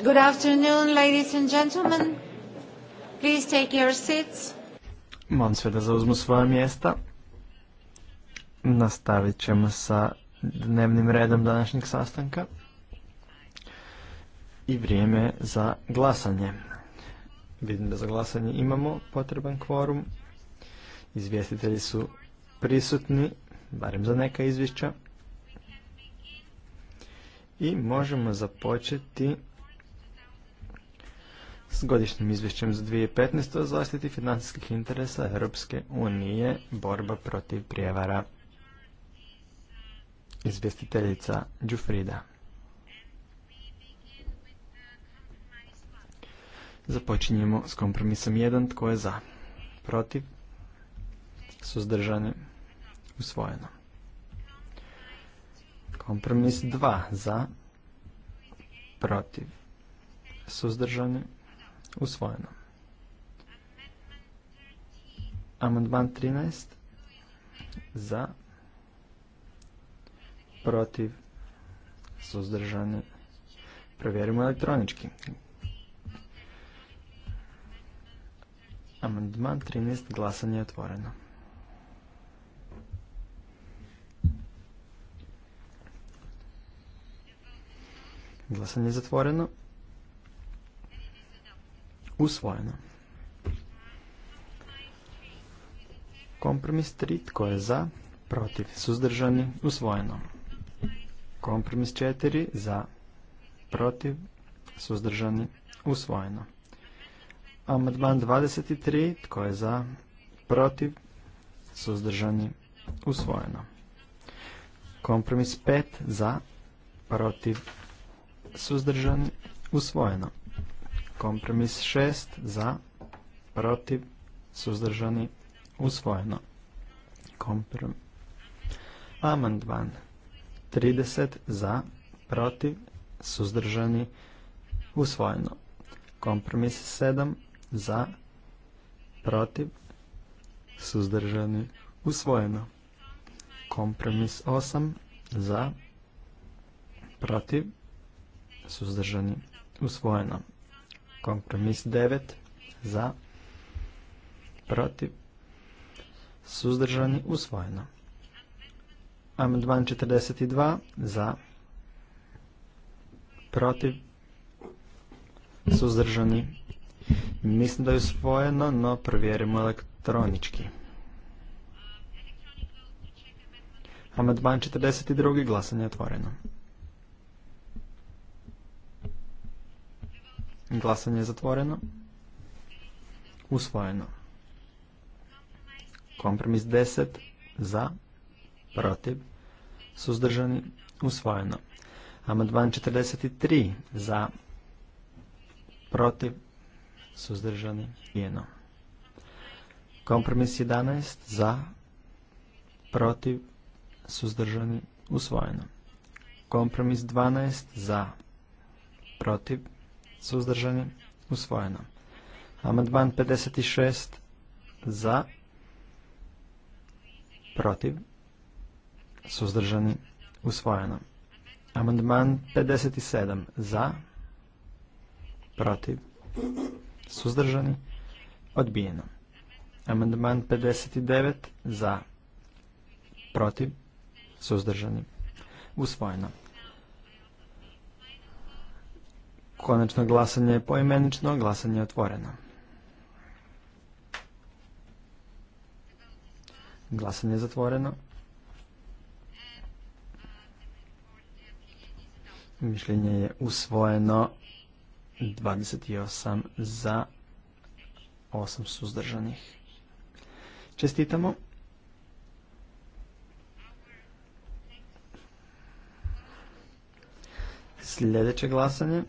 Good afternoon, ladies and gentlemen. sve da zauzmu svoja mjesta. Nastavit ćemo sa dnevnim redom današnjeg sastanka i vrijeme za glasanje. Vidim da za glasanje imamo potreban kvorum. Izvjestitelji su prisutni, barem za neka izvješća. I možemo započeti s godišnjim izvješćem za 2015. o zaštiti financijskih interesa Europske unije borba protiv prijevara. Izvjestiteljica Đufrida. Započinjemo s kompromisom 1. Tko je za? Protiv? Suzdržani? Usvojeno. Kompromis 2. Za? Protiv? Suzdržani? Usvojeno. Amandman 13. Za. Protiv. Suzdržani. Provjerimo elektronički. Amandman 13. Glasanje je otvoreno. Glasanje je zatvoreno. Usvojeno. Kompromis 3. Tko je za? Protiv. Suzdržani. Usvojeno. Kompromis 4. Za. Protiv. Suzdržani. Usvojeno. Amandman 23. Tko je za? Protiv. Suzdržani. Usvojeno. Kompromis 5. Za. Protiv. Suzdržani. Usvojeno. Kompromis 6 za, protiv, suzdržani, usvojeno. Kompromis. Amandman 30 za, protiv, suzdržani, usvojeno. Kompromis 7 za, protiv, suzdržani, usvojeno. Kompromis 8 za, protiv, suzdržani, usvojeno. Kompromis 9 za, protiv, suzdržani, usvojeno. Amandman 42 za, protiv, suzdržani. Mislim da je usvojeno, no provjerimo elektronički. Amandman 42. glasanje otvoreno. Glasanje je zatvoreno. Usvojeno. Kompromis 10 za, protiv, suzdržani, usvojeno. Amandman 43 za, protiv, suzdržani, jeno. Kompromis 11 za, protiv, suzdržani, usvojeno. Kompromis 12 za, protiv, suzdržani, usvojeno. Amandman 56 za, protiv, suzdržani, usvojeno. Amandman 57 za, protiv, suzdržani, odbijeno. Amandman 59 za, protiv, suzdržani, usvojeno. Konačno glasanje je poimenično, glasanje je otvoreno. Glasanje je zatvoreno. Mišljenje je usvojeno 28 za 8 suzdržanih. Čestitamo. Sljedeće glasanje.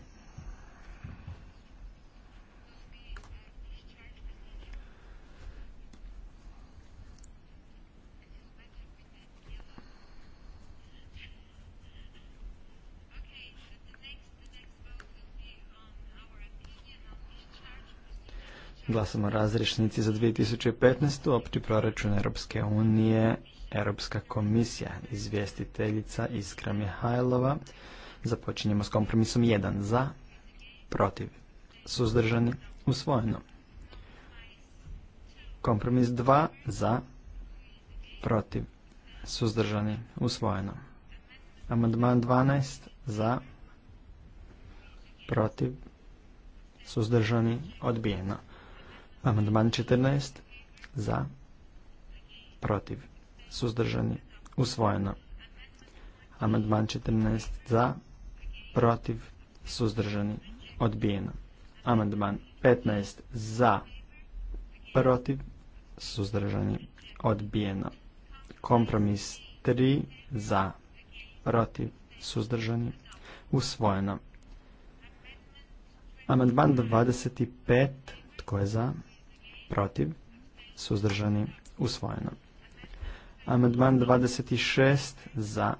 Glasamo razrešnici za 2015. opći proračun Europske unije, Europska komisija, izvjestiteljica Iskra Mihajlova. Započinjemo s kompromisom 1 za, protiv, suzdržani, usvojeno. Kompromis 2 za, protiv, suzdržani, usvojeno. Amandman 12 za, protiv, suzdržani, odbijeno. Amandman 14. Za. Protiv. Suzdržani. Usvojeno. Amandman 14. Za. Protiv. Suzdržani. Odbijeno. Amandman 15. Za. Protiv. Suzdržani. Odbijeno. Kompromis 3. Za. Protiv. Suzdržani. Usvojeno. Amandman 25. Tko je za? protiv, suzdržani, usvojeno. Amandman 26 za,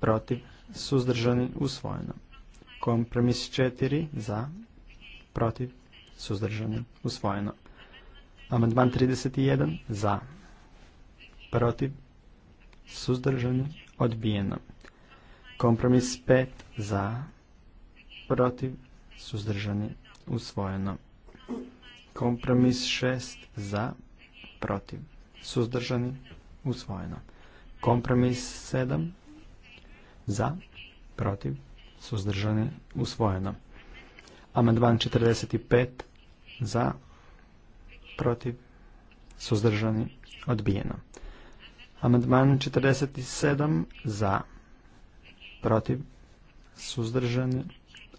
protiv, suzdržani, usvojeno. Kompromis 4 za, protiv, suzdržani, usvojeno. Amandman 31 za, protiv, suzdržani, odbijeno. Kompromis 5 za, protiv, suzdržani, usvojeno. Kompromis šest za, protiv, suzdržani, usvojeno. Kompromis sedam za, protiv, suzdržani, usvojeno. Amandman 45 za, protiv, suzdržani, odbijeno. Amandman 47 za, protiv, suzdržani,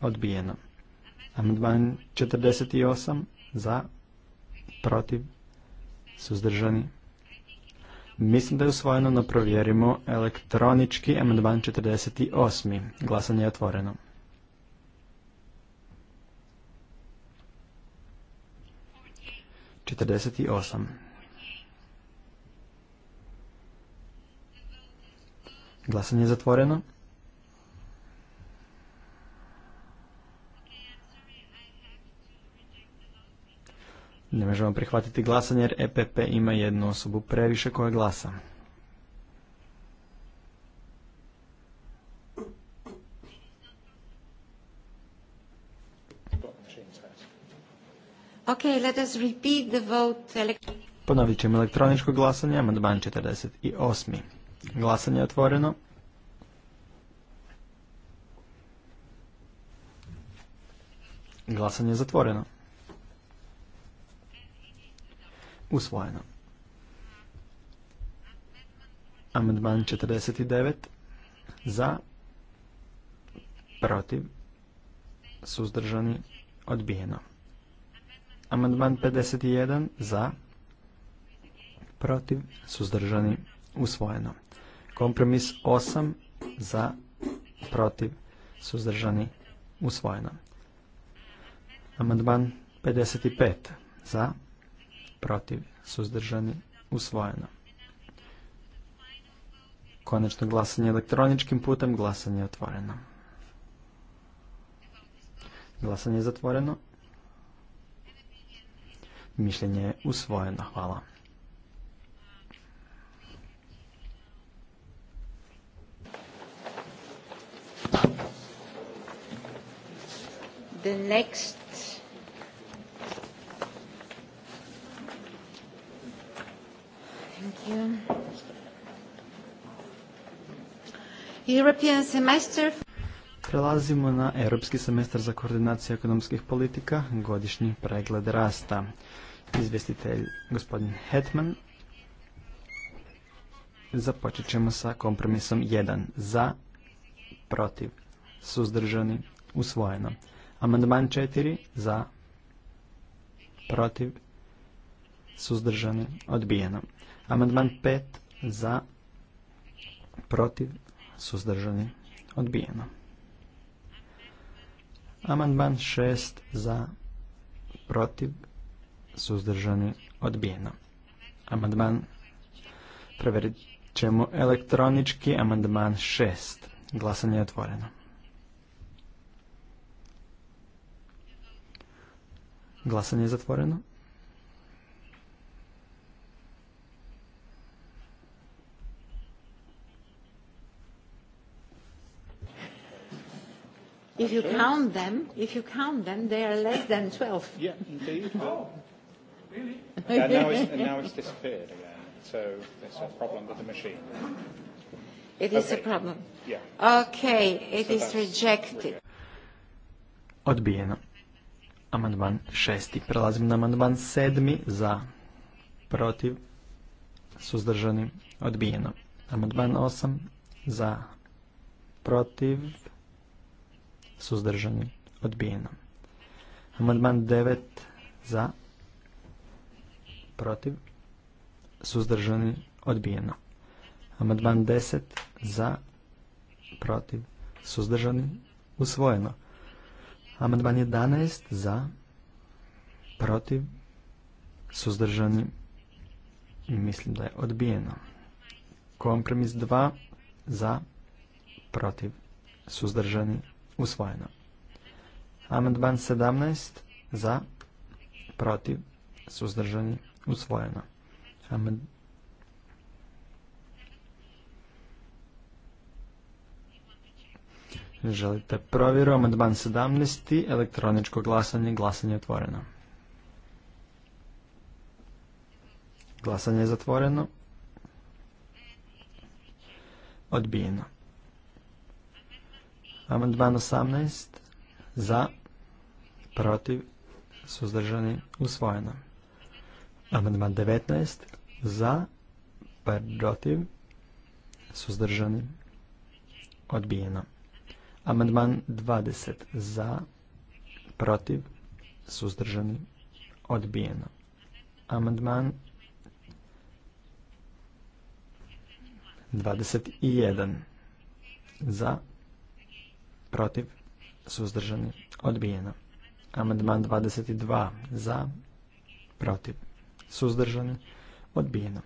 odbijeno. Amandman 48 za, protiv, suzdržani. Mislim da je usvojeno, no provjerimo elektronički amandman 48. Glasanje je otvoreno. 48. Glasanje je zatvoreno. Ne možemo prihvatiti glasanje jer EPP ima jednu osobu previše koja glasa. Okay, let us repeat the vote. Ponovit ćemo elektroničko glasanje, amandman 48. Glasanje je otvoreno. Glasanje je zatvoreno. Usvojeno. Amandman 49 za protiv suzdržani odbijeno. Amandman 51 za protiv suzdržani usvojeno. Kompromis 8 za protiv suzdržani usvojeno. Amandman 55 za protiv, suzdržani, usvojeno. Konačno glasanje elektroničkim putem, glasanje je otvoreno. Glasanje je zatvoreno. Mišljenje je usvojeno. Hvala. The next European semester. Prelazimo na Europski semestar za koordinaciju ekonomskih politika, godišnji pregled rasta. Izvjestitelj gospodin Hetman. Započet ćemo sa kompromisom 1. Za, protiv, suzdržani, usvojeno. Amandman 4. Za, protiv, suzdržani, odbijeno. Amandman 5 za, protiv, suzdržani, odbijeno. Amandman 6 za, protiv, suzdržani, odbijeno. Amandman preverit ćemo elektronički. Amandman 6. Glasanje je otvoreno. Glasanje je zatvoreno. If you count them, if you count them, they are less than 12. Yeah, indeed. Oh, really? And now it's, and now it's disappeared again. So it's a problem with the machine. It is okay. a problem. Yeah. Okay, it so is rejected. Odbijeno. Amandman šesti. Prelazim na amandman sedmi za protiv suzdržani odbijeno. Amandman osam za protiv suzdržani, odbijeno. Amandman 9 za, protiv, suzdržani, odbijeno. Amandman 10 za, protiv, suzdržani, usvojeno. Amandman 11 za, protiv, suzdržani, mislim da je odbijeno. Kompromis 2 za, protiv, suzdržani, Usvojeno. Amandman 17 za, protiv, suzdržani, usvojeno. Želite provjeru, amandman 17, elektroničko glasanje, glasanje otvoreno. Glasanje je zatvoreno. Odbijeno. Amandman 18. Za. Protiv. Suzdržani. Usvojeno. Amandman 19. Za. Protiv. Suzdržani. Odbijeno. Amandman 20. Za. Protiv. Suzdržani. Odbijeno. Amandman 21. Za protiv, suzdržani, odbijeno. Amandman 22 za, protiv, suzdržani, odbijeno.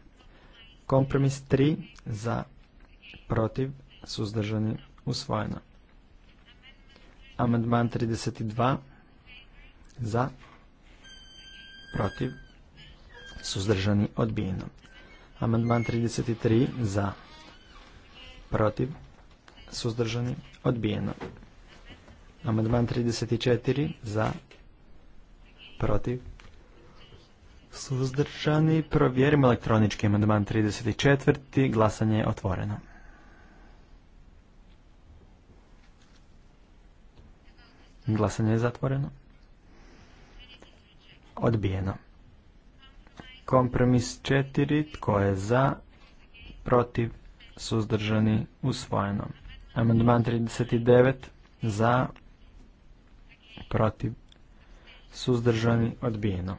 Kompromis 3 za, protiv, suzdržani, usvojeno. Amandman 32 za, protiv, suzdržani, odbijeno. Amandman 33 za, protiv, suzdržani, odbijeno. Amandman 34 za, protiv, suzdržani. Provjerimo elektronički amandman 34. Glasanje je otvoreno. Glasanje je zatvoreno. Odbijeno. Kompromis 4. Tko je za? Protiv? Suzdržani? Usvojeno. Amandman 39 za, protiv, suzdržani, odbijeno.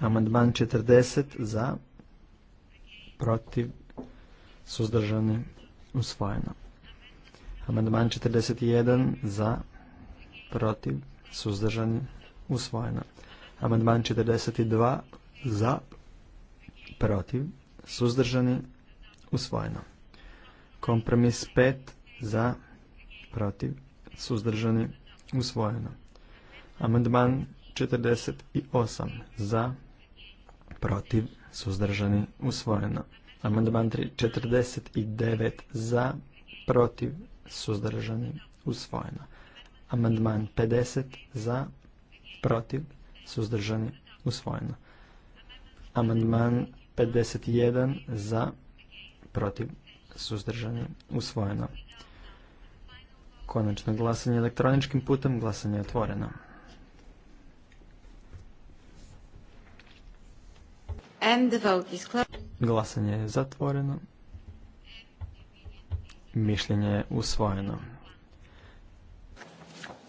Amandman 40 za, protiv, suzdržani, usvojeno. Amandman 41 za, protiv, suzdržani, usvojeno. Amandman 42 za, protiv, suzdržani, usvojeno. Kompromis 5 za, protiv, suzdržani, usvojeno. Amandman 48 za, protiv, suzdržani, usvojeno. Amandman 49 za, protiv, suzdržani, usvojeno. Amandman 50 za, protiv, suzdržani, usvojeno. Amandman 51 za, protiv, suzdržani, usvojeno. Konačno glasanje elektroničkim putem, glasanje je otvoreno. glasanje je zatvoreno. Mišljenje je usvojeno.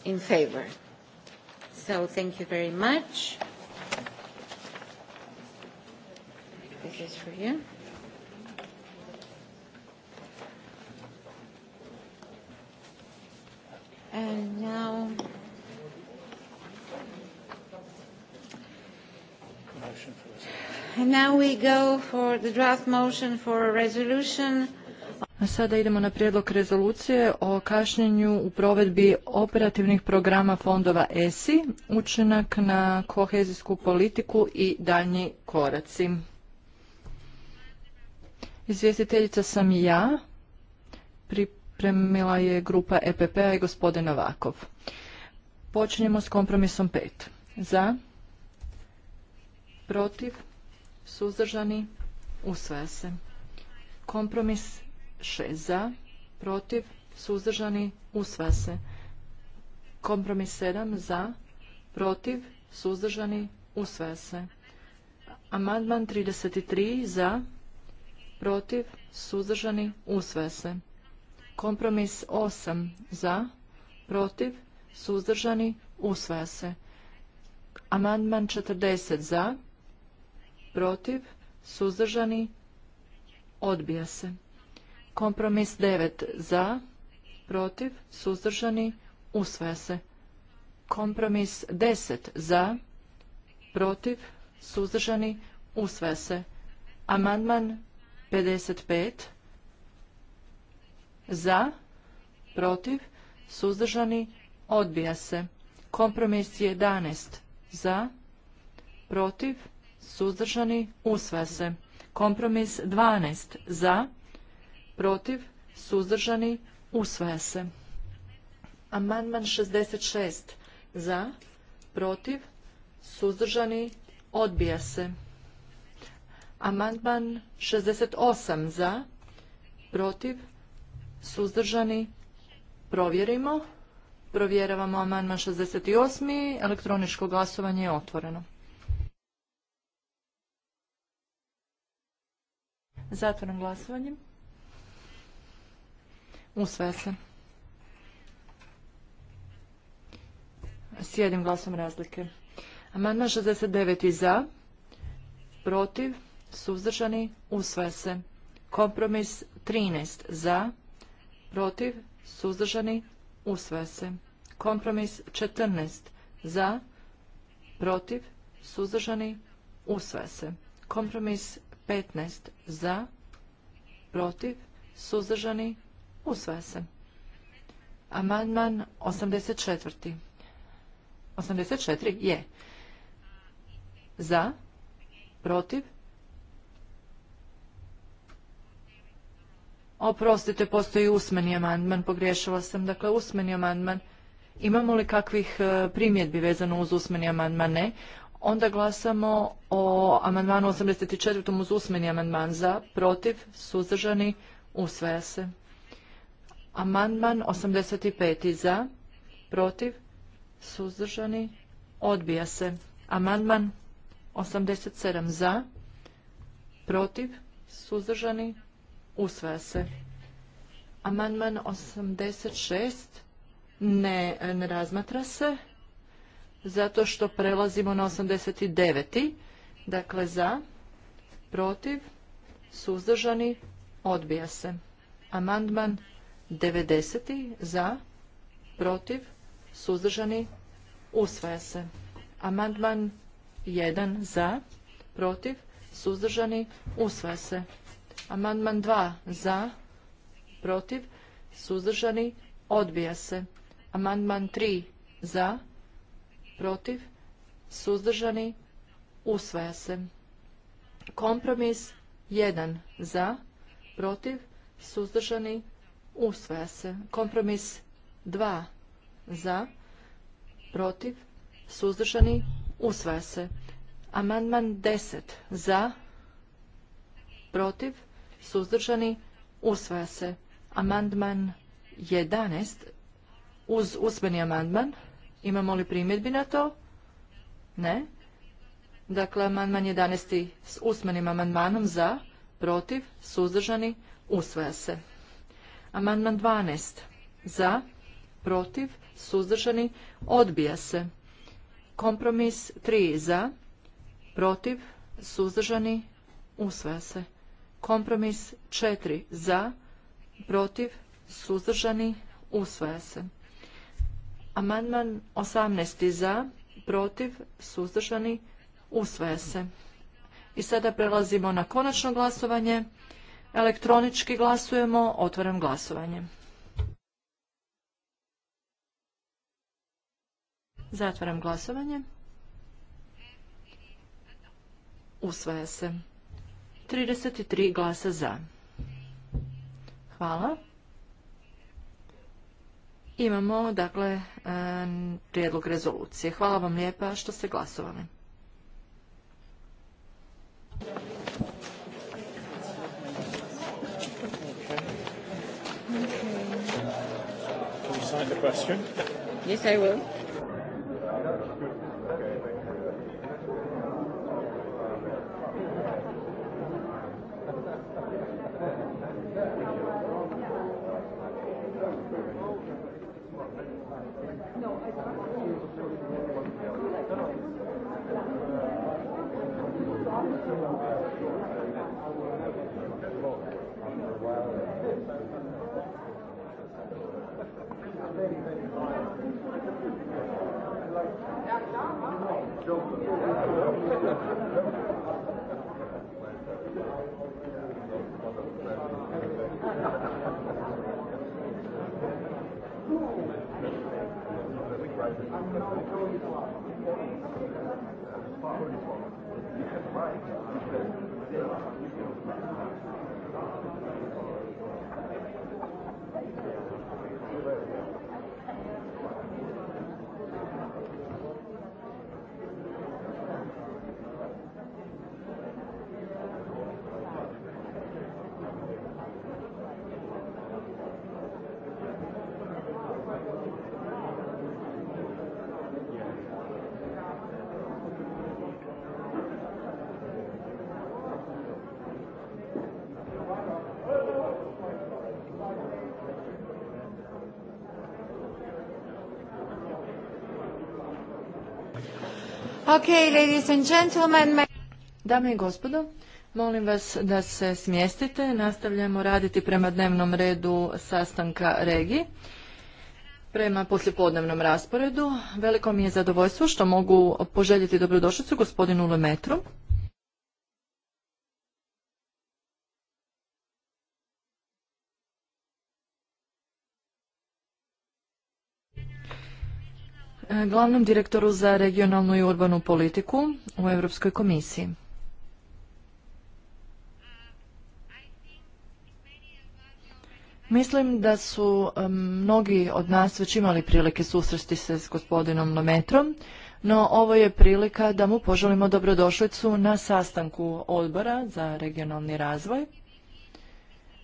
In favor. So thank you very much. This is for you. motion now we go for the draft motion for a resolution. sada idemo na prijedlog rezolucije o kašnjenju u provedbi operativnih programa fondova ESI, učinak na kohezijsku politiku i daljnji koraci. Izvjestiteljica sam i ja, pripremila je grupa EPP-a i gospodin Novakov. Počinjemo s kompromisom 5. Za, protiv, suzdržani, usvaja se. Kompromis 6 za, protiv, suzdržani, usvaja se. Kompromis 7 za, protiv, suzdržani, usvaja se. Amandman 33 za, protiv, suzdržani, usvaja se. Kompromis 8 za, protiv, suzdržani, usvaja se. Amandman 40 za, protiv, suzdržani, odbija se. Kompromis 9 za, protiv, suzdržani, usvaja se. Kompromis 10 za, protiv, suzdržani, usvaja se. Amandman 55 za, protiv, suzdržani, odbija se. Kompromis 11 za, protiv, suzdržani, usvaja se. Kompromis 12 za, protiv, suzdržani, usvaja se. Amandman 66 za, protiv, suzdržani, odbija se. Amandman 68 za, protiv, suzdržani, provjerimo. Provjeravamo amandman 68. Elektroničko glasovanje je otvoreno. Zatvoram glasovanje. Usvaja se. S jednim glasom razlike. Amandman 69. za, protiv, suzdržani, usvaja se. Kompromis 13. za, protiv, suzdržani, usvaja se. Kompromis 14. za, protiv, suzdržani, usvaja se. Kompromis 15 za, protiv, suzdržani, usvaja se. Amandman 84. 84 je. Za, protiv, Oprostite, postoji usmeni amandman, pogriješila sam. Dakle, usmeni amandman. Imamo li kakvih e, primjedbi vezano uz usmeni amandman? Ne. Onda glasamo o amandmanu 84. uz usmeni amandman za, protiv, suzdržani, usvaja se. Amandman 85. za, protiv, suzdržani, odbija se. Amandman 87. za, protiv, suzdržani, usvaja se. Amandman 86. Ne, ne razmatra se zato što prelazimo na 89. Dakle, za, protiv, suzdržani, odbija se. Amandman 90. za, protiv, suzdržani, usvaja se. Amandman 1 za, protiv, suzdržani, usvaja se. Amandman 2 za, protiv, suzdržani, odbija se. Amandman 3 za, protiv, suzdržani, usvaja se. Kompromis 1 za, protiv, suzdržani, usvaja se. Kompromis 2 za, protiv, suzdržani, usvaja se. Amandman 10 za, protiv, suzdržani, usvaja se. Amandman 11 uz usmeni amandman Imamo li primjedbi na to? Ne. Dakle, amandman 11. s usmenim amandmanom za, protiv, suzdržani, usvaja se. Amandman 12. za, protiv, suzdržani, odbija se. Kompromis 3 za, protiv, suzdržani, usvaja se. Kompromis 4 za, protiv, suzdržani, usvaja se. Amandman 18. za, protiv, suzdržani, usvaja se. I sada prelazimo na konačno glasovanje. Elektronički glasujemo, otvaram glasovanje. Zatvaram glasovanje. Usvaja se. 33 glasa za. Hvala. Imamo, dakle, e, prijedlog rezolucije. Hvala vam lijepa što ste glasovali. Can you sign the question? Yes, I will. Okay, ladies and gentlemen. Dame i gospodo, molim vas da se smjestite. Nastavljamo raditi prema dnevnom redu sastanka regi, Prema poslijepodnevnom rasporedu, veliko mi je zadovoljstvo što mogu poželjeti dobrodošlicu gospodinu Lemetru. glavnom direktoru za regionalnu i urbanu politiku u Europskoj komisiji. Mislim da su mnogi od nas već imali prilike susresti se s gospodinom Lometrom, no ovo je prilika da mu poželimo dobrodošlicu na sastanku odbora za regionalni razvoj.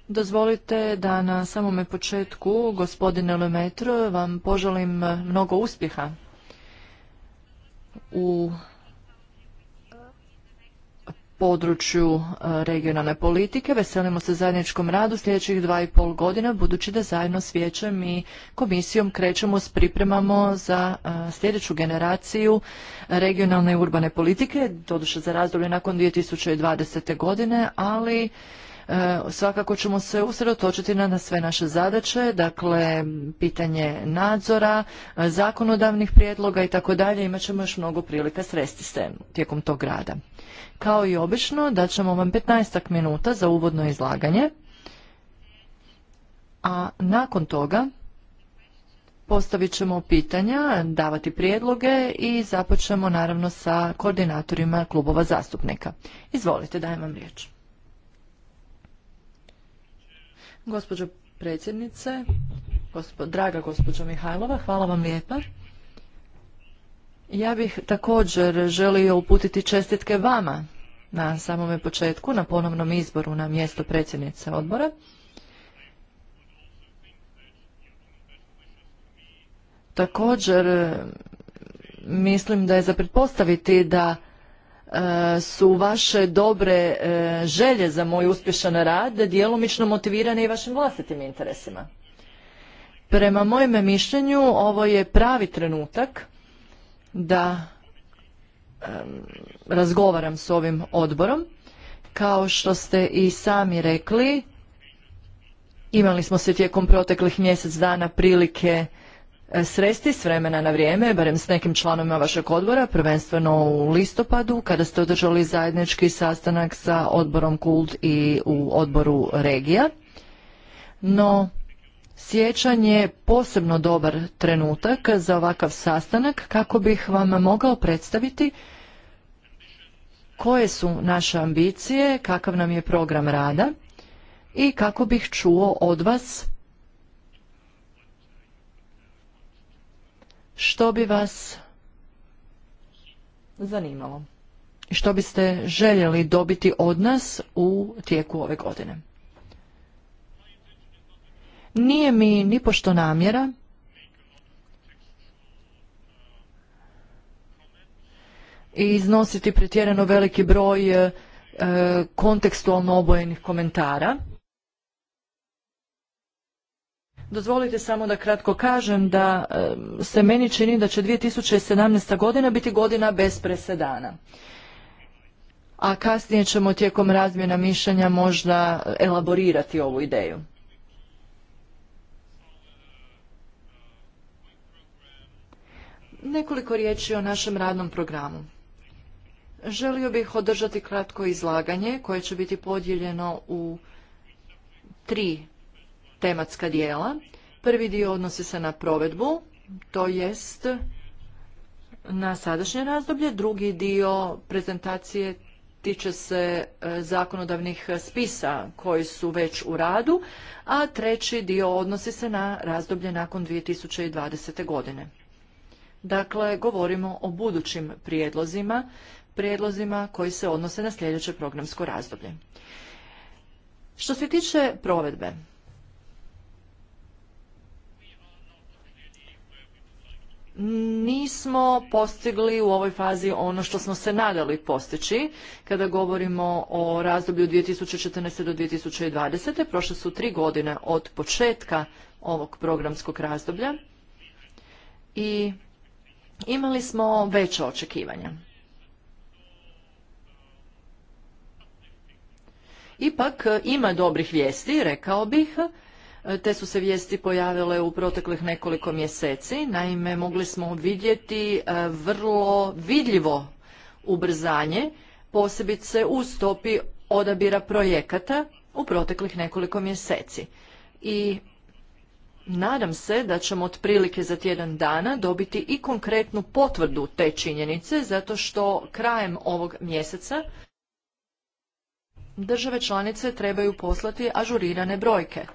Dozvolite da na samome početku, gospodine Lemetro, vam poželim mnogo uspjeha u području e, regionalne politike. Veselimo se zajedničkom radu sljedećih dva i pol godina, budući da zajedno s vijećem i komisijom krećemo s pripremamo za e, sljedeću generaciju regionalne i urbane politike, doduše za razdoblje nakon 2020. godine, ali E, svakako ćemo se usredotočiti na sve naše zadaće, dakle pitanje nadzora, e, zakonodavnih prijedloga i tako dalje. Imat ćemo još mnogo prilika sresti se tijekom tog rada. Kao i obično, daćemo ćemo vam 15 minuta za uvodno izlaganje, a nakon toga postavit ćemo pitanja, davati prijedloge i započemo naravno sa koordinatorima klubova zastupnika. Izvolite, dajem vam riječ. Gospođo predsjednice, draga gospođo Mihajlova, hvala vam lijepa. Ja bih također želio uputiti čestitke vama na samome početku, na ponovnom izboru na mjesto predsjednice odbora. Također mislim da je za pretpostaviti da E, su vaše dobre e, želje za moj uspješan rad djelomično motivirane i vašim vlastitim interesima. Prema mojem mišljenju ovo je pravi trenutak da razgovaram s ovim odborom. Kao što ste i sami rekli, imali smo se tijekom proteklih mjesec dana prilike E, sresti s vremena na vrijeme, barem s nekim članovima vašeg odbora, prvenstveno u listopadu kada ste održali zajednički sastanak sa odborom KULT i u odboru regija. No, sjećan je posebno dobar trenutak za ovakav sastanak kako bih vam mogao predstaviti koje su naše ambicije, kakav nam je program rada i kako bih čuo od vas što bi vas zanimalo i što biste željeli dobiti od nas u tijeku ove godine. Nije mi ni pošto namjera iznositi pretjerano veliki broj e, kontekstualno obojenih komentara Dozvolite samo da kratko kažem da se meni čini da će 2017. godina biti godina bez presedana. A kasnije ćemo tijekom razmjena mišljenja možda elaborirati ovu ideju. Nekoliko riječi o našem radnom programu. Želio bih održati kratko izlaganje koje će biti podijeljeno u tri tematska dijela. Prvi dio odnosi se na provedbu, to jest na sadašnje razdoblje. Drugi dio prezentacije tiče se e, zakonodavnih spisa koji su već u radu, a treći dio odnosi se na razdoblje nakon 2020. godine. Dakle, govorimo o budućim prijedlozima, prijedlozima koji se odnose na sljedeće programsko razdoblje. Što se tiče provedbe, nismo postigli u ovoj fazi ono što smo se nadali postići. Kada govorimo o razdoblju 2014. do 2020. prošle su tri godine od početka ovog programskog razdoblja i imali smo veća očekivanja. Ipak ima dobrih vijesti, rekao bih, E, te su se vijesti pojavile u proteklih nekoliko mjeseci. Naime, mogli smo vidjeti e, vrlo vidljivo ubrzanje, posebice u stopi odabira projekata u proteklih nekoliko mjeseci. I nadam se da ćemo otprilike za tjedan dana dobiti i konkretnu potvrdu te činjenice, zato što krajem ovog mjeseca države članice trebaju poslati ažurirane brojke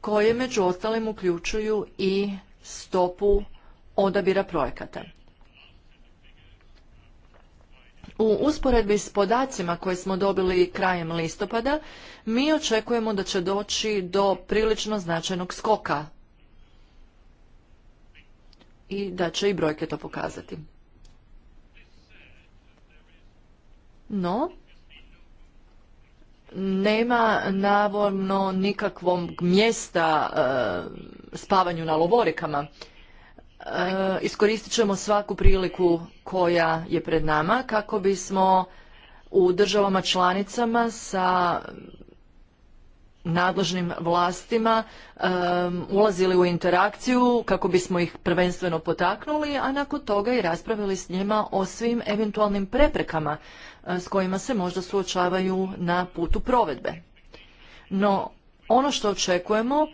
koje među ostalim uključuju i stopu odabira projekata. U usporedbi s podacima koje smo dobili krajem listopada, mi očekujemo da će doći do prilično značajnog skoka i da će i brojke to pokazati. No, nema navodno nikakvog mjesta e, spavanju na lovorikama. E, iskoristit ćemo svaku priliku koja je pred nama kako bismo u državama članicama sa nadležnim vlastima ulazili u interakciju kako bismo ih prvenstveno potaknuli, a nakon toga i raspravili s njima o svim eventualnim preprekama s kojima se možda suočavaju na putu provedbe. No, ono što očekujemo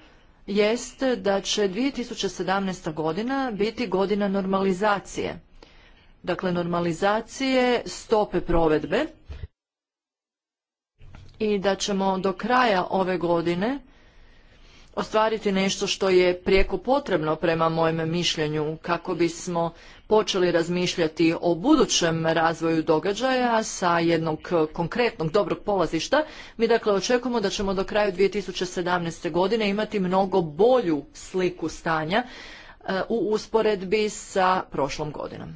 jest da će 2017. godina biti godina normalizacije. Dakle, normalizacije stope provedbe i da ćemo do kraja ove godine ostvariti nešto što je prijeko potrebno prema mojem mišljenju kako bismo počeli razmišljati o budućem razvoju događaja sa jednog konkretnog dobrog polazišta, mi dakle očekujemo da ćemo do tisuće 2017. godine imati mnogo bolju sliku stanja e, u usporedbi sa prošlom godinom.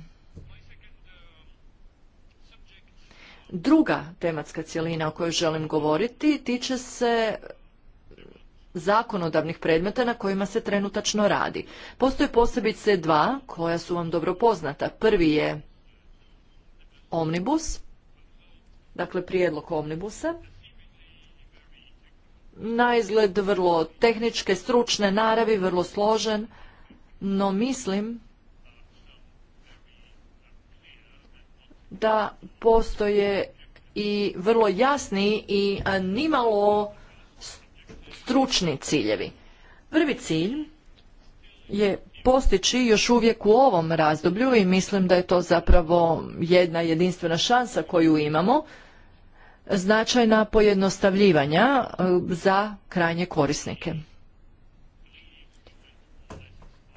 Druga tematska cjelina o kojoj želim govoriti tiče se zakonodavnih predmeta na kojima se trenutačno radi. Postoje posebice dva koja su vam dobro poznata. Prvi je omnibus, dakle prijedlog omnibusa. Naizgled vrlo tehničke, stručne naravi, vrlo složen, no mislim da postoje i vrlo jasni i nimalo stručni ciljevi. Prvi cilj je postići još uvijek u ovom razdoblju i mislim da je to zapravo jedna jedinstvena šansa koju imamo, značajna pojednostavljivanja e, za krajnje korisnike.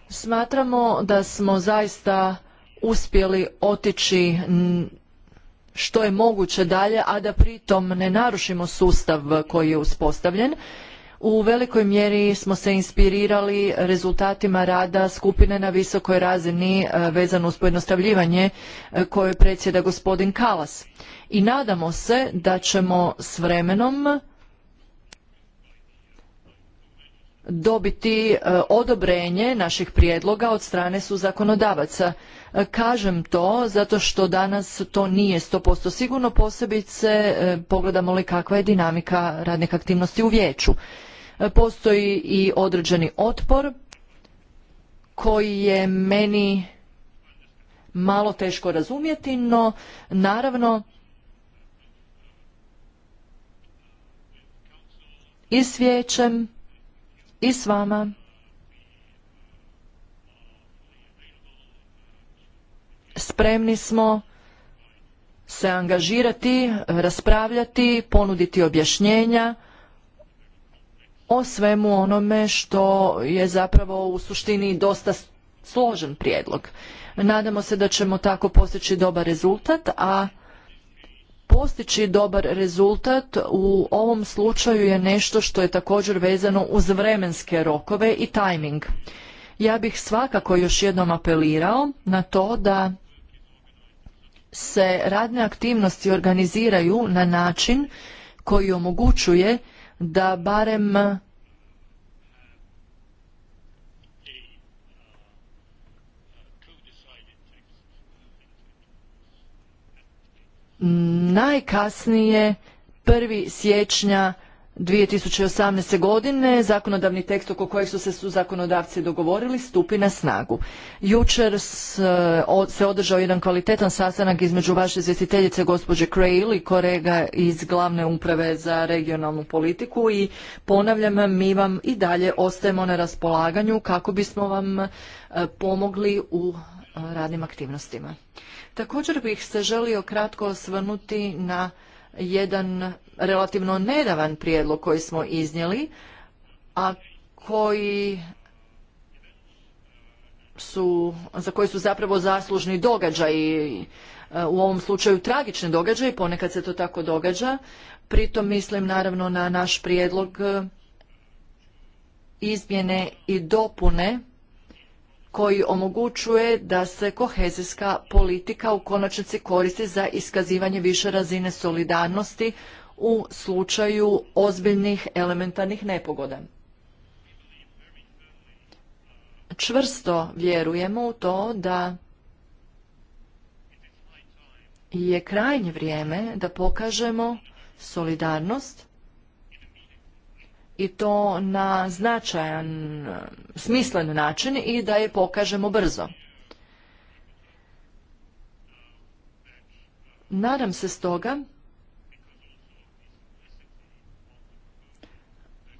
Smatramo da smo zaista uspjeli otići što je moguće dalje, a da pritom ne narušimo sustav koji je uspostavljen u velikoj mjeri smo se inspirirali rezultatima rada skupine na visokoj razini e, vezano uz pojednostavljivanje e, koje predsjeda gospodin Kalas. I nadamo se da ćemo s vremenom dobiti e, odobrenje naših prijedloga od strane su zakonodavaca. Kažem to zato što danas to nije 100% sigurno posebice pogledamo li kakva je dinamika radnih aktivnosti u vijeću. E, postoji i određeni otpor koji je meni malo teško razumjeti, no naravno i s vijećem i s vama spremni smo se angažirati, raspravljati, ponuditi objašnjenja o svemu onome što je zapravo u suštini dosta složen prijedlog. Nadamo se da ćemo tako postići dobar rezultat, a postići dobar rezultat u ovom slučaju je nešto što je također vezano uz vremenske rokove i tajming. Ja bih svakako još jednom apelirao na to da se radne aktivnosti organiziraju na način koji omogućuje da barem najkasnije 1. siječnja 2018. godine zakonodavni tekst oko kojeg su se su zakonodavci dogovorili stupi na snagu. Jučer e, se održao jedan kvalitetan sastanak između vaše izvjestiteljice gospođe Crayle i korega iz glavne uprave za regionalnu politiku i ponavljam mi vam i dalje ostajemo na raspolaganju kako bismo vam e, pomogli u e, radnim aktivnostima. Također bih se želio kratko osvrnuti na jedan relativno nedavan prijedlog koji smo iznijeli, a koji su, za koji su zapravo zaslužni događaji, e, u ovom slučaju tragični događaj ponekad se to tako događa. Pritom mislim naravno na naš prijedlog e, izmjene i dopune koji omogućuje da se kohezijska politika u konačnici koristi za iskazivanje više razine solidarnosti u slučaju ozbiljnih elementarnih nepogoda. Čvrsto vjerujemo u to da je krajnje vrijeme da pokažemo solidarnost i to na značajan, smislen način i da je pokažemo brzo. Nadam se stoga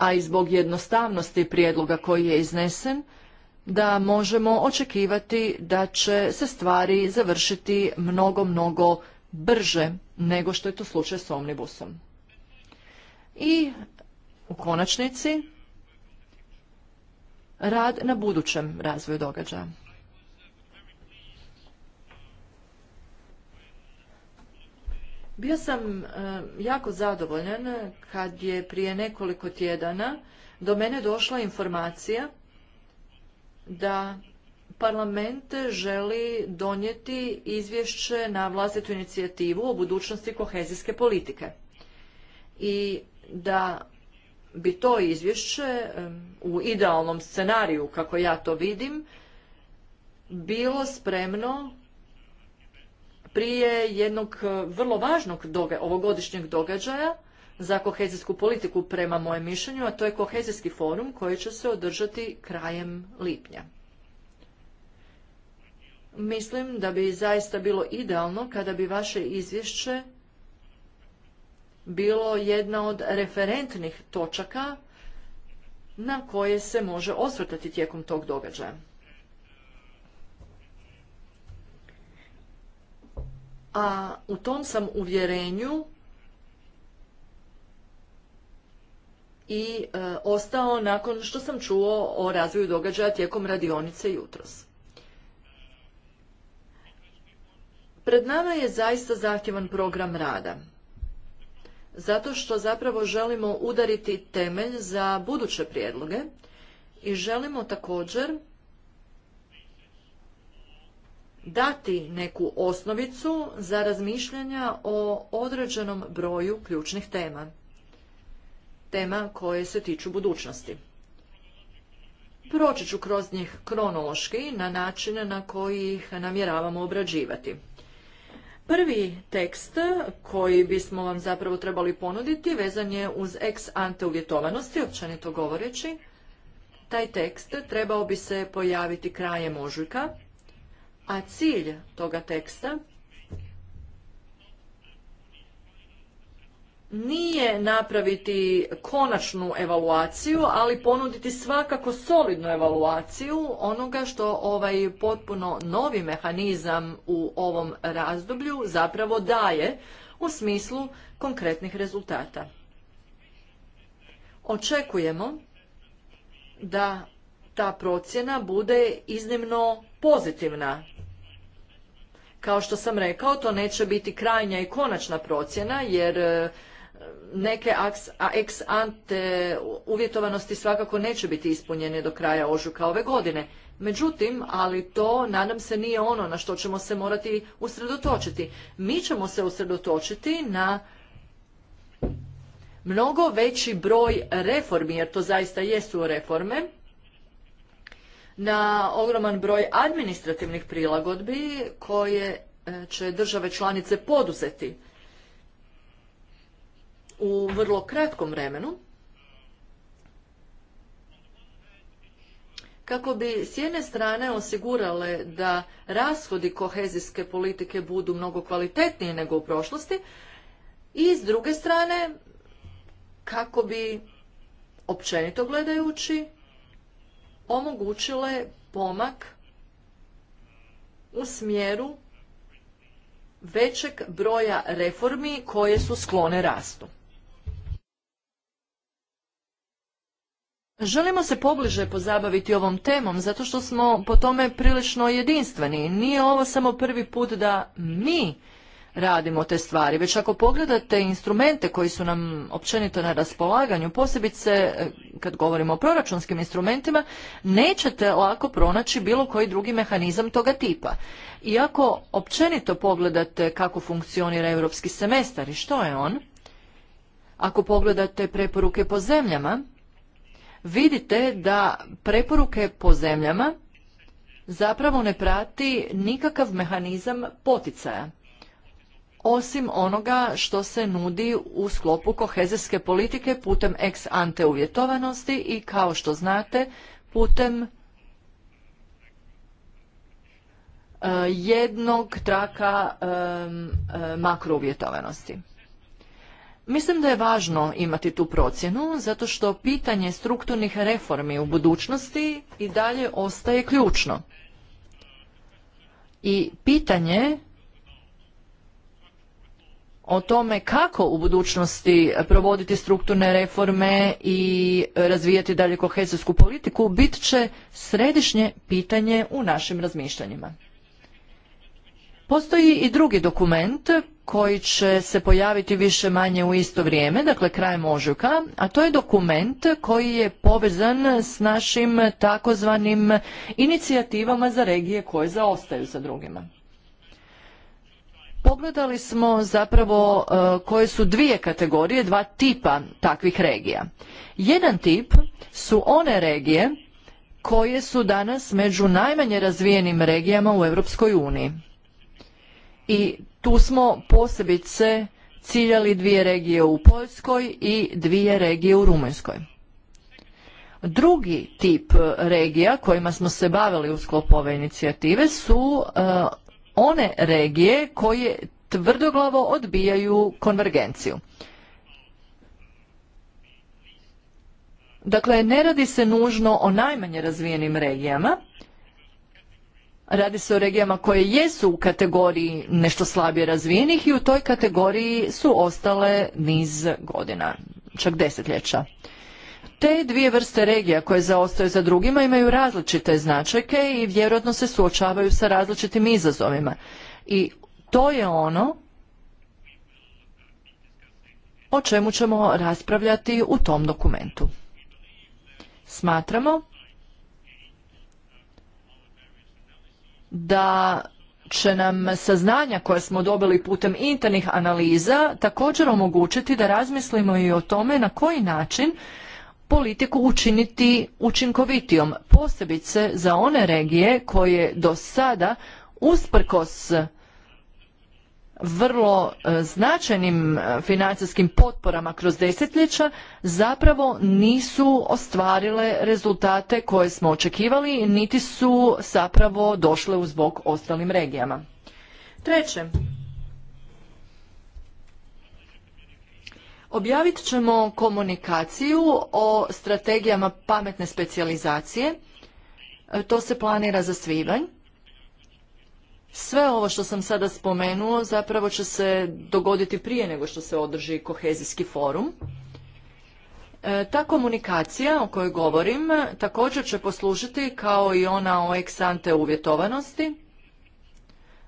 a i zbog jednostavnosti prijedloga koji je iznesen, da možemo očekivati da će se stvari završiti mnogo, mnogo brže nego što je to slučaj s omnibusom. I u konačnici rad na budućem razvoju događaja. Bio sam e, jako zadovoljan kad je prije nekoliko tjedana do mene došla informacija da parlament želi donijeti izvješće na vlastitu inicijativu o budućnosti kohezijske politike i da bi to izvješće e, u idealnom scenariju, kako ja to vidim, bilo spremno prije jednog e, vrlo važnog doga ovogodišnjeg događaja za kohezijsku politiku prema mojem mišljenju, a to je kohezijski forum koji će se održati krajem lipnja. Mislim da bi zaista bilo idealno kada bi vaše izvješće bilo jedna od referentnih točaka na koje se može osvrtati tijekom tog događaja. a u tom sam uvjerenju i e, ostao nakon što sam čuo o razvoju događaja tijekom radionice jutros. Pred nama je zaista zahtjevan program rada. Zato što zapravo želimo udariti temelj za buduće prijedloge i želimo također dati neku osnovicu za razmišljanja o određenom broju ključnih tema. Tema koje se tiču budućnosti. Proći ću kroz njih kronološki na način na koji ih namjeravamo obrađivati. Prvi tekst koji bismo vam zapravo trebali ponuditi vezan je uz ex ante uvjetovanosti, općenito govoreći. Taj tekst trebao bi se pojaviti krajem ožujka a cilj toga teksta nije napraviti konačnu evaluaciju, ali ponuditi svakako solidnu evaluaciju onoga što ovaj potpuno novi mehanizam u ovom razdoblju zapravo daje u smislu konkretnih rezultata. Očekujemo da ta procjena bude iznimno pozitivna. Kao što sam rekao, to neće biti krajnja i konačna procjena, jer e, neke ex ante uvjetovanosti svakako neće biti ispunjene do kraja ožuka ove godine. Međutim, ali to nadam se nije ono na što ćemo se morati usredotočiti. Mi ćemo se usredotočiti na mnogo veći broj reformi, jer to zaista jesu reforme, na ogroman broj administrativnih prilagodbi koje e, će države članice poduzeti u vrlo kratkom vremenu kako bi s jedne strane osigurale da rashodi kohezijske politike budu mnogo kvalitetniji nego u prošlosti i s druge strane kako bi općenito gledajući omogućile pomak u smjeru većeg broja reformi koje su sklone rastu. Želimo se pobliže pozabaviti ovom temom zato što smo po tome prilično jedinstveni. Nije ovo samo prvi put da mi radimo te stvari. Već ako pogledate instrumente koji su nam općenito na raspolaganju, posebice e, kad govorimo o proračunskim instrumentima, nećete lako pronaći bilo koji drugi mehanizam toga tipa. I ako općenito pogledate kako funkcionira europski semestar i što je on, ako pogledate preporuke po zemljama, vidite da preporuke po zemljama zapravo ne prati nikakav mehanizam poticaja osim onoga što se nudi u sklopu kohezijske politike putem ex ante uvjetovanosti i kao što znate putem e, jednog traka e, e, uvjetovanosti. Mislim da je važno imati tu procjenu zato što pitanje strukturnih reformi u budućnosti i dalje ostaje ključno. I pitanje o tome kako u budućnosti provoditi strukturne reforme i razvijati dalje kohezijsku politiku bit će središnje pitanje u našim razmišljanjima. Postoji i drugi dokument koji će se pojaviti više manje u isto vrijeme, dakle krajem ožujka, a to je dokument koji je povezan s našim takozvanim inicijativama za regije koje zaostaju sa drugima. Pogledali smo zapravo e, koje su dvije kategorije, dva tipa takvih regija. Jedan tip su one regije koje su danas među najmanje razvijenim regijama u Europskoj uniji. I tu smo posebice ciljali dvije regije u Poljskoj i dvije regije u Rumunjskoj. Drugi tip regija kojima smo se bavili u sklopu ove inicijative su e, one regije koje tvrdoglavo odbijaju konvergenciju. Dakle, ne radi se nužno o najmanje razvijenim regijama, Radi se o regijama koje jesu u kategoriji nešto slabije razvijenih i u toj kategoriji su ostale niz godina, čak desetljeća. Te dvije vrste regija koje zaostaju za drugima imaju različite značajke i vjerojatno se suočavaju sa različitim izazovima. I to je ono o čemu ćemo raspravljati u tom dokumentu. Smatramo da će nam saznanja koje smo dobili putem internih analiza također omogućiti da razmislimo i o tome na koji način politiku učiniti učinkovitijom, posebice za one regije koje do sada usprkos vrlo e, značajnim e, financijskim potporama kroz desetljeća zapravo nisu ostvarile rezultate koje smo očekivali niti su zapravo došle uz bok ostalim regijama. Treće, Objavit ćemo komunikaciju o strategijama pametne specijalizacije. E, to se planira za svibanj. Sve ovo što sam sada spomenuo zapravo će se dogoditi prije nego što se održi kohezijski forum. E, ta komunikacija o kojoj govorim također će poslužiti kao i ona o eksante uvjetovanosti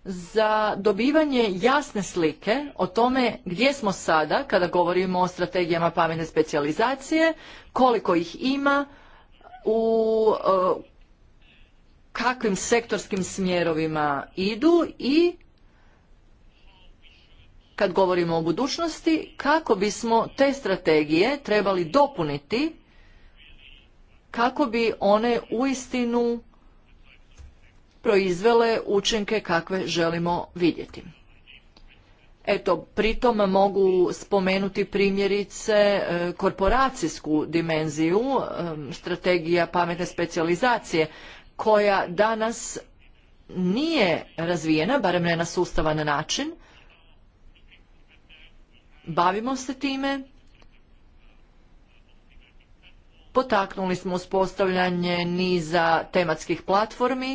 za dobivanje jasne slike o tome gdje smo sada kada govorimo o strategijama pametne specijalizacije, koliko ih ima, u e, kakvim sektorskim smjerovima idu i kad govorimo o budućnosti, kako bismo te strategije trebali dopuniti kako bi one uistinu proizvele učinke kakve želimo vidjeti. Eto, pritom mogu spomenuti primjerice e, korporacijsku dimenziju, e, strategija pametne specijalizacije, koja danas nije razvijena, barem ne na sustavan način. Bavimo se time. Potaknuli smo uspostavljanje niza tematskih platformi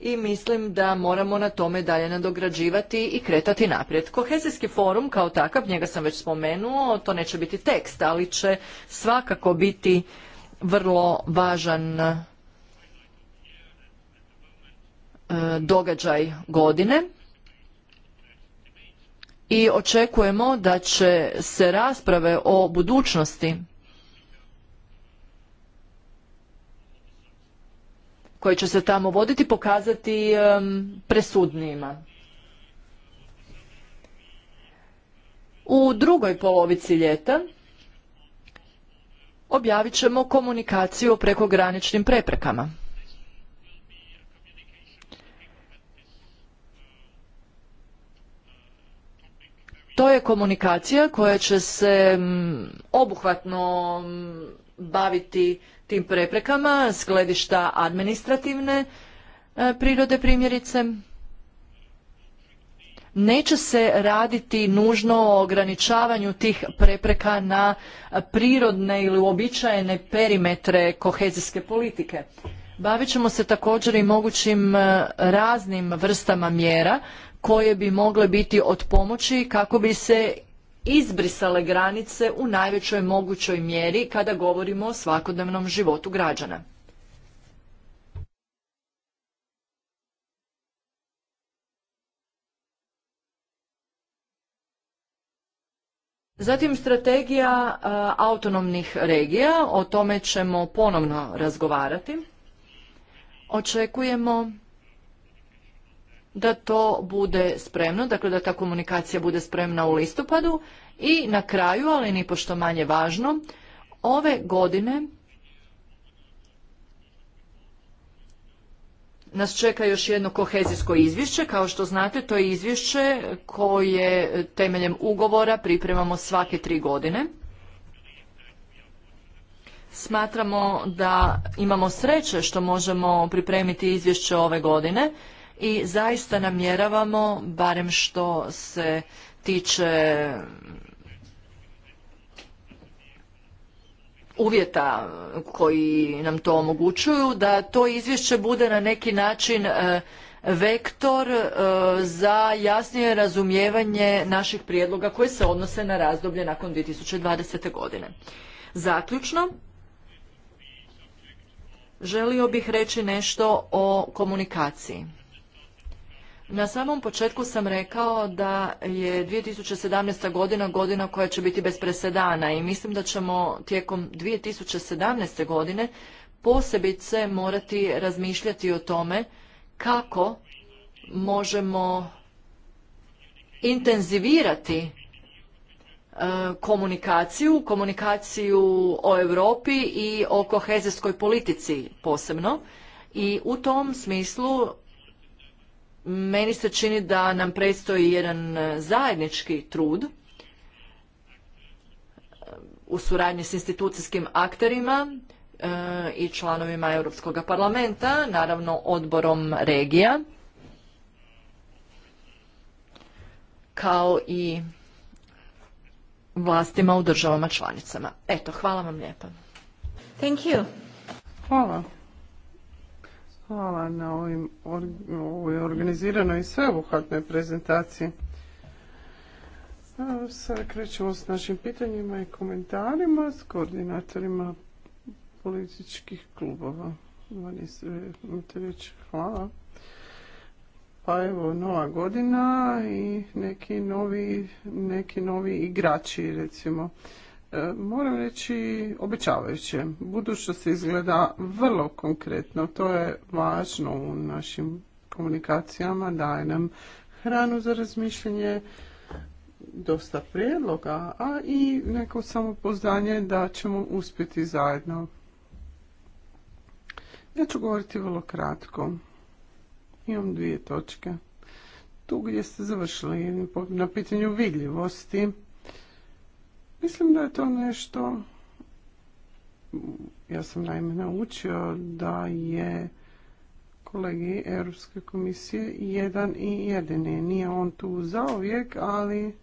i mislim da moramo na tome dalje nadograđivati i kretati naprijed. Kohezijski forum kao takav, njega sam već spomenuo, to neće biti tekst, ali će svakako biti vrlo važan e, događaj godine i očekujemo da će se rasprave o budućnosti koji će se tamo voditi pokazati presudnijima. U drugoj polovici ljeta objavit ćemo komunikaciju o prekograničnim preprekama. To je komunikacija koja će se obuhvatno baviti tim preprekama, gledišta administrativne e, prirode primjerice, neće se raditi nužno o ograničavanju tih prepreka na prirodne ili uobičajene perimetre kohezijske politike. Bavit ćemo se također i mogućim e, raznim vrstama mjera koje bi mogle biti od pomoći kako bi se izbrisale granice u najvećoj mogućoj mjeri kada govorimo o svakodnevnom životu građana. Zatim strategija e, autonomnih regija, o tome ćemo ponovno razgovarati. Očekujemo da to bude spremno, dakle da ta komunikacija bude spremna u listopadu i na kraju, ali ni pošto manje važno, ove godine nas čeka još jedno kohezijsko izvješće. Kao što znate, to je izvješće koje temeljem ugovora pripremamo svake tri godine. Smatramo da imamo sreće što možemo pripremiti izvješće ove godine i zaista namjeravamo, barem što se tiče uvjeta koji nam to omogućuju, da to izvješće bude na neki način e, vektor e, za jasnije razumijevanje naših prijedloga koje se odnose na razdoblje nakon 2020. godine. Zaključno, želio bih reći nešto o komunikaciji. Na samom početku sam rekao da je 2017. godina godina koja će biti bez presedana i mislim da ćemo tijekom 2017. godine posebice morati razmišljati o tome kako možemo intenzivirati e, komunikaciju, komunikaciju o Europi i o kohezijskoj politici posebno. I u tom smislu meni se čini da nam predstoji jedan e, zajednički trud e, u suradnji s institucijskim akterima e, i članovima Europskog parlamenta, naravno odborom regija, kao i vlastima u državama članicama. Eto, hvala vam lijepa. Thank you. Hvala. Hvala na ovim, ovoj organiziranoj i sveobuhvatnoj prezentaciji. Sada krećemo s našim pitanjima i komentarima s koordinatorima političkih klubova. E, Hvala. Pa evo, nova godina i neki novi, neki novi igrači, recimo. E, moram reći obećavajuće, budućnost izgleda vrlo konkretno, to je važno u našim komunikacijama, daje nam hranu za razmišljanje, dosta prijedloga, a i neko samopoznanje da ćemo uspjeti zajedno. Ja ću govoriti vrlo kratko. Imam dvije točke. Tu gdje ste završili na pitanju vidljivosti, Mislim da je to nešto, ja sam naime naučio da je kolegi Europske komisije jedan i jedini. Nije on tu zaovijek, ali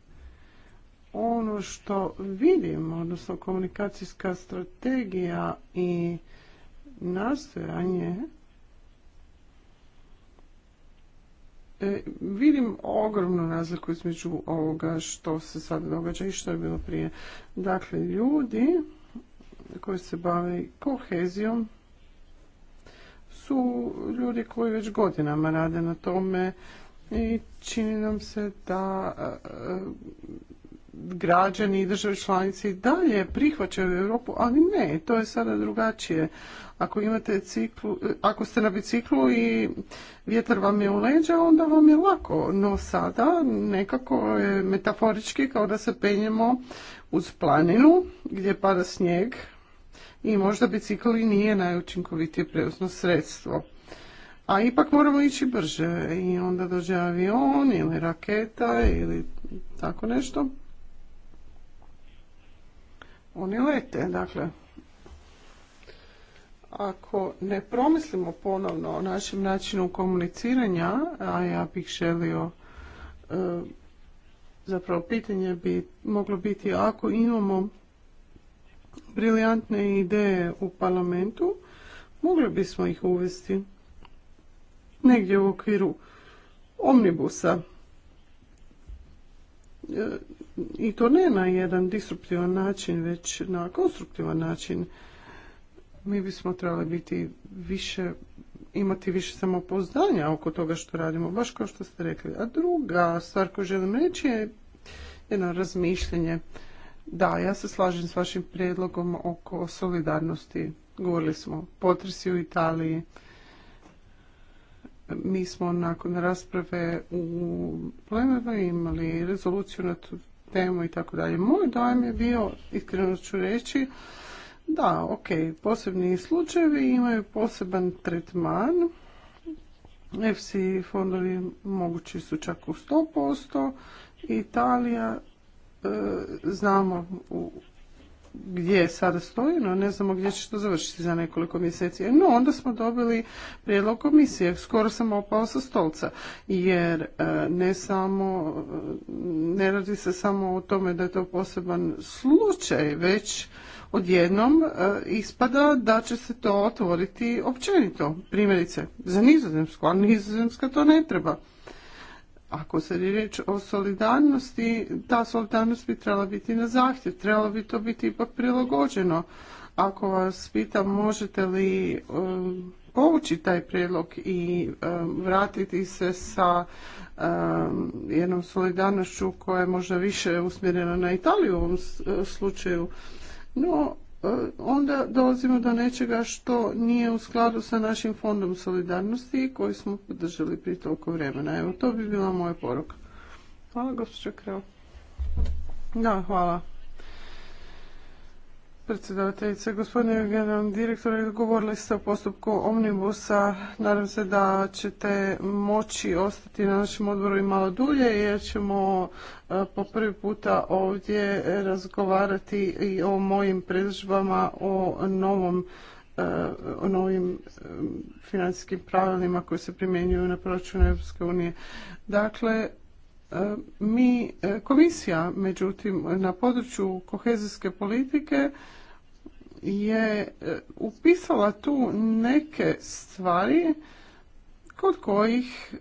ono što vidimo, odnosno komunikacijska strategija i nastojanje E, vidim ogromnu razliku između ovoga što se sada događa i što je bilo prije. Dakle, ljudi koji se bave kohezijom su ljudi koji već godinama rade na tome i čini nam se da e, građani i države članice i dalje prihvaćaju Europu, ali ne, to je sada drugačije. Ako imate ciklu, ako ste na biciklu i vjetar vam je u leđa, onda vam je lako, no sada nekako je metaforički kao da se penjemo uz planinu gdje pada snijeg i možda bicikl i nije najučinkovitije prevozno sredstvo. A ipak moramo ići brže i onda dođe avion ili raketa ili tako nešto. Oni lete. Dakle, ako ne promislimo ponovno o našem načinu komuniciranja, a ja bih želio e, zapravo pitanje bi moglo biti ako imamo briljantne ideje u parlamentu, mogli bismo ih uvesti negdje u okviru omnibusa. E, i to ne na jedan disruptivan način, već na konstruktivan način. Mi bismo trebali biti više, imati više samopoznanja oko toga što radimo, baš kao što ste rekli. A druga stvar koju želim reći je jedno razmišljenje. Da, ja se slažem s vašim prijedlogom oko solidarnosti. Govorili smo potresi u Italiji. Mi smo nakon rasprave u plenarnoj imali rezoluciju na tu temu i tako dalje. Moj dojam je bio, iskreno ću reći, da, ok, posebni slučajevi imaju poseban tretman. FC fondovi mogući su čak u 100%. Italija, e, znamo u gdje sada stoji, no ne znamo gdje će to završiti za nekoliko mjeseci. E, no onda smo dobili prijedlog komisije, skoro sam opao sa stolca, jer e, ne samo, e, ne radi se samo o tome da je to poseban slučaj, već odjednom ispada da će se to otvoriti općenito, primjerice za nizozemsku, a nizozemska to ne treba. Ako se je riječ o solidarnosti, ta solidarnost bi trebala biti na zahtjev, trebalo bi to biti ipak prilagođeno. Ako vas pitam možete li um, povući taj prijedlog i um, vratiti se sa um, jednom solidarnošću koja je možda više usmjerena na Italiju u ovom slučaju, no E, onda dolazimo do nečega što nije u skladu sa našim fondom solidarnosti koji smo podržali prije toliko vremena. Evo, to bi bila moja poruka. Hvala, gospođo Kreo. Da, hvala predsjedavateljice. Gospodine generalni direktore, govorili ste o postupku omnibusa. Nadam se da ćete moći ostati na našem odboru i malo dulje, jer ćemo e, po prvi puta ovdje razgovarati i o mojim predržbama o novom e, o novim e, financijskim pravilima koji se primjenjuju na proračun Europske unije. Dakle, E, mi, e, komisija, međutim, na području kohezijske politike je e, upisala tu neke stvari kod kojih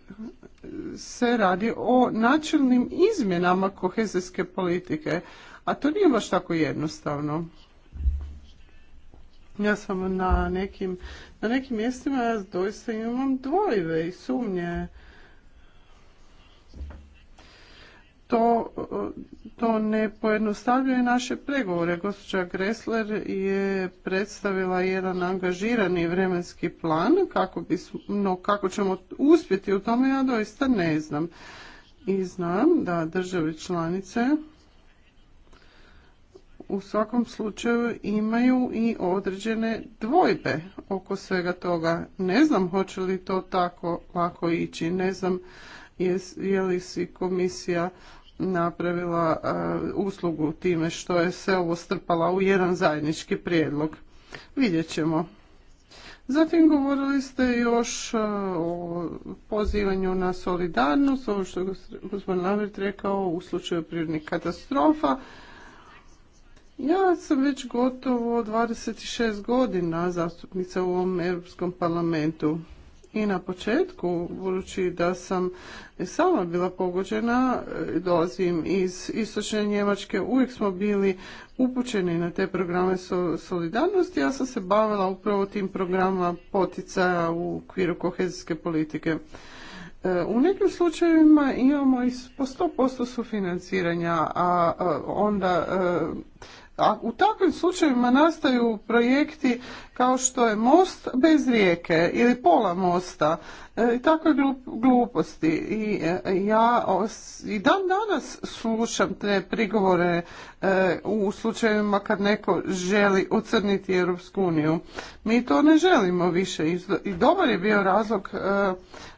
se radi o načelnim izmjenama kohezijske politike, a to nije baš tako jednostavno. Ja sam na nekim, na nekim mjestima ja doista imam dvojbe i sumnje to, to ne pojednostavljuje naše pregovore. Gospođa Gressler je predstavila jedan angažirani vremenski plan, kako bi no kako ćemo uspjeti u tome ja doista ne znam. I znam da države članice u svakom slučaju imaju i određene dvojbe oko svega toga. Ne znam hoće li to tako lako ići, ne znam je li si komisija napravila e, uslugu time što je se ovo strpala u jedan zajednički prijedlog. Vidjet ćemo. Zatim govorili ste još e, o pozivanju na solidarnost, ovo što je gospodin Lambert rekao u slučaju prirodnih katastrofa. Ja sam već gotovo 26 godina zastupnica u ovom Europskom parlamentu. I na početku, budući da sam sama bila pogođena, e, dolazim iz istočne Njemačke, uvijek smo bili upućeni na te programe solidarnosti. Ja sam se bavila upravo tim programa poticaja u okviru kohezijske politike. E, u nekim slučajevima imamo i po 100% sufinanciranja, a onda e, a u takvim slučajevima nastaju projekti kao što je most bez rijeke ili pola mosta e, i takve gluposti. I e, ja i dan danas slušam te prigovore e, u slučajevima kad neko želi ucrniti Europsku uniju. Mi to ne želimo više i dobar je bio razlog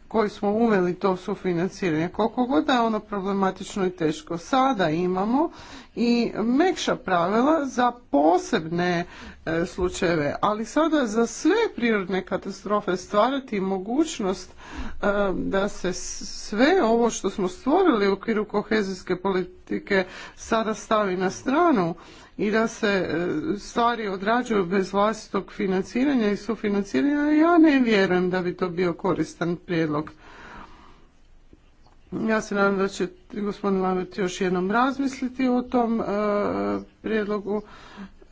koji smo uveli to sufinanciranje, koliko god je ono problematično i teško. Sada imamo i mekša pravila za posebne e, slučajeve, ali sada za sve prirodne katastrofe stvarati mogućnost e, da se sve ovo što smo stvorili u okviru kohezijske politike sada stavi na stranu i da se e, stvari odrađuju bez vlastitog financiranja i sufinanciranja, ja ne vjerujem da bi to bio koristan prijedlog. Ja se nadam da će gospodin Lamet još jednom razmisliti o tom e, prijedlogu.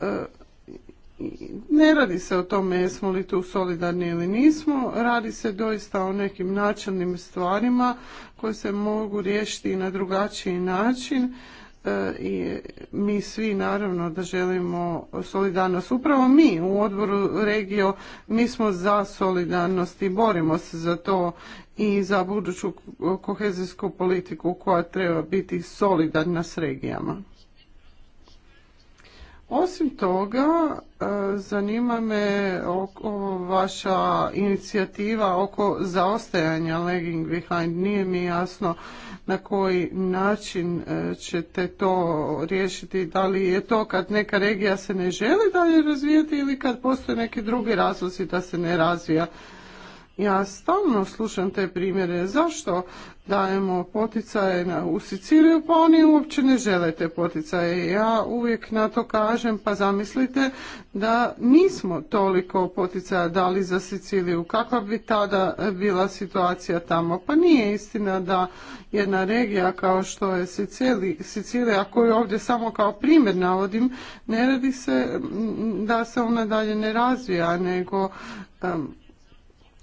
E, ne radi se o tome jesmo li tu solidarni ili nismo, radi se doista o nekim načelnim stvarima koje se mogu riješiti i na drugačiji način i mi svi naravno da želimo solidarnost. Upravo mi u odboru regio mi smo za solidarnost i borimo se za to i za buduću kohezijsku politiku koja treba biti solidarna s regijama. Osim toga, e, zanima me oko vaša inicijativa oko zaostajanja legging behind. Nije mi jasno na koji način e, ćete to riješiti. Da li je to kad neka regija se ne želi dalje razvijati ili kad postoje neki drugi razlozi da se ne razvija. Ja stalno slušam te primjere zašto dajemo poticaje u Siciliju, pa oni uopće ne žele te poticaje. Ja uvijek na to kažem, pa zamislite da nismo toliko poticaja dali za Siciliju. Kakva bi tada bila situacija tamo? Pa nije istina da jedna regija kao što je Sicili, Sicilija, koju ovdje samo kao primjer navodim, ne radi se da se ona dalje ne razvija, nego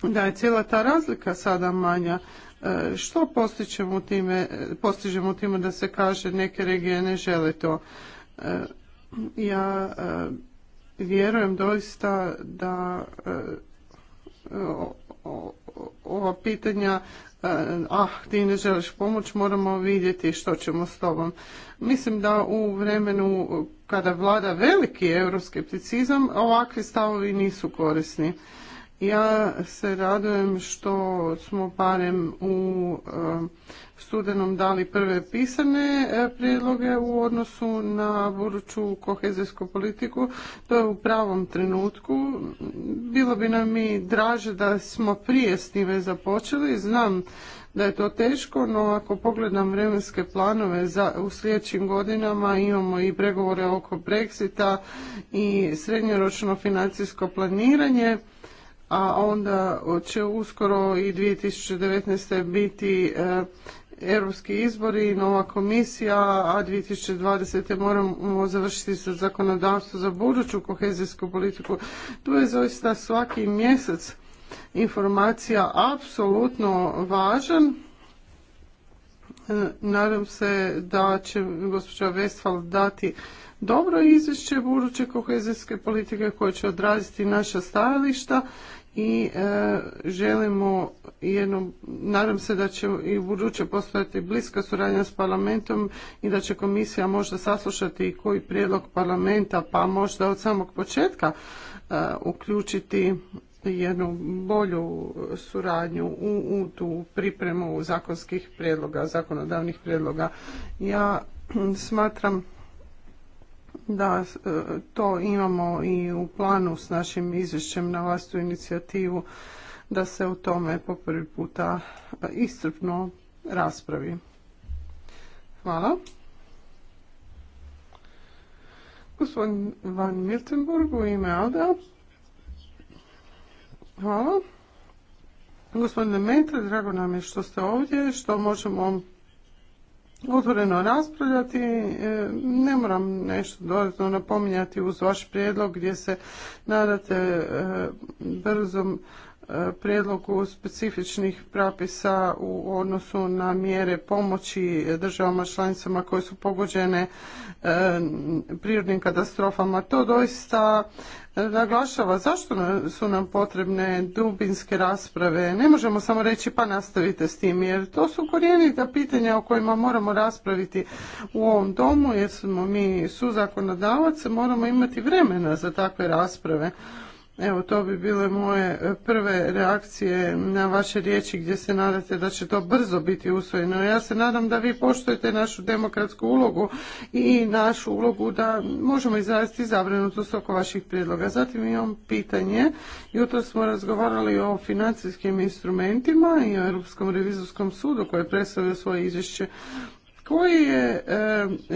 da je cijela ta razlika sada manja. E, što postižemo time, postižemo time da se kaže neke regije ne žele to? E, ja e, vjerujem doista da ova pitanja ah, ti ne želiš pomoć, moramo vidjeti što ćemo s tobom. Mislim da u vremenu kada vlada veliki euroskepticizam, ovakvi stavovi nisu korisni. Ja se radujem što smo barem u studenom dali prve pisane e, prijedloge u odnosu na buduću kohezijsku politiku. To je u pravom trenutku. Bilo bi nam i draže da smo prije s njime započeli. Znam da je to teško, no ako pogledam vremenske planove za, u sljedećim godinama imamo i pregovore oko Brexita i srednjoročno financijsko planiranje a onda će uskoro i 2019. biti e, europski izbori i nova komisija, a 2020. moramo završiti sa zakonodavstvo za buduću kohezijsku politiku. Tu je zaista svaki mjesec informacija apsolutno važan. E, nadam se da će gospođa Westphal dati dobro izvješće buduće kohezijske politike koje će odraziti naša stajališta i e, želimo jednu, nadam se da će i u buduće postojati bliska suradnja s parlamentom i da će komisija možda saslušati i koji prijedlog parlamenta pa možda od samog početka e, uključiti jednu bolju suradnju u, u tu pripremu zakonskih prijedloga, zakonodavnih prijedloga. Ja smatram da, e, to imamo i u planu s našim izvješćem na vlastu inicijativu da se o tome po prvi puta e, istrpno raspravi. Hvala. Gospodin Van Miltenburg u ime Alda. Hvala. Gospodine Mente, drago nam je što ste ovdje, što možemo otvoreno raspravljati. E, ne moram nešto dodatno napominjati uz vaš prijedlog gdje se nadate e, brzom E, prijedlogu specifičnih propisa u odnosu na mjere pomoći državama članicama koje su pogođene e, prirodnim katastrofama. To doista e, naglašava zašto su nam potrebne dubinske rasprave. Ne možemo samo reći pa nastavite s tim jer to su korijenita pitanja o kojima moramo raspraviti u ovom domu jer smo mi suzakonodavac, moramo imati vremena za takve rasprave. Evo, to bi bile moje e, prve reakcije na vaše riječi gdje se nadate da će to brzo biti usvojeno. Ja se nadam da vi poštujete našu demokratsku ulogu i našu ulogu da možemo izraziti zabrinutost oko vaših prijedloga. Zatim imam pitanje. Jutro smo razgovarali o financijskim instrumentima i o Europskom revizorskom sudu koji je predstavio svoje izvješće koji je e,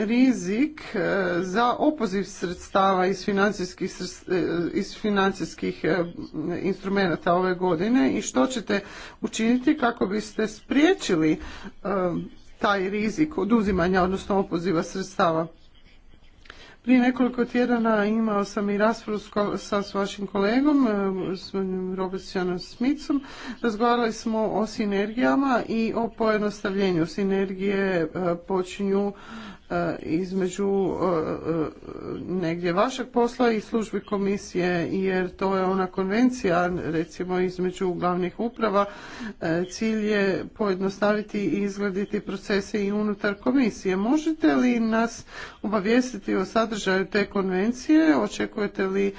rizik e, za opoziv sredstava iz financijskih, e, iz financijskih instrumenta ove godine i što ćete učiniti kako biste spriječili taj rizik oduzimanja, odnosno opoziva sredstava? Prije nekoliko tjedana imao sam i raspravu sa s vašim kolegom, e, s Robertsonom Smicom. Razgovarali smo o sinergijama i o pojednostavljenju. Sinergije e, počinju E, između e, e, negdje vašeg posla i službi komisije jer to je ona konvencija recimo između glavnih uprava cilj je pojednostaviti i izglediti procese i unutar komisije. Možete li nas obavijestiti o sadržaju te konvencije? Očekujete li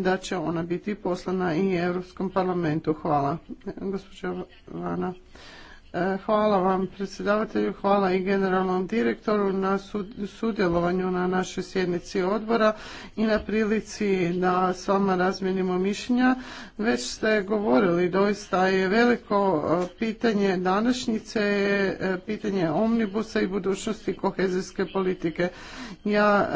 da će ona biti poslana i Europskom parlamentu? Hvala. Gospođa E, hvala vam predsjedavatelju, hvala i generalnom direktoru na sudjelovanju na našoj sjednici odbora i na prilici da s vama razmijenimo mišljenja. Već ste govorili, doista je veliko e, pitanje današnjice, e, pitanje omnibusa i budućnosti kohezijske politike. Ja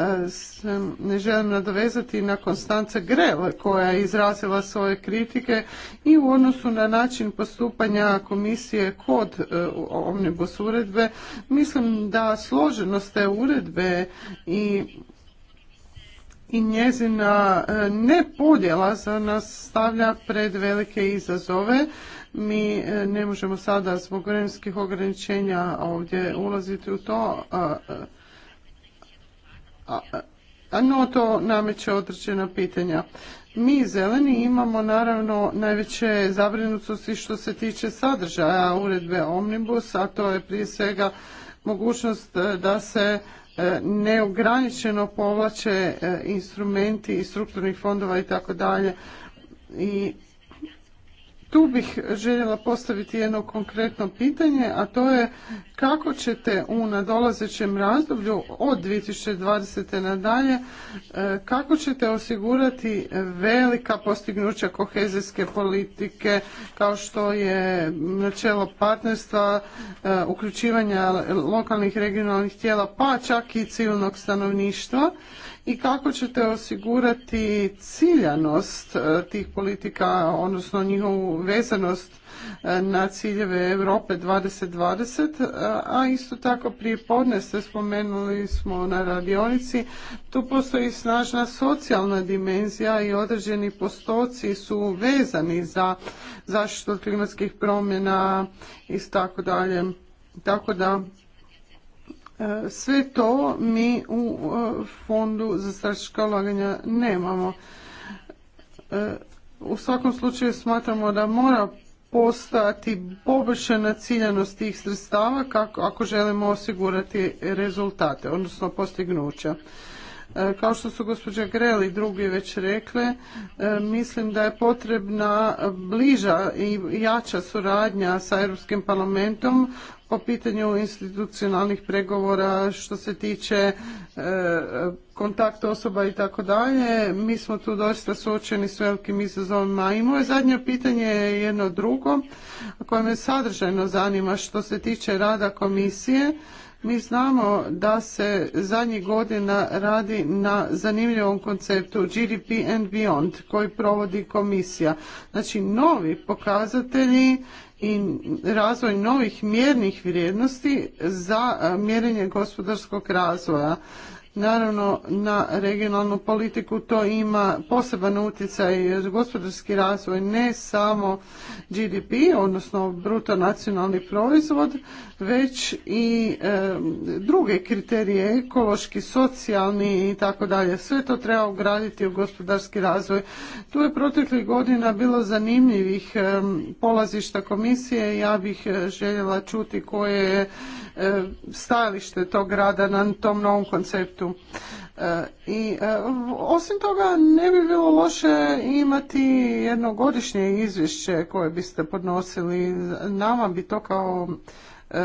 ne želim nadovezati na Konstance Grel koja je izrazila svoje kritike i u odnosu na način postupanja komisije ko od e, omnibus uredbe. Mislim da složenost te uredbe i i njezina e, nepodjela za nas stavlja pred velike izazove. Mi e, ne možemo sada zbog vremenskih ograničenja ovdje ulaziti u to, no to nameće određena pitanja. Mi zeleni imamo naravno najveće zabrinutosti što se tiče sadržaja uredbe Omnibus, a to je prije svega mogućnost e, da se e, neograničeno povlače e, instrumenti i strukturnih fondova i tako dalje i tu bih željela postaviti jedno konkretno pitanje, a to je kako ćete u nadolazećem razdoblju od 2020. nadalje, e, kako ćete osigurati velika postignuća kohezijske politike kao što je načelo partnerstva, e, uključivanja lokalnih regionalnih tijela pa čak i civilnog stanovništva i kako ćete osigurati ciljanost e, tih politika, odnosno njihovu vezanost e, na ciljeve Europe 2020, e, a isto tako prije podne ste spomenuli smo na radionici, tu postoji snažna socijalna dimenzija i određeni postoci su vezani za zaštitu klimatskih promjena i tako dalje. Tako da E, sve to mi u e, fondu za strateška ulaganja nemamo. E, u svakom slučaju smatramo da mora postati poboljšana ciljanost tih sredstava ako želimo osigurati rezultate, odnosno postignuća. Kao što su gospođa Greli i drugi već rekle, mislim da je potrebna bliža i jača suradnja sa Europskim parlamentom po pitanju institucionalnih pregovora što se tiče e, kontakt osoba i tako dalje. Mi smo tu dosta suočeni s velikim izazovima. I moje zadnje pitanje je jedno drugo koje me sadržajno zanima što se tiče rada komisije. Mi znamo da se zadnjih godina radi na zanimljivom konceptu GDP and Beyond koji provodi komisija. Znači novi pokazatelji i razvoj novih mjernih vrijednosti za mjerenje gospodarskog razvoja Naravno, na regionalnu politiku to ima poseban utjecaj gospodarski razvoj, ne samo GDP, odnosno bruto nacionalni proizvod, već i druge kriterije, ekološki, socijalni i tako dalje. Sve to treba ugraditi u gospodarski razvoj. Tu je proteklih godina bilo zanimljivih polazišta komisije. Ja bih eh, željela čuti koje je eh, stajalište tog rada na tom novom konceptu E, I e, osim toga ne bi bilo loše imati jednogodišnje izvješće koje biste podnosili. Nama bi to kao e,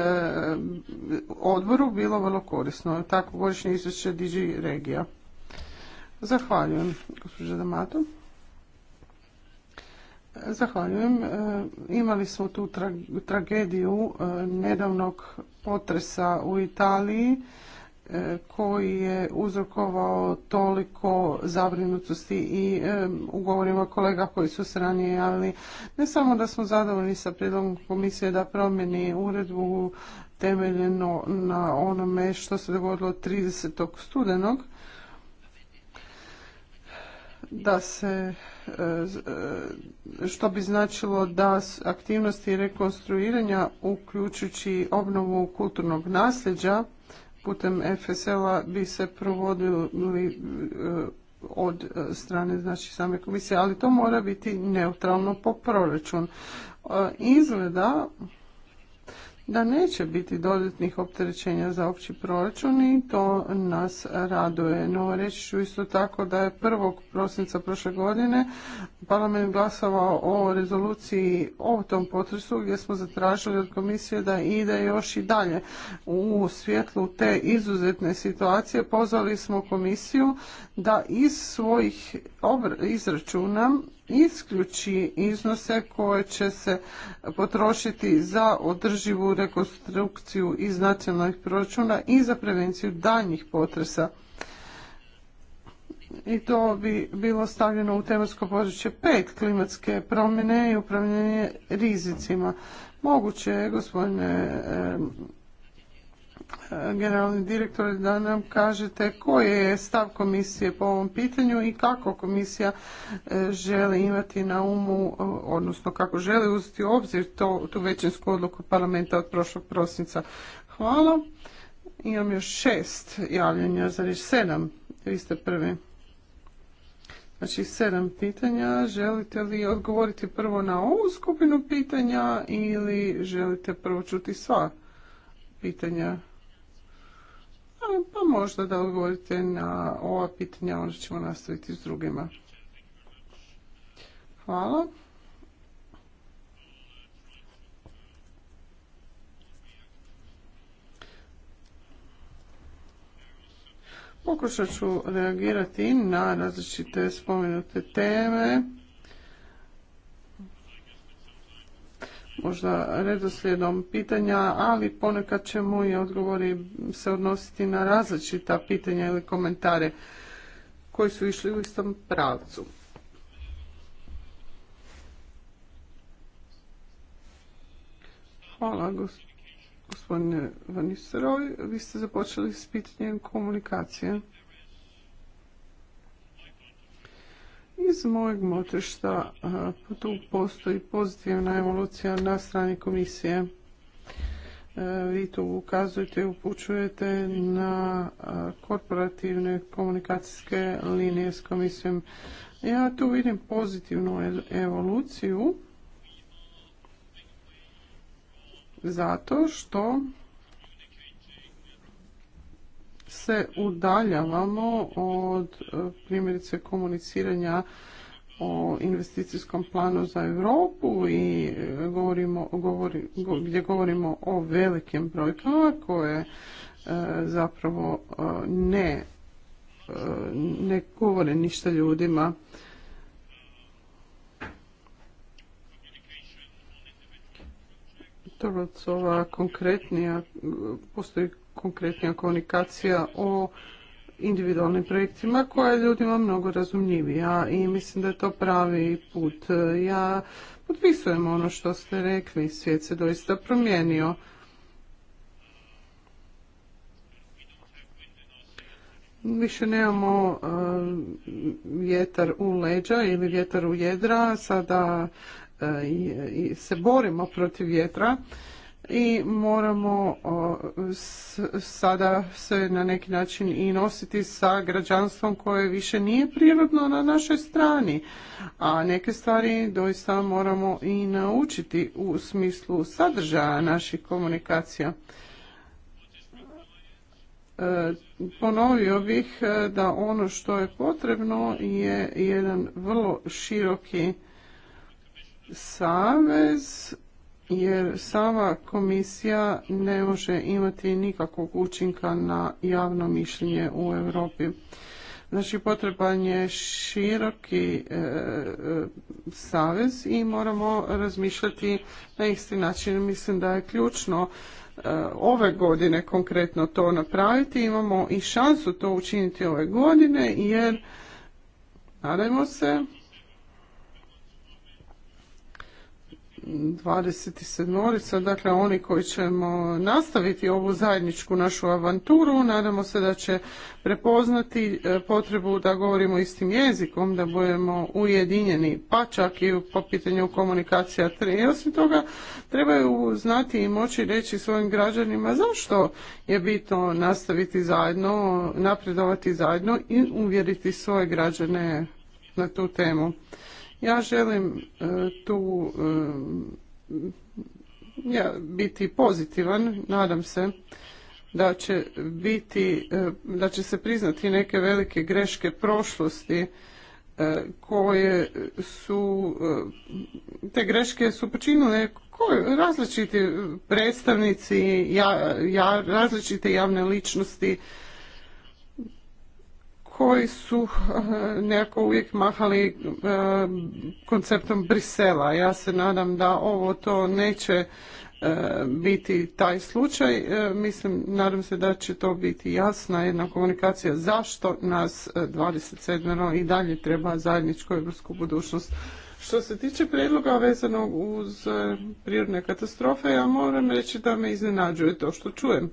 odboru bilo vrlo korisno. Tako godišnje izvješće DG Regija. Zahvaljujem, gospođa Damato. Zahvaljujem. Imali smo tu tragediju nedavnog potresa u Italiji E, koji je uzrokovao toliko zabrinutosti i e, ugovorima kolega koji su se ranije javili. Ne samo da smo zadovoljni sa prijedlogom komisije da promjeni uredbu temeljeno na onome što se dogodilo 30. studenog, da se e, što bi značilo da aktivnosti rekonstruiranja uključujući obnovu kulturnog nasljeđa putem FSL-a bi se provodili e, od e, strane znači same komisije, ali to mora biti neutralno po proračun. E, izgleda da neće biti dodatnih opterećenja za opći proračun i to nas raduje. No reći ću isto tako da je 1. prosinca prošle godine parlament glasovao o rezoluciji o tom potresu gdje smo zatražili od komisije da ide još i dalje u svjetlu te izuzetne situacije. Pozvali smo komisiju da iz svojih izračuna isključi iznose koje će se potrošiti za održivu rekonstrukciju iz nacionalnih proračuna i za prevenciju daljnjih potresa. I to bi bilo stavljeno u tematsko područje pet klimatske promjene i upravljanje rizicima. Moguće je, gospodine generalni direktor da nam kažete koji je stav komisije po ovom pitanju i kako komisija e, želi imati na umu, e, odnosno kako želi uzeti u obzir to, tu većinsku odluku parlamenta od prošlog prosinca. Hvala. Imam još šest javljanja za Sedam. Vi ste prvi. Znači sedam pitanja. Želite li odgovoriti prvo na ovu skupinu pitanja ili želite prvo čuti sva pitanja? Pa, pa možda da odgovorite na ova pitanja, onda ćemo nastaviti s drugima. Hvala. Pokušat ću reagirati na različite spomenute teme. možda redoslijedom pitanja, ali ponekad će i odgovori se odnositi na različita pitanja ili komentare koji su išli u istom pravcu. Hvala, gospodine Vanisteroj. Vi ste započeli s pitanjem komunikacije. Iz mojeg motrišta pa tu postoji pozitivna evolucija na strani komisije. E, vi tu ukazujete i upućujete na korporativne komunikacijske linije s komisijom. Ja tu vidim pozitivnu e, evoluciju zato što se udaljavamo od e, primjerice komuniciranja o investicijskom planu za Europu i e, govorimo, govori, gdje govorimo o velikim brojkama koje e, zapravo ne, ne govore ništa ljudima. Torvacova konkretnija, postoji konkretnija komunikacija o individualnim projektima koja je ljudima mnogo razumljivija i mislim da je to pravi put. Ja potpisujem ono što ste rekli, svijet se doista promijenio. Više nemamo eh, vjetar u leđa ili vjetar u jedra, sada eh, se borimo protiv vjetra i moramo sada se na neki način i nositi sa građanstvom koje više nije prirodno na našoj strani. A neke stvari doista moramo i naučiti u smislu sadržaja naših komunikacija. E, ponovio bih e, da ono što je potrebno je jedan vrlo široki savez jer sama komisija ne može imati nikakvog učinka na javno mišljenje u Europi. Znači potreban je široki e, e, savez i moramo razmišljati na isti način. Mislim da je ključno e, ove godine konkretno to napraviti. Imamo i šansu to učiniti ove godine jer nadajmo se 27-orica, dakle oni koji ćemo nastaviti ovu zajedničku našu avanturu. Nadamo se da će prepoznati e, potrebu da govorimo istim jezikom, da budemo ujedinjeni, pa čak i po pitanju komunikacija. I osim toga, trebaju znati i moći reći svojim građanima zašto je bitno nastaviti zajedno, napredovati zajedno i uvjeriti svoje građane na tu temu. Ja želim e, tu e, ja, biti pozitivan, nadam se da će biti, e, da će se priznati neke velike greške prošlosti koje su, te greške su počinile različiti predstavnici, različite javne ličnosti, koji su eh, nekako uvijek mahali eh, konceptom Brisela. Ja se nadam da ovo to neće eh, biti taj slučaj. Mislim, nadam se da će to biti jasna jedna komunikacija zašto nas 27. i dalje treba zajedničku evropsku budućnost. Što se tiče predloga vezanog uz prirodne katastrofe, ja moram reći da me iznenađuje to što čujem.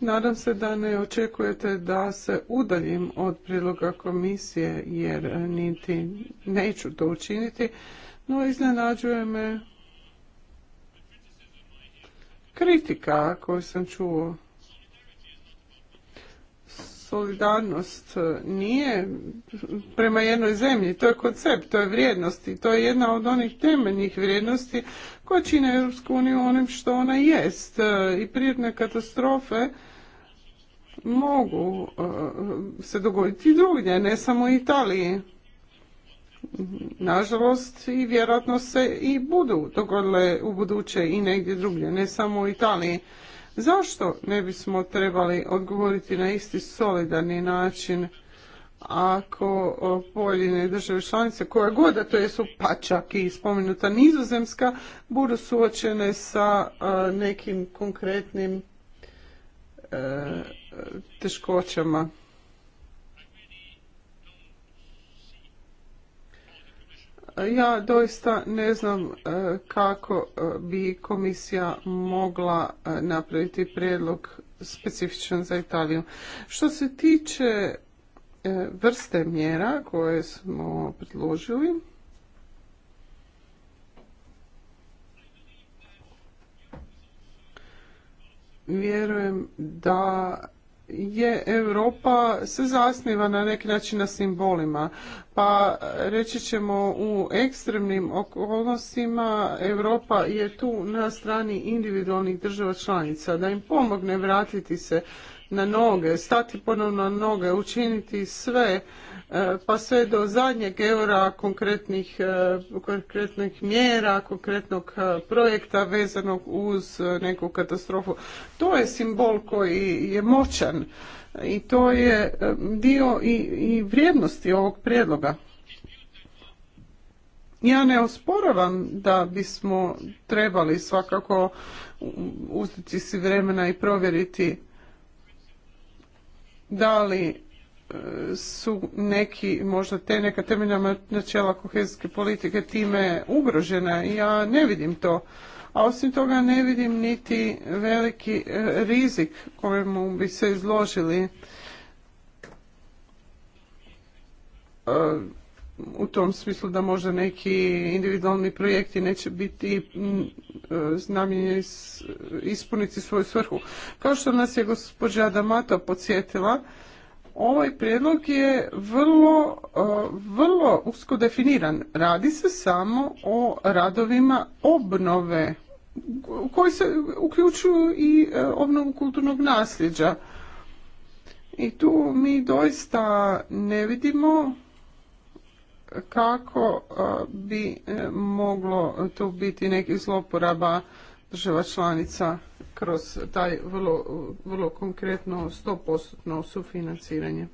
Nadam se da ne očekujete da se udaljim od priloga komisije jer niti neću to učiniti, no iznenađuje me kritika koju sam čuo. Solidarnost nije prema jednoj zemlji, to je koncept, to je vrijednost i to je jedna od onih temeljnih vrijednosti koja čine Europsku uniju onim što ona jest. I prirodne katastrofe mogu e, se dogoditi drugdje, ne samo u Italiji. Nažalost, i vjerojatno se i budu dogodile u buduće i negdje drugdje, ne samo u Italiji. Zašto ne bismo trebali odgovoriti na isti solidarni način ako pojedine države članice koja god, a to je su pa čak i spomenuta nizozemska, budu suočene sa e, nekim konkretnim e, teškoćama. Ja doista ne znam e, kako e, bi komisija mogla e, napraviti predlog specifičan za Italiju. Što se tiče vrste mjera koje smo predložili, vjerujem da je Europa se zasniva na neki način na simbolima. Pa reći ćemo u ekstremnim okolnostima Europa je tu na strani individualnih država članica da im pomogne vratiti se na noge, stati ponovno na noge, učiniti sve E, pa sve do zadnjeg eura konkretnih, e, konkretnih mjera, konkretnog e, projekta vezanog uz neku katastrofu. To je simbol koji je moćan i to je dio i, i vrijednosti ovog prijedloga. Ja ne osporavam da bismo trebali svakako uzeti si vremena i provjeriti da li su neki, možda te neka temeljna načela kohezijske politike time ugrožena i ja ne vidim to. A osim toga ne vidim niti veliki e, rizik kojemu bi se izložili e, u tom smislu da možda neki individualni projekti neće biti znamenje e, ispuniti svoju svrhu. Kao što nas je gospođa Damato podsjetila, Ovaj prijedlog je vrlo, e, vrlo usko definiran. Radi se samo o radovima obnove koji se uključuju i e, obnovu kulturnog nasljeđa. I tu mi doista ne vidimo kako e, bi moglo to biti nekih zloporaba država članica kroz taj vrlo, vrlo konkretno 100% sufinanciranje.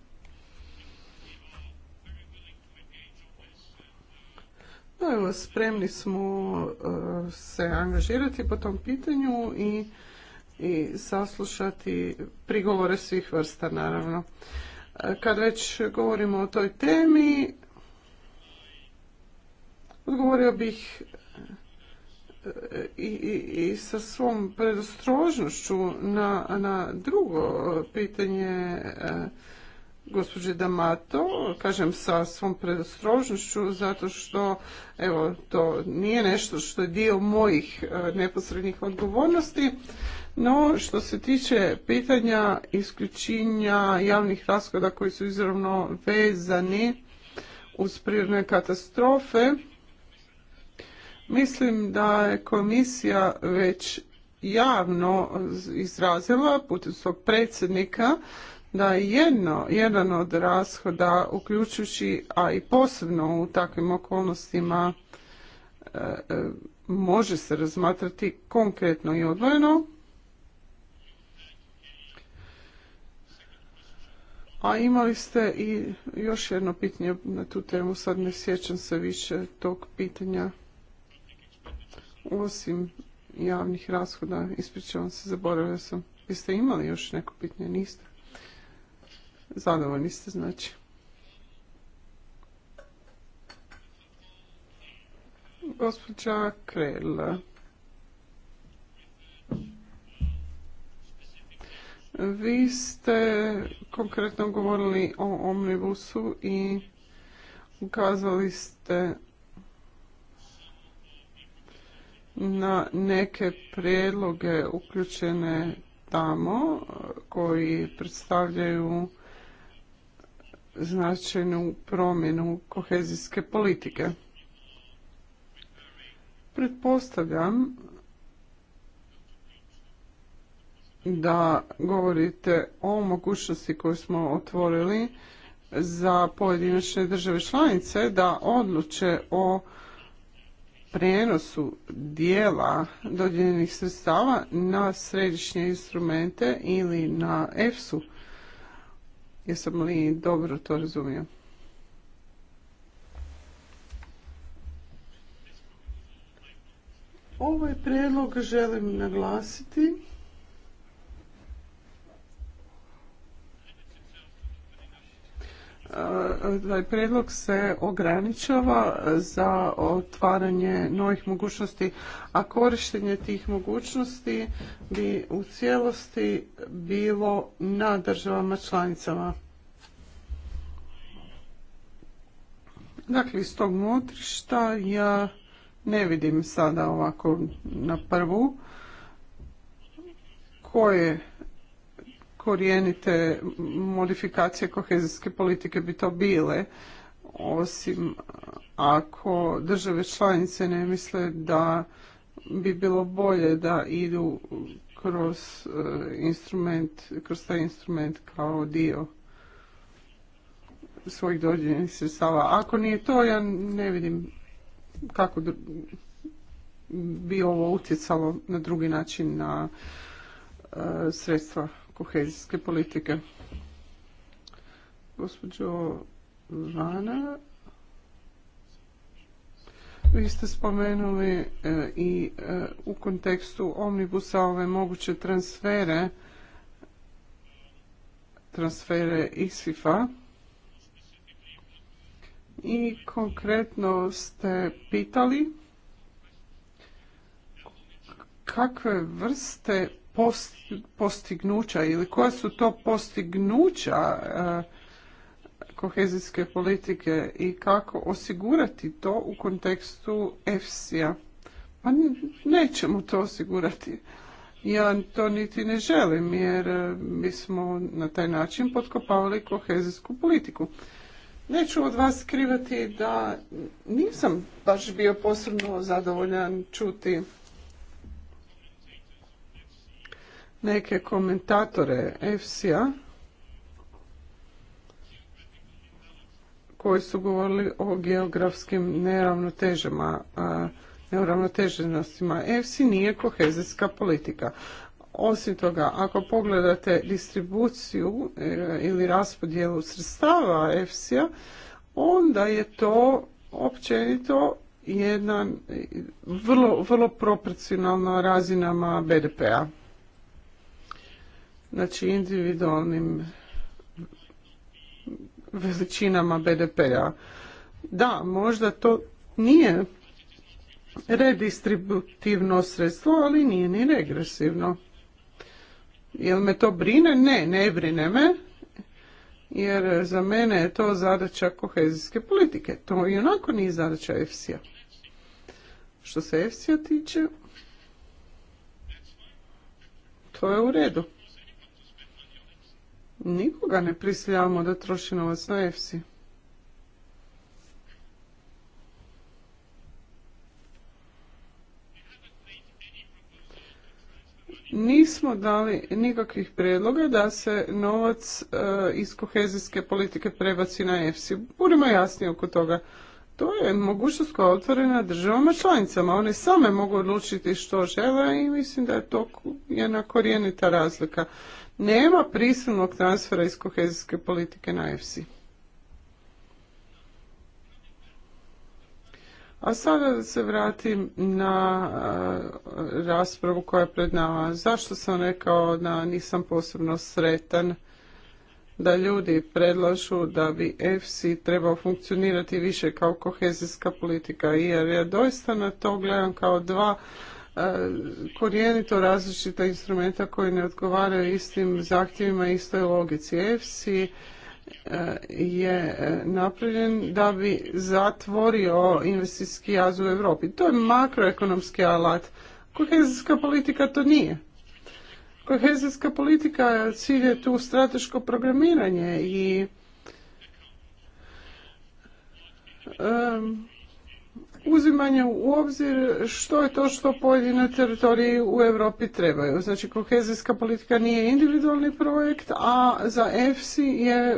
No, evo, spremni smo uh, se angažirati po tom pitanju i, i saslušati prigovore svih vrsta, naravno. Uh, kad već govorimo o toj temi, odgovorio bih i, sa svom predostrožnošću na, na drugo pitanje e, gospođe Damato, kažem sa svom predostrožnošću, zato što evo, to nije nešto što je dio mojih e, neposrednih odgovornosti, no što se tiče pitanja isključenja javnih rashoda koji su izravno vezani uz prirodne katastrofe, Mislim da je komisija već javno izrazila putem svog predsjednika da jedno, jedan od rashoda, uključujući, a i posebno u takvim okolnostima, e, e, može se razmatrati konkretno i odvojeno, A imali ste i još jedno pitanje na tu temu, sad ne sjećam se više tog pitanja osim javnih rashoda, ispričavam se, zaboravio sam. Jeste imali još neko pitanje? Niste? Zadovoljni ste, znači. Gospođa Krela. Vi ste konkretno govorili o omnibusu i ukazali ste na neke prijedloge uključene tamo koji predstavljaju značajnu promjenu kohezijske politike. Pretpostavljam da govorite o mogućnosti koju smo otvorili za pojedinačne države članice da odluče o prijenosu dijela dodijeljenih sredstava na središnje instrumente ili na EFSU. Jesam li dobro to razumio? Ovaj prijedlog želim naglasiti ovaj prijedlog se ograničava za otvaranje novih mogućnosti, a korištenje tih mogućnosti bi u cijelosti bilo na državama članicama. Dakle, iz tog motrišta ja ne vidim sada ovako na prvu koje korijenite modifikacije kohezijske politike bi to bile, osim ako države članice ne misle da bi bilo bolje da idu kroz e, instrument, kroz taj instrument kao dio svojih dođenih sredstava. Ako nije to, ja ne vidim kako bi ovo utjecalo na drugi način na e, sredstva kohezijske politike. Gospođo Vana, vi ste spomenuli e, i e, u kontekstu omnibusa ove moguće transfere, transfere ISIF-a i konkretno ste pitali kakve vrste postignuća ili koja su to postignuća eh, kohezijske politike i kako osigurati to u kontekstu EFSI-a. Pa nećemo to osigurati. Ja to niti ne želim jer eh, mi smo na taj način potkopavali kohezijsku politiku. Neću od vas skrivati da nisam baš bio posebno zadovoljan čuti neke komentatore EFSI-a koji su govorili o geografskim neravnotežama, neravnoteženostima. EFSI nije kohezijska politika. Osim toga, ako pogledate distribuciju e, ili raspodjelu sredstava EFSI-a, onda je to općenito jedna e, vrlo, vrlo proporcionalna razinama BDP-a znači individualnim veličinama BDP-a. Da, možda to nije redistributivno sredstvo, ali nije ni regresivno. Jel me to brine? Ne, ne brine me, jer za mene je to zadaća kohezijske politike. To i onako nije zadaća EFSI-a. Što se EFSI-a tiče, to je u redu. Nikoga ne prisiljavamo da troši novac na EFSI. Nismo dali nikakvih predloga da se novac e, iz kohezijske politike prebaci na EFSI. Budemo jasni oko toga. To je mogućnost koja je otvorena državama članicama. One same mogu odlučiti što žele i mislim da je to jedna korijenita razlika nema prisilnog transfera iz kohezijske politike na EFSI. A sada da se vratim na eh, raspravu koja je pred nama. Zašto sam rekao da nisam posebno sretan da ljudi predlažu da bi EFSI trebao funkcionirati više kao kohezijska politika? Jer ja doista na to gledam kao dva E, korijenito različita instrumenta koji ne odgovaraju istim zahtjevima istoj logici. EFSI je e, napravljen da bi zatvorio investicijski jaz u Europi. To je makroekonomski alat. Kohezijska politika to nije. Kohezijska politika e, cilje tu strateško programiranje i uzimanje u obzir što je to što pojedine teritoriji u Europi trebaju. Znači kohezijska politika nije individualni projekt, a za EFSI je e,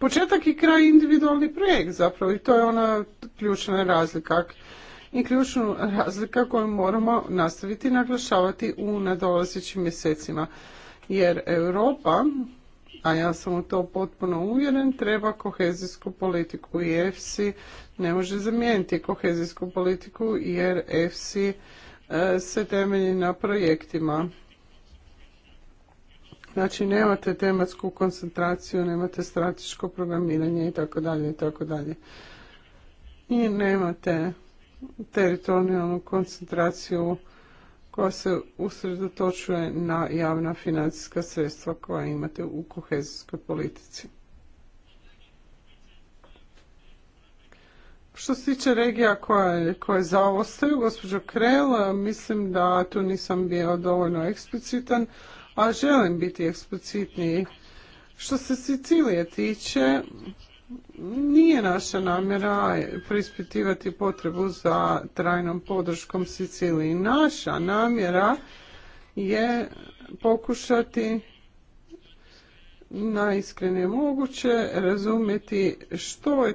početak i kraj individualni projekt zapravo i to je ona ključna razlika i ključna razlika koju moramo nastaviti naglašavati u nadolazećim mjesecima. Jer Europa, a ja sam u to potpuno uvjeren, treba kohezijsku politiku i EFSI ne može zamijeniti kohezijsku politiku jer EFSI se temelji na projektima. Znači nemate tematsku koncentraciju, nemate strateško programiranje i tako i tako dalje. I nemate teritorijalnu koncentraciju koja se usredotočuje na javna financijska sredstva koja imate u kohezijskoj politici. Što se tiče regija koje, zaostaju, gospođo Krel, mislim da tu nisam bio dovoljno eksplicitan, a želim biti eksplicitniji. Što se Sicilije tiče, nije naša namjera prispitivati potrebu za trajnom podrškom Siciliji. Naša namjera je pokušati najiskrenije moguće razumjeti što je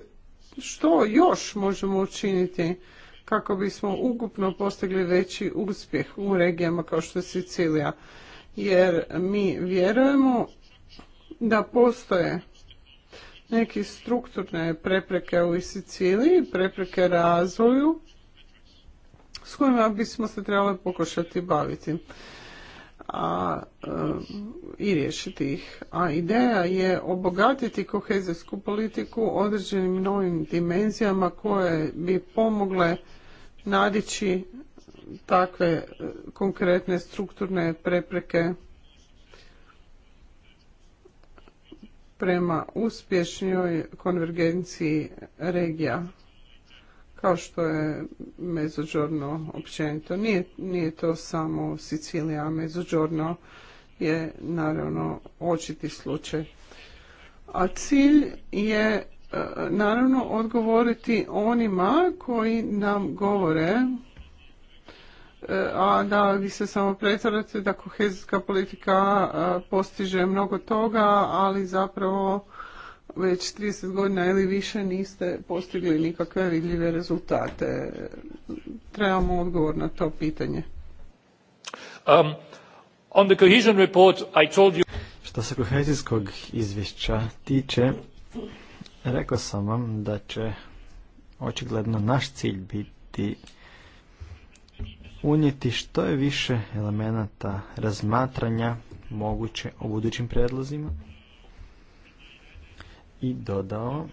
što još možemo učiniti kako bismo ukupno postigli veći uspjeh u regijama kao što je Sicilija. Jer mi vjerujemo da postoje neke strukturne prepreke u Siciliji, prepreke razvoju s kojima bismo se trebali pokušati baviti a e, i riješiti ih. A ideja je obogatiti kohezijsku politiku određenim novim dimenzijama koje bi pomogle nadići takve e, konkretne strukturne prepreke prema uspješnjoj konvergenciji regija kao što je Mezođorno općenito. Nije, nije to samo Sicilija, Mezođorno je naravno očiti slučaj. A cilj je e, naravno odgovoriti onima koji nam govore e, a da vi se samo pretvarate da kohezijska politika e, postiže mnogo toga, ali zapravo već 30 godina ili više niste postigli nikakve vidljive rezultate. Trebamo odgovor na to pitanje. Um, on the Što se kohezijskog izvješća tiče, rekao sam vam da će očigledno naš cilj biti unijeti što je više elemenata razmatranja moguće o budućim prijedlozima i dodao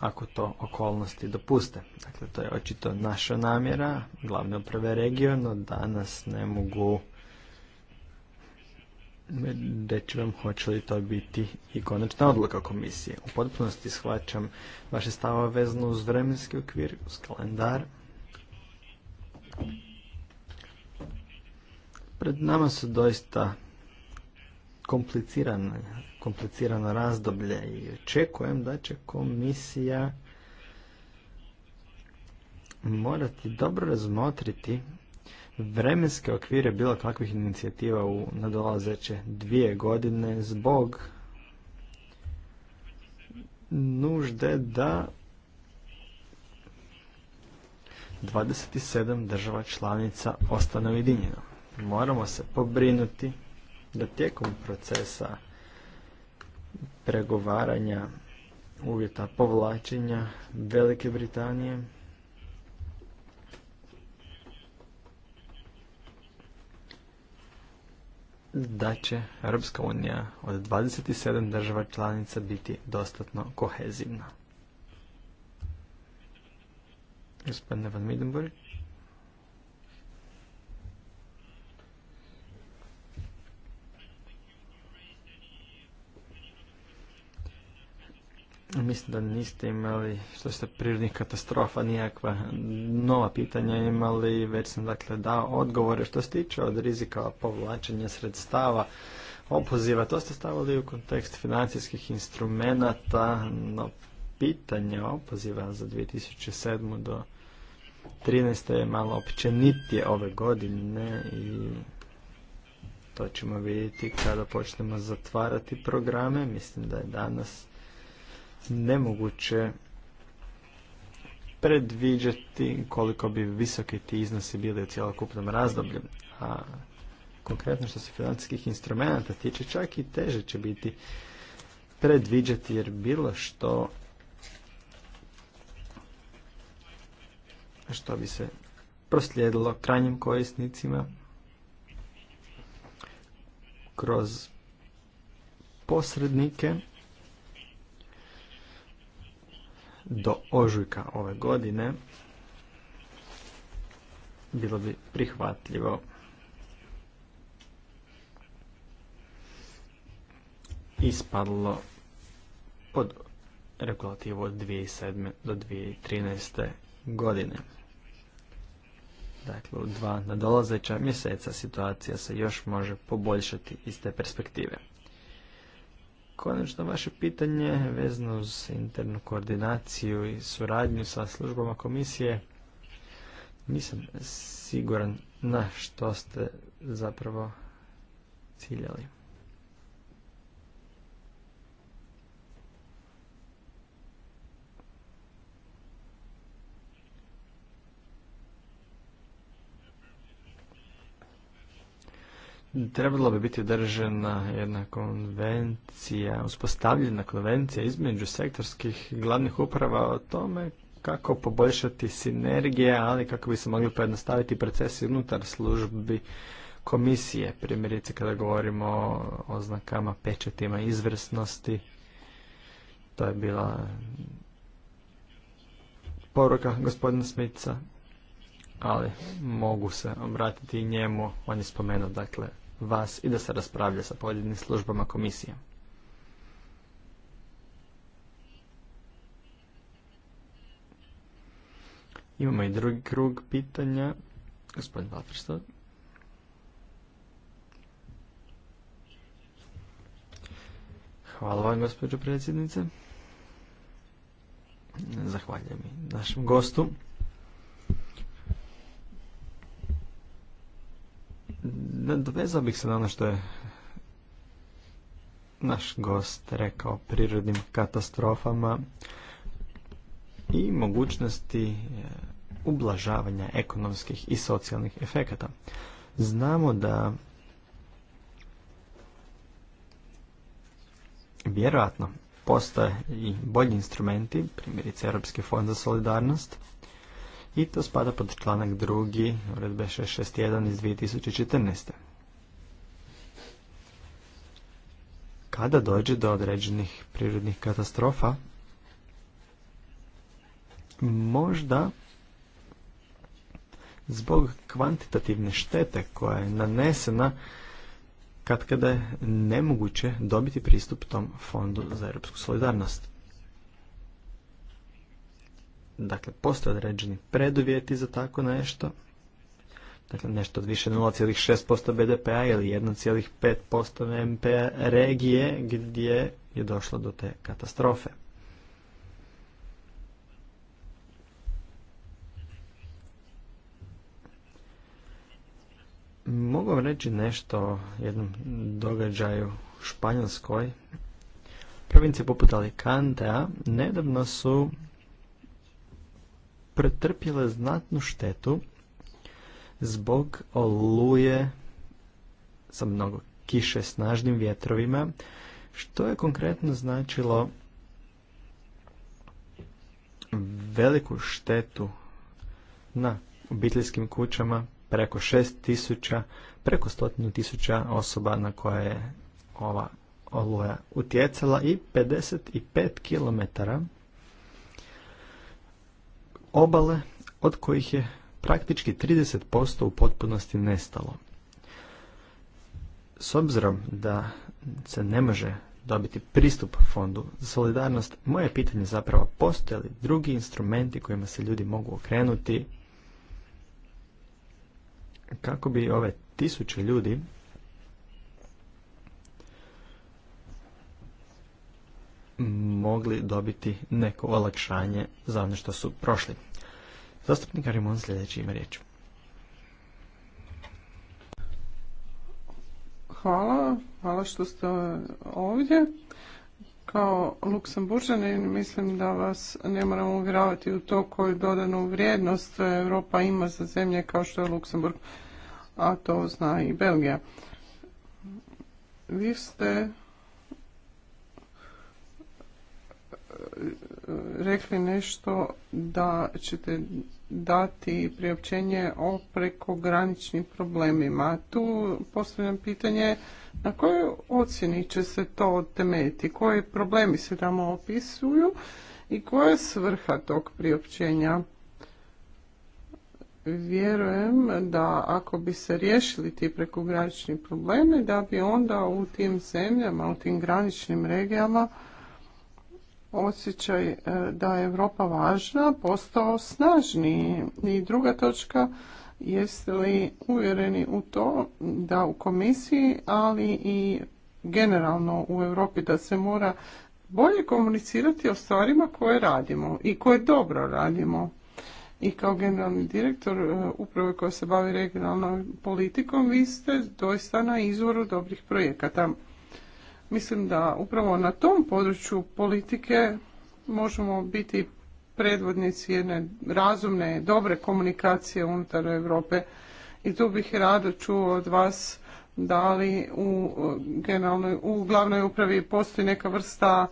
ako to okolnosti dopuste. Dakle, to je očito naša namjera, glavne uprave regionu, danas ne mogu reći vam hoće li to biti i konačna odluka komisije. U potpunosti shvaćam vaše stava vezano uz vremenski okvir, uz kalendar. Pred nama su doista komplicirano razdoblje i očekujem da će komisija morati dobro razmotriti vremenske okvire bilo kakvih inicijativa u nadolazeće dvije godine zbog nužde da 27 država članica ostane ujedinjeno. Moramo se pobrinuti da tijekom procesa pregovaranja uvjeta povlačenja Velike Britanije da će Europska unija od 27 država članica biti dostatno kohezivna. Gospodine Van Middenburg. Mislim da niste imali što se prirodnih katastrofa nijakva nova pitanja imali, već sam dakle dao odgovore što se tiče od rizika povlačenja sredstava opoziva. To ste stavili u kontekst financijskih instrumenata, no pitanje opoziva za 2007. do 13. je malo općenitije ove godine i to ćemo vidjeti kada počnemo zatvarati programe. Mislim da je danas nemoguće predviđati koliko bi visoki ti iznosi bili u cijelokupnom razdoblju. A konkretno što se financijskih instrumenta tiče, čak i teže će biti predviđati jer bilo što što bi se proslijedilo krajnjim korisnicima kroz posrednike do ožujka ove godine bilo bi prihvatljivo ispadlo pod regulativu od 2007. do 2013. godine. Dakle, u dva nadolazeća mjeseca situacija se još može poboljšati iz te perspektive. Konačno vaše pitanje vezano uz internu koordinaciju i suradnju sa službama komisije. Nisam siguran na što ste zapravo ciljali. Trebalo bi biti održena jedna konvencija, uspostavljena konvencija između sektorskih glavnih uprava o tome kako poboljšati sinergije, ali kako bi se mogli pojednostaviti procesi unutar službi komisije. Primjerice kada govorimo o oznakama, pečetima, izvrsnosti. To je bila poruka gospodina Smica, ali mogu se obratiti i njemu. On je spomenuo dakle vas i da se raspravlja sa pojedinim službama komisije. Imamo i drugi krug pitanja. Gospodin Vatrstad. Hvala vam, gospođo predsjednice. Zahvaljujem i našem gostu. Dovezao bih se na ono što je naš gost rekao prirodnim katastrofama i mogućnosti e, ublažavanja ekonomskih i socijalnih efekata. Znamo da vjerojatno postoje i bolji instrumenti, primjerice Europski fond za solidarnost, i to spada pod članak drugi uredbe 661 iz 2014. Kada dođe do određenih prirodnih katastrofa, možda zbog kvantitativne štete koja je nanesena kad kada je nemoguće dobiti pristup tom fondu za europsku solidarnost. Dakle, postoje određeni preduvjeti za tako nešto. Dakle, nešto od više 0,6% BDP-a ili 1,5% MP regije gdje je došlo do te katastrofe. Mogu vam reći nešto o jednom događaju u Španjolskoj. Provincije poput Alicantea nedavno su pretrpjela znatnu štetu zbog oluje sa mnogo kiše snažnim vjetrovima, što je konkretno značilo veliku štetu na obiteljskim kućama, preko šest tisuća, preko stotinu tisuća osoba na koje je ova oluja utjecala i 55 km obale od kojih je praktički 30% u potpunosti nestalo. S obzirom da se ne može dobiti pristup fondu za solidarnost, moje pitanje zapravo postoje li drugi instrumenti kojima se ljudi mogu okrenuti kako bi ove tisuće ljudi mogli dobiti neko olakšanje za ono što su prošli. Zastupnik Arimon sljedeći ima riječ. Hvala, hvala što ste ovdje. Kao luksemburžanin mislim da vas ne moram uvjeravati u to koju dodanu vrijednost Europa ima za zemlje kao što je Luksemburg, a to zna i Belgija. Vi ste rekli nešto da ćete dati priopćenje o prekograničnim problemima. Tu postavljam pitanje na kojoj ocjeni će se to temeljiti, koji problemi se tamo opisuju i koja je svrha tog priopćenja. Vjerujem da ako bi se riješili ti prekogranični problemi, da bi onda u tim zemljama, u tim graničnim regijama osjećaj e, da je Europa važna postao snažniji. I druga točka, jeste li uvjereni u to da u komisiji, ali i generalno u Europi da se mora bolje komunicirati o stvarima koje radimo i koje dobro radimo. I kao generalni direktor e, uprave koja se bavi regionalnom politikom, vi ste doista na izvoru dobrih projekata. Mislim da upravo na tom području politike možemo biti predvodnici jedne razumne, dobre komunikacije unutar Europe i tu bih rado čuo od vas da li u, generalnoj, u glavnoj upravi postoji neka vrsta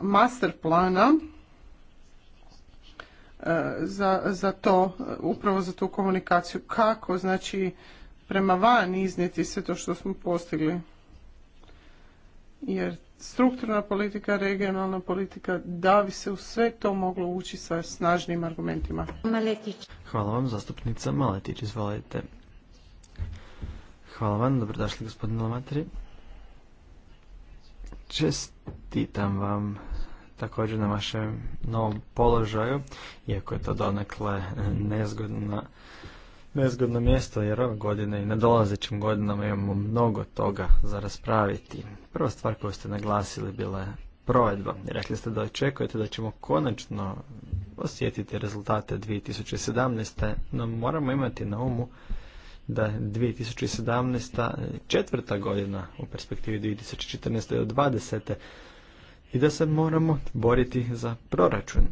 master plana e, za, za to, upravo za tu komunikaciju. Kako, znači, prema van iznijeti sve to što smo postigli? jer strukturna politika, regionalna politika, da bi se u sve to moglo ući sa snažnim argumentima. Maletić. Hvala vam, zastupnica Maletić, izvolite. Hvala vam, dobrodošli gospodine Lamatri. Čestitam vam također na vašem novom položaju, iako je to donekle nezgodna nezgodno mjesto jer ove godine i nadolazećim godinama imamo mnogo toga za raspraviti. Prva stvar koju ste naglasili bila je provedba. Rekli ste da očekujete da ćemo konačno osjetiti rezultate 2017. No moramo imati na umu da je 2017. četvrta godina u perspektivi 2014. od 20. i da se moramo boriti za proračun.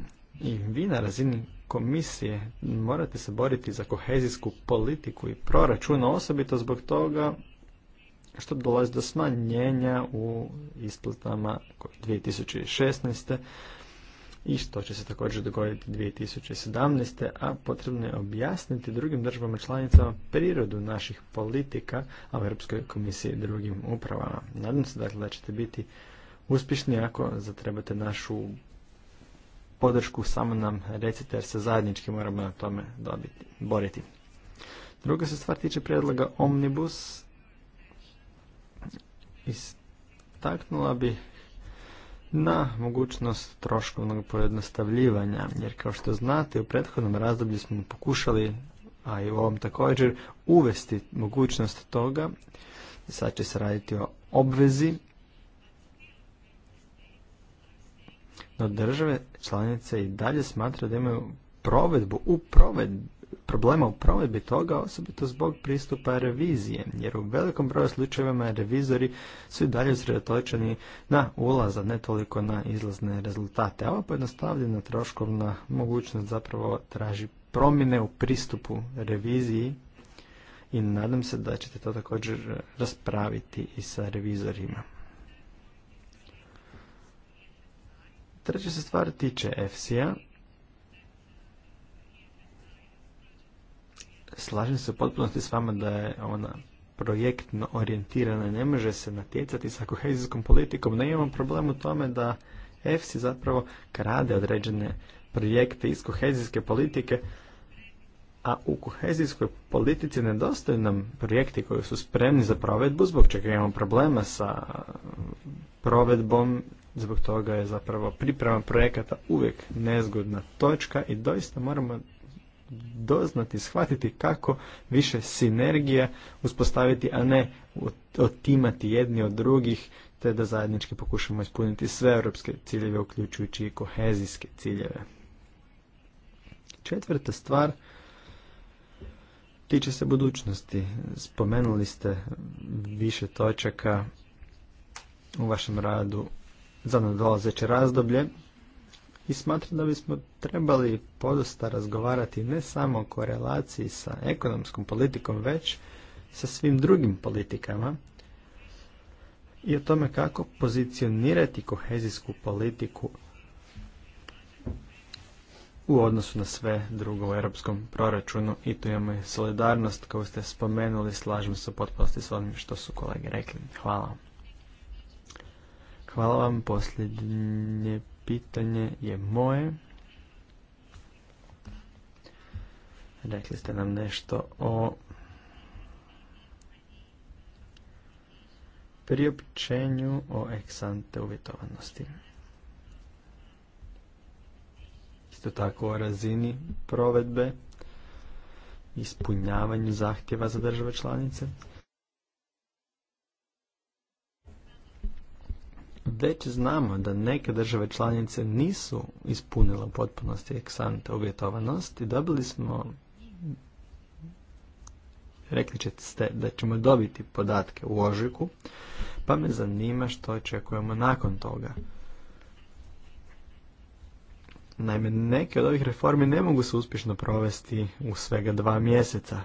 I vi na razini komisije morate se boriti za kohezijsku politiku i proračun, osobito zbog toga što dolazi do smanjenja u isplatama 2016. i što će se također dogoditi 2017. a potrebno je objasniti drugim državama članicama prirodu naših politika, a u Europskoj komisiji i drugim upravama. Nadam se dakle da ćete biti uspješni ako zatrebate našu podršku, samo nam recite jer se zajednički moramo na tome dobiti, boriti. Druga se stvar tiče prijedloga Omnibus. Istaknula bi na mogućnost troškovnog pojednostavljivanja, jer kao što znate u prethodnom razdoblju smo pokušali, a i u ovom također, uvesti mogućnost toga. Sad će se raditi o obvezi no države članice i dalje smatra da imaju provedbu u problema u provedbi toga, osobito zbog pristupa revizije, jer u velikom broju slučajevima revizori su i dalje usredotočeni na ulaz, a ne toliko na izlazne rezultate. A ova pojednostavljena troškovna mogućnost zapravo traži promjene u pristupu reviziji i nadam se da ćete to također raspraviti i sa revizorima. Treća se stvar tiče EFSI-a. Slažem se u potpunosti s vama da je ona projektno orijentirana, ne može se natjecati sa kohezijskom politikom. Ne imamo problem u tome da EFSI zapravo krade određene projekte iz kohezijske politike, a u kohezijskoj politici nedostaju nam projekti koji su spremni za provedbu, zbog čega imamo problema sa provedbom Zbog toga je zapravo priprema projekata uvijek nezgodna točka i doista moramo doznati, shvatiti kako više sinergije uspostaviti, a ne otimati jedni od drugih, te da zajednički pokušamo ispuniti sve europske ciljeve, uključujući i kohezijske ciljeve. Četvrta stvar tiče se budućnosti. Spomenuli ste više točaka u vašem radu za nadolazeće razdoblje i smatram da bismo trebali podosta razgovarati ne samo o korelaciji sa ekonomskom politikom, već sa svim drugim politikama i o tome kako pozicionirati kohezijsku politiku u odnosu na sve drugo u europskom proračunu i tu imamo i solidarnost koju ste spomenuli, slažem se u potpunosti s onim što su kolege rekli. Hvala. Hvala vam. Posljednje pitanje je moje. Rekli ste nam nešto o priopćenju o eksante uvjetovanosti. Isto tako o razini provedbe, ispunjavanju zahtjeva za države članice. već znamo da neke države članice nisu ispunile u potpunosti eksante uvjetovanosti, dobili smo rekli ćete da ćemo dobiti podatke u ožujku, pa me zanima što očekujemo nakon toga. Naime, neke od ovih reformi ne mogu se uspješno provesti u svega dva mjeseca.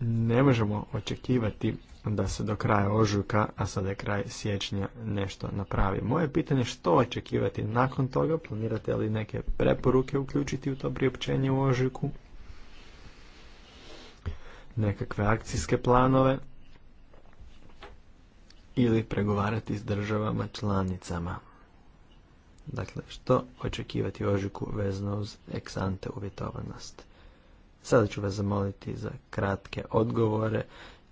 Ne možemo očekivati da se do kraja ožujka, a sada je kraj siječnja, nešto napravi. Moje pitanje što očekivati nakon toga, planirate li neke preporuke uključiti u to priopćenje u ožujku, nekakve akcijske planove ili pregovarati s državama članicama. Dakle, što očekivati ožuku vezano uz eksante uvjetovanost? Sada ću vas zamoliti za kratke odgovore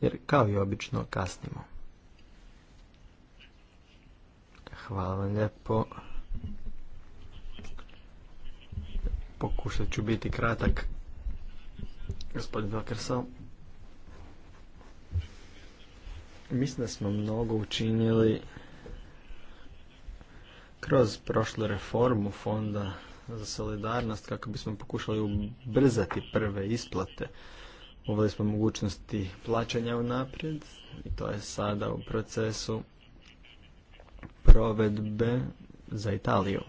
jer kao i obično kasnimo. Hvala vam lijepo. Pokušat ću biti kratak. Gospodin Mislim da smo mnogo učinili kroz prošlu reformu fonda za solidarnost kako bismo pokušali ubrzati prve isplate. Uveli smo mogućnosti plaćanja unaprijed i to je sada u procesu provedbe za Italiju.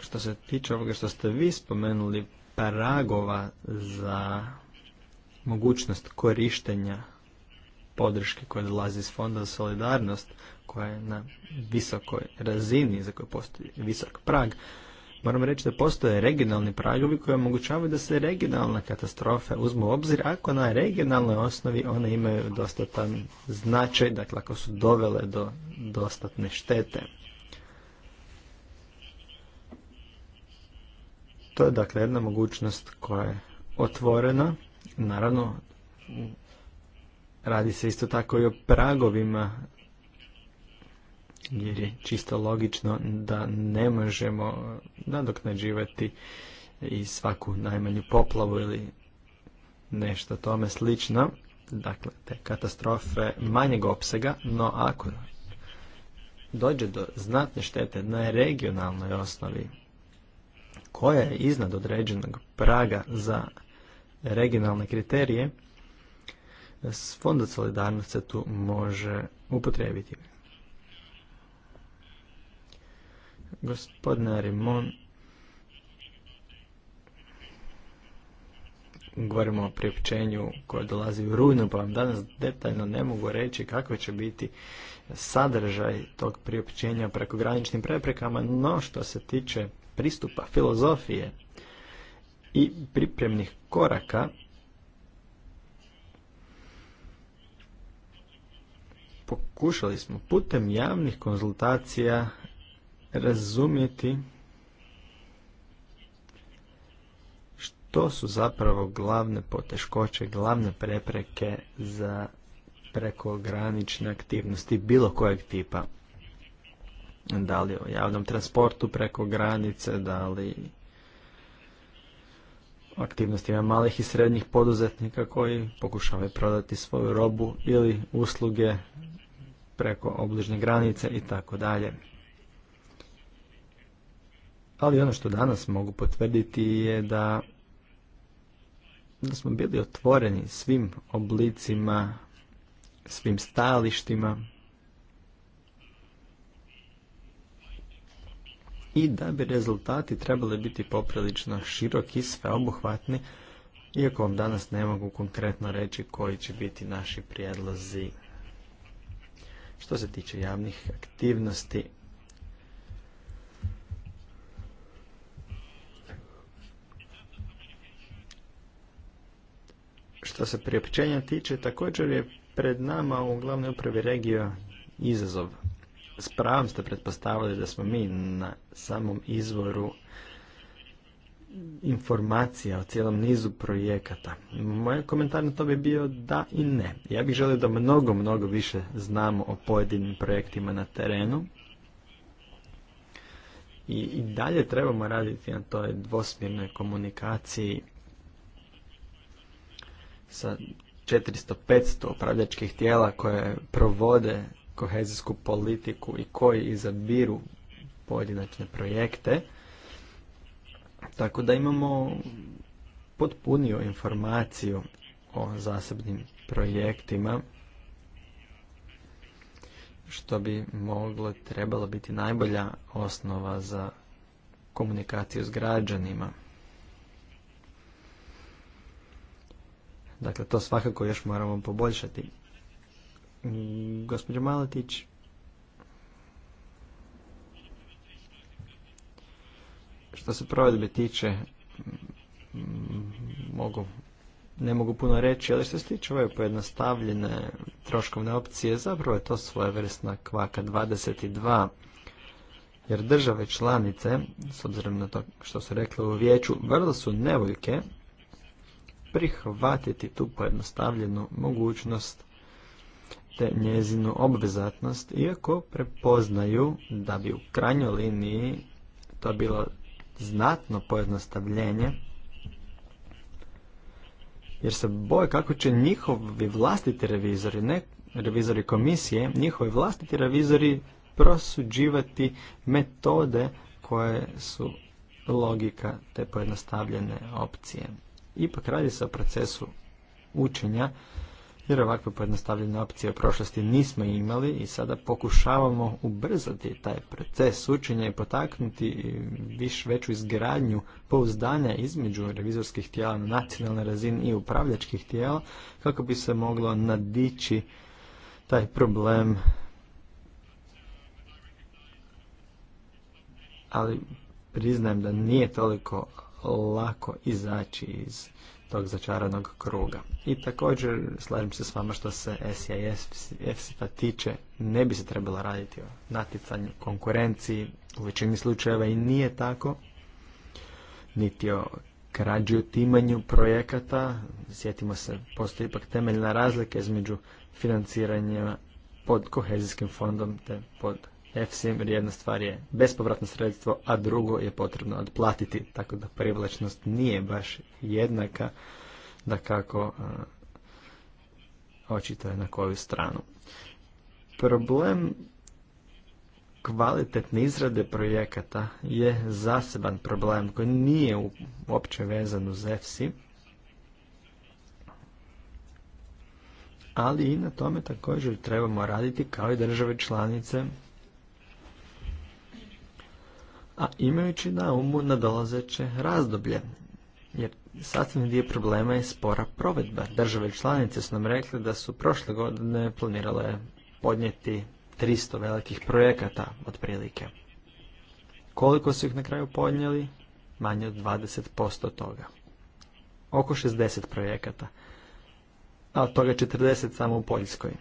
Što se tiče ovoga što ste vi spomenuli, paragova za mogućnost korištenja podrške koja dolazi iz Fonda za solidarnost, koja je na visokoj razini, za koju postoji visok prag, Moram reći da postoje regionalni pragovi koji omogućavaju da se regionalne katastrofe uzmu u obzir ako na regionalnoj osnovi one imaju dostatan značaj, dakle ako su dovele do dostatne štete. To je dakle jedna mogućnost koja je otvorena. Naravno, radi se isto tako i o pragovima jer je čisto logično da ne možemo nadoknađivati i svaku najmanju poplavu ili nešto tome slično. Dakle, te katastrofe manjeg opsega, no ako dođe do znatne štete na regionalnoj osnovi koja je iznad određenog praga za regionalne kriterije, Fond solidarnost se tu može upotrijebiti. Gospodine Rimon, govorimo o priopćenju koje dolazi u rujnu, pa vam danas detaljno ne mogu reći kako će biti sadržaj tog priopćenja preko graničnim preprekama, no što se tiče pristupa filozofije i pripremnih koraka, pokušali smo putem javnih konzultacija razumjeti što su zapravo glavne poteškoće, glavne prepreke za prekogranične aktivnosti bilo kojeg tipa. Da li o javnom transportu preko granice, da li aktivnostima malih i srednjih poduzetnika koji pokušavaju prodati svoju robu ili usluge preko obližne granice i tako dalje. Ali ono što danas mogu potvrditi je da, smo bili otvoreni svim oblicima, svim stajalištima i da bi rezultati trebali biti poprilično široki, sveobuhvatni, iako vam danas ne mogu konkretno reći koji će biti naši prijedlozi što se tiče javnih aktivnosti Što se priopćenja tiče, također je pred nama u glavnoj upravi regija izazov. S pravom ste pretpostavili da smo mi na samom izvoru informacija o cijelom nizu projekata. Moj komentar na to bi bio da i ne. Ja bih želio da mnogo, mnogo više znamo o pojedinim projektima na terenu. I, i dalje trebamo raditi na toj dvosmjernoj komunikaciji sa 400-500 upravljačkih tijela koje provode kohezijsku politiku i koji izabiru pojedinačne projekte. Tako da imamo potpuniju informaciju o zasebnim projektima što bi moglo trebalo biti najbolja osnova za komunikaciju s građanima. Dakle, to svakako još moramo poboljšati. Mm, gospođo Maletić, što se provedbe tiče, mm, mogu, ne mogu puno reći, ali što se tiče ove pojednostavljene troškovne opcije, zapravo je to svojevrsna kvaka 22 jer države članice, s obzirom na to što su rekli u vijeću, vrlo su nevoljke prihvatiti tu pojednostavljenu mogućnost te njezinu obvezatnost, iako prepoznaju da bi u krajnjoj liniji to bilo znatno pojednostavljenje, jer se boje kako će njihovi vlastiti revizori, ne revizori komisije, njihovi vlastiti revizori prosuđivati metode koje su logika te pojednostavljene opcije ipak radi se o procesu učenja, jer ovakve pojednostavljene opcije u prošlosti nismo imali i sada pokušavamo ubrzati taj proces učenja i potaknuti viš veću izgradnju pouzdanja između revizorskih tijela na nacionalnoj razini i upravljačkih tijela kako bi se moglo nadići taj problem ali priznajem da nije toliko lako izaći iz tog začaranog kruga. I također slažem se s vama što se SIS pa tiče, ne bi se trebalo raditi o natjecanju, konkurenciji, u većini slučajeva i nije tako, niti o krađu timanju projekata. Sjetimo se, postoji ipak temeljna razlika između financiranja pod kohezijskim fondom te pod EFSIM jedna stvar je bespovratno sredstvo, a drugo je potrebno odplatiti, tako da privlačnost nije baš jednaka, da kako očito je na koju stranu. Problem kvalitetne izrade projekata je zaseban problem koji nije uopće vezan uz EFSI, ali i na tome također trebamo raditi kao i države članice a imajući na umu nadolazeće razdoblje. Jer sastavni dio problema je spora provedba. Države članice su nam rekli da su prošle godine planirale podnijeti 300 velikih projekata otprilike. Koliko su ih na kraju podnijeli? Manje od 20% toga. Oko 60 projekata. A od toga 40 samo u Poljskoj.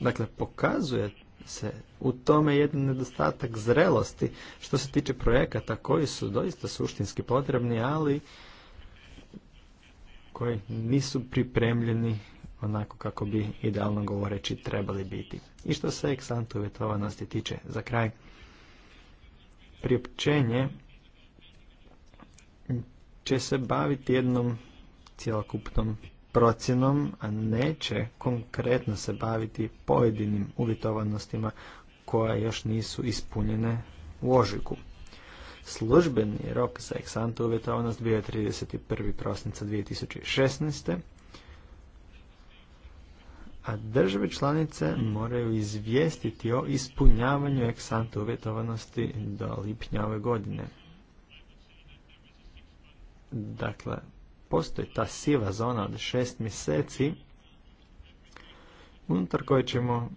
Dakle, pokazuje se u tome jedan nedostatak zrelosti što se tiče projekata koji su doista suštinski potrebni, ali koji nisu pripremljeni onako kako bi idealno govoreći trebali biti. I što se eksantu uvjetovanosti tiče za kraj, priopćenje će se baviti jednom cjelokupnom procjenom, a neće konkretno se baviti pojedinim uvjetovanostima koja još nisu ispunjene u ožujku. Službeni rok za eksanta uvjetovanost bio je 31. prosinca 2016. A države članice moraju izvijestiti o ispunjavanju eksanta uvjetovanosti do lipnja ove godine. Dakle, postoji ta siva zona od šest mjeseci unutar koje ćemo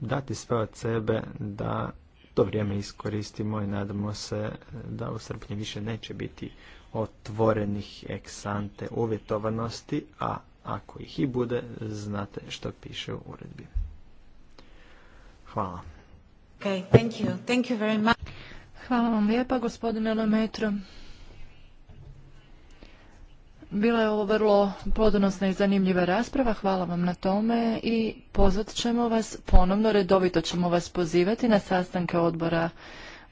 dati sve od sebe da to vrijeme iskoristimo i nadamo se da u srpnju više neće biti otvorenih eksante uvjetovanosti, a ako ih i bude, znate što piše u uredbi. Hvala. Okay, thank you. Thank you very much. Hvala vam lijepa, gospodine Lometro. Bila je ovo vrlo plodonosna i zanimljiva rasprava, hvala vam na tome i pozvat ćemo vas ponovno, redovito ćemo vas pozivati na sastanke odbora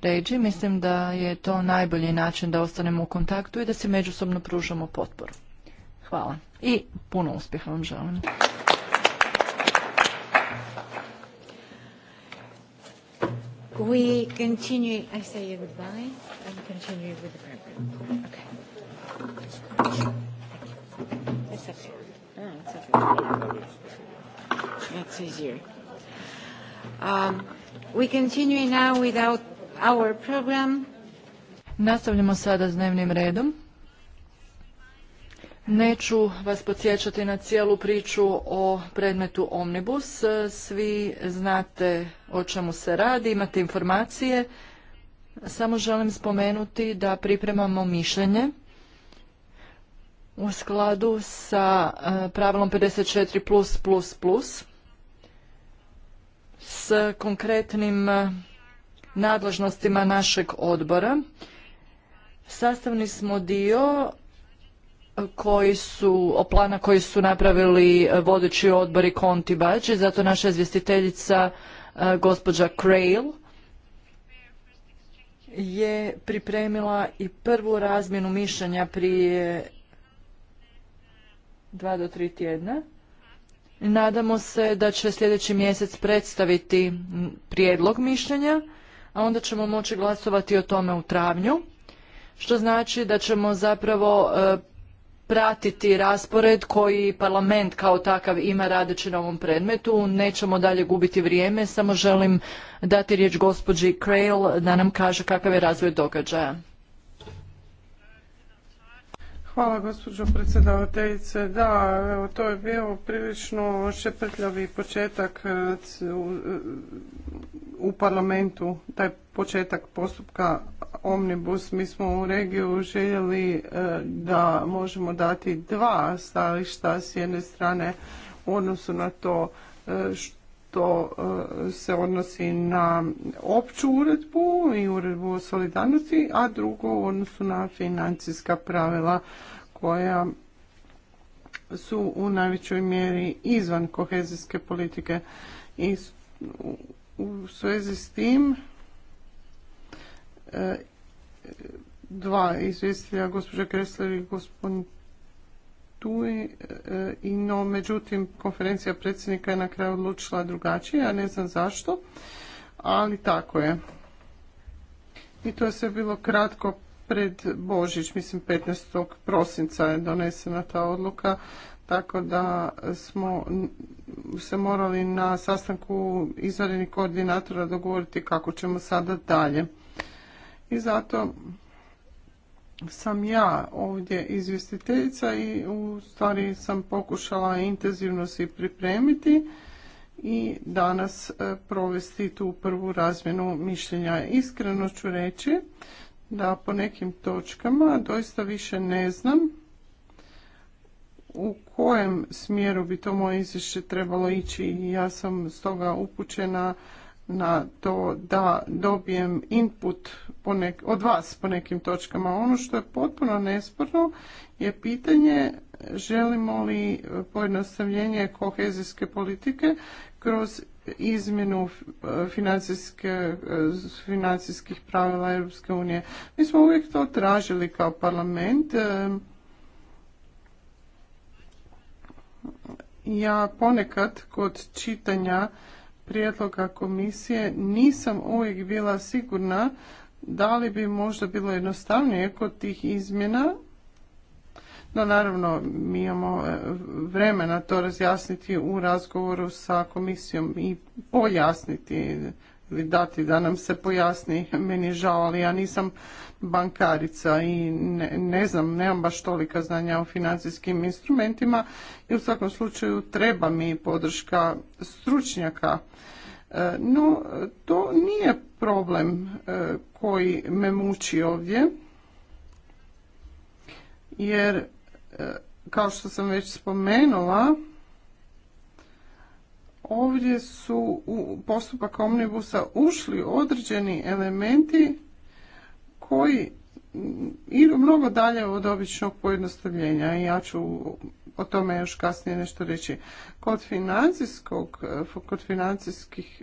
Ređi. Mislim da je to najbolji način da ostanemo u kontaktu i da se međusobno pružamo potporu. Hvala i puno uspjeha vam želim. That's easier. Um, we continue now our program. Nastavljamo sada s dnevnim redom. Neću vas podsjećati na cijelu priču o predmetu Omnibus. Svi znate o čemu se radi, imate informacije. Samo želim spomenuti da pripremamo mišljenje u skladu sa e, pravilom 54 plus plus s konkretnim e, nadležnostima našeg odbora. Sastavni smo dio koji su, o plana koji su napravili e, vodeći odbori Konti Bađi, zato naša izvjestiteljica gospođa Krail je pripremila i prvu razmjenu mišljenja prije dva do tri tjedna. Nadamo se da će sljedeći mjesec predstaviti prijedlog mišljenja, a onda ćemo moći glasovati o tome u travnju, što znači da ćemo zapravo e, pratiti raspored koji parlament kao takav ima radeći na ovom predmetu. Nećemo dalje gubiti vrijeme, samo želim dati riječ gospođi Krail da nam kaže kakav je razvoj događaja. Hvala gospođo predsjedavateljice. Da, evo, to je bio prilično šeprtljavi početak e, u, parlamentu, taj početak postupka Omnibus. Mi smo u regiju željeli e, da možemo dati dva stajališta s jedne strane u odnosu na to što e, što e, se odnosi na opću uredbu i uredbu o solidarnosti, a drugo u odnosu na financijska pravila koja su u najvećoj mjeri izvan kohezijske politike. I u svezi s tim e, dva izvjestitelja, gospođa Kresler i gospodin tu e, i no međutim konferencija predsjednika je na kraju odlučila drugačije, ja ne znam zašto, ali tako je. I to je sve bilo kratko pred Božić, mislim 15. prosinca je donesena ta odluka, tako da smo se morali na sastanku izvanrednih koordinatora dogovoriti kako ćemo sada dalje. I zato sam ja ovdje izvjestiteljica i u stvari sam pokušala intenzivno se pripremiti i danas e, provesti tu prvu razmjenu mišljenja. Iskreno ću reći da po nekim točkama doista više ne znam u kojem smjeru bi to moje izvješće trebalo ići i ja sam stoga upućena na to da dobijem input od vas po nekim točkama. Ono što je potpuno nesporno je pitanje želimo li pojednostavljenje kohezijske politike kroz izmjenu financijskih pravila Europske unije. Mi smo uvijek to tražili kao parlament. Ja ponekad kod čitanja prijedloga komisije nisam uvijek bila sigurna da li bi možda bilo jednostavnije kod tih izmjena no naravno mi imamo e, vremena to razjasniti u razgovoru sa komisijom i pojasniti ili dati da nam se pojasni. Meni je žao, ali ja nisam bankarica i ne, ne znam, nemam baš tolika znanja o financijskim instrumentima i u svakom slučaju treba mi podrška stručnjaka E, no, to nije problem e, koji me muči ovdje, jer e, kao što sam već spomenula, ovdje su u postupak omnibusa ušli određeni elementi koji idu mnogo dalje od običnog pojednostavljenja ja ću o tome još kasnije nešto reći. Kod financijskog, e, kod financijskih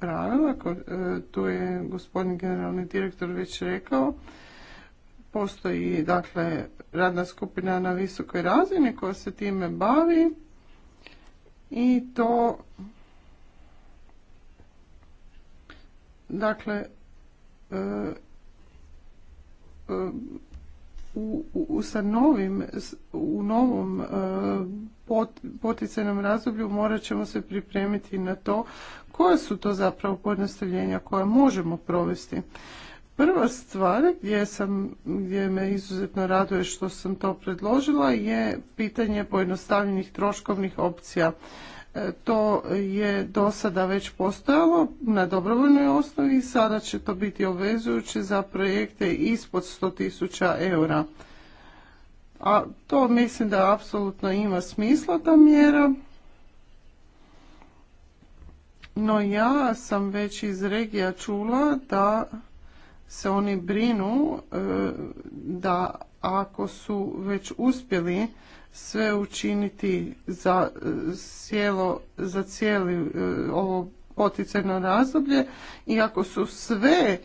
pravila, kod, e, tu je gospodin generalni direktor već rekao, postoji dakle radna skupina na visokoj razini koja se time bavi i to dakle e, u, u, sa novim, u novom e, pot, poticajnom razdoblju morat ćemo se pripremiti na to koje su to zapravo pojednostavljenja koja možemo provesti. Prva stvar gdje, sam, gdje me izuzetno raduje što sam to predložila je pitanje pojednostavljenih troškovnih opcija. E, to je do sada već postojalo na dobrovoljnoj osnovi i sada će to biti obvezujuće za projekte ispod 100.000 eura. A to mislim da apsolutno ima smisla ta mjera. No ja sam već iz regija čula da se oni brinu e, da ako su već uspjeli sve učiniti za, cijelo, e, za cijeli e, ovo poticajno razdoblje i ako su sve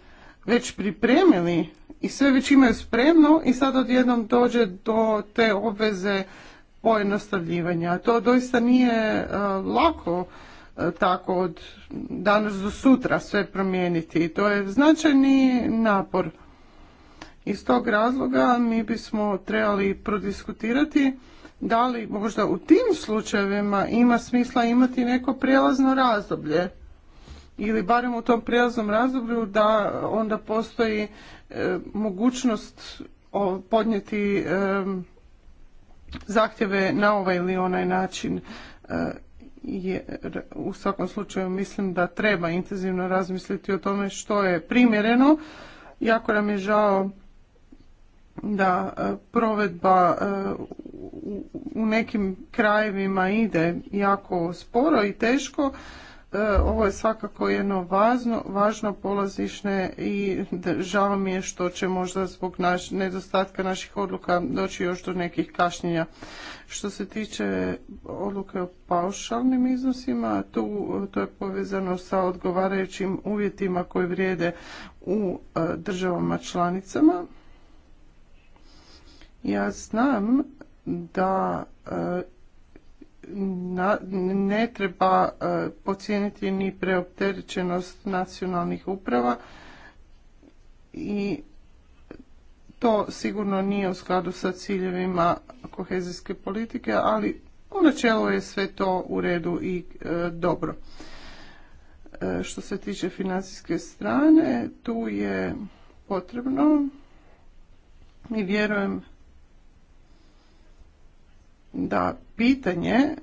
već pripremili i sve već imaju spremno i sad odjednom dođe do te obveze pojednostavljivanja. To doista nije e, lako tako od danas do sutra sve promijeniti. To je značajni napor. Iz tog razloga mi bismo trebali prodiskutirati da li možda u tim slučajevima ima smisla imati neko prijelazno razdoblje ili barem u tom prijelaznom razdoblju da onda postoji e, mogućnost podnijeti e, zahtjeve na ovaj ili onaj način e, jer u svakom slučaju mislim da treba intenzivno razmisliti o tome što je primjereno. Jako nam je žao da provedba u nekim krajevima ide jako sporo i teško. E, ovo je svakako jedno važno, važno polazišne i žao mi je što će možda zbog naš, nedostatka naših odluka doći još do nekih kašnjenja. Što se tiče odluke o paušalnim iznosima, tu, to je povezano sa odgovarajućim uvjetima koji vrijede u e, državama članicama. Ja znam da e, ne treba e, pocijeniti ni preopterećenost nacionalnih uprava i to sigurno nije u skladu sa ciljevima kohezijske politike, ali u načelu je sve to u redu i e, dobro. Što se tiče financijske strane, tu je potrebno i vjerujem da pitanje e,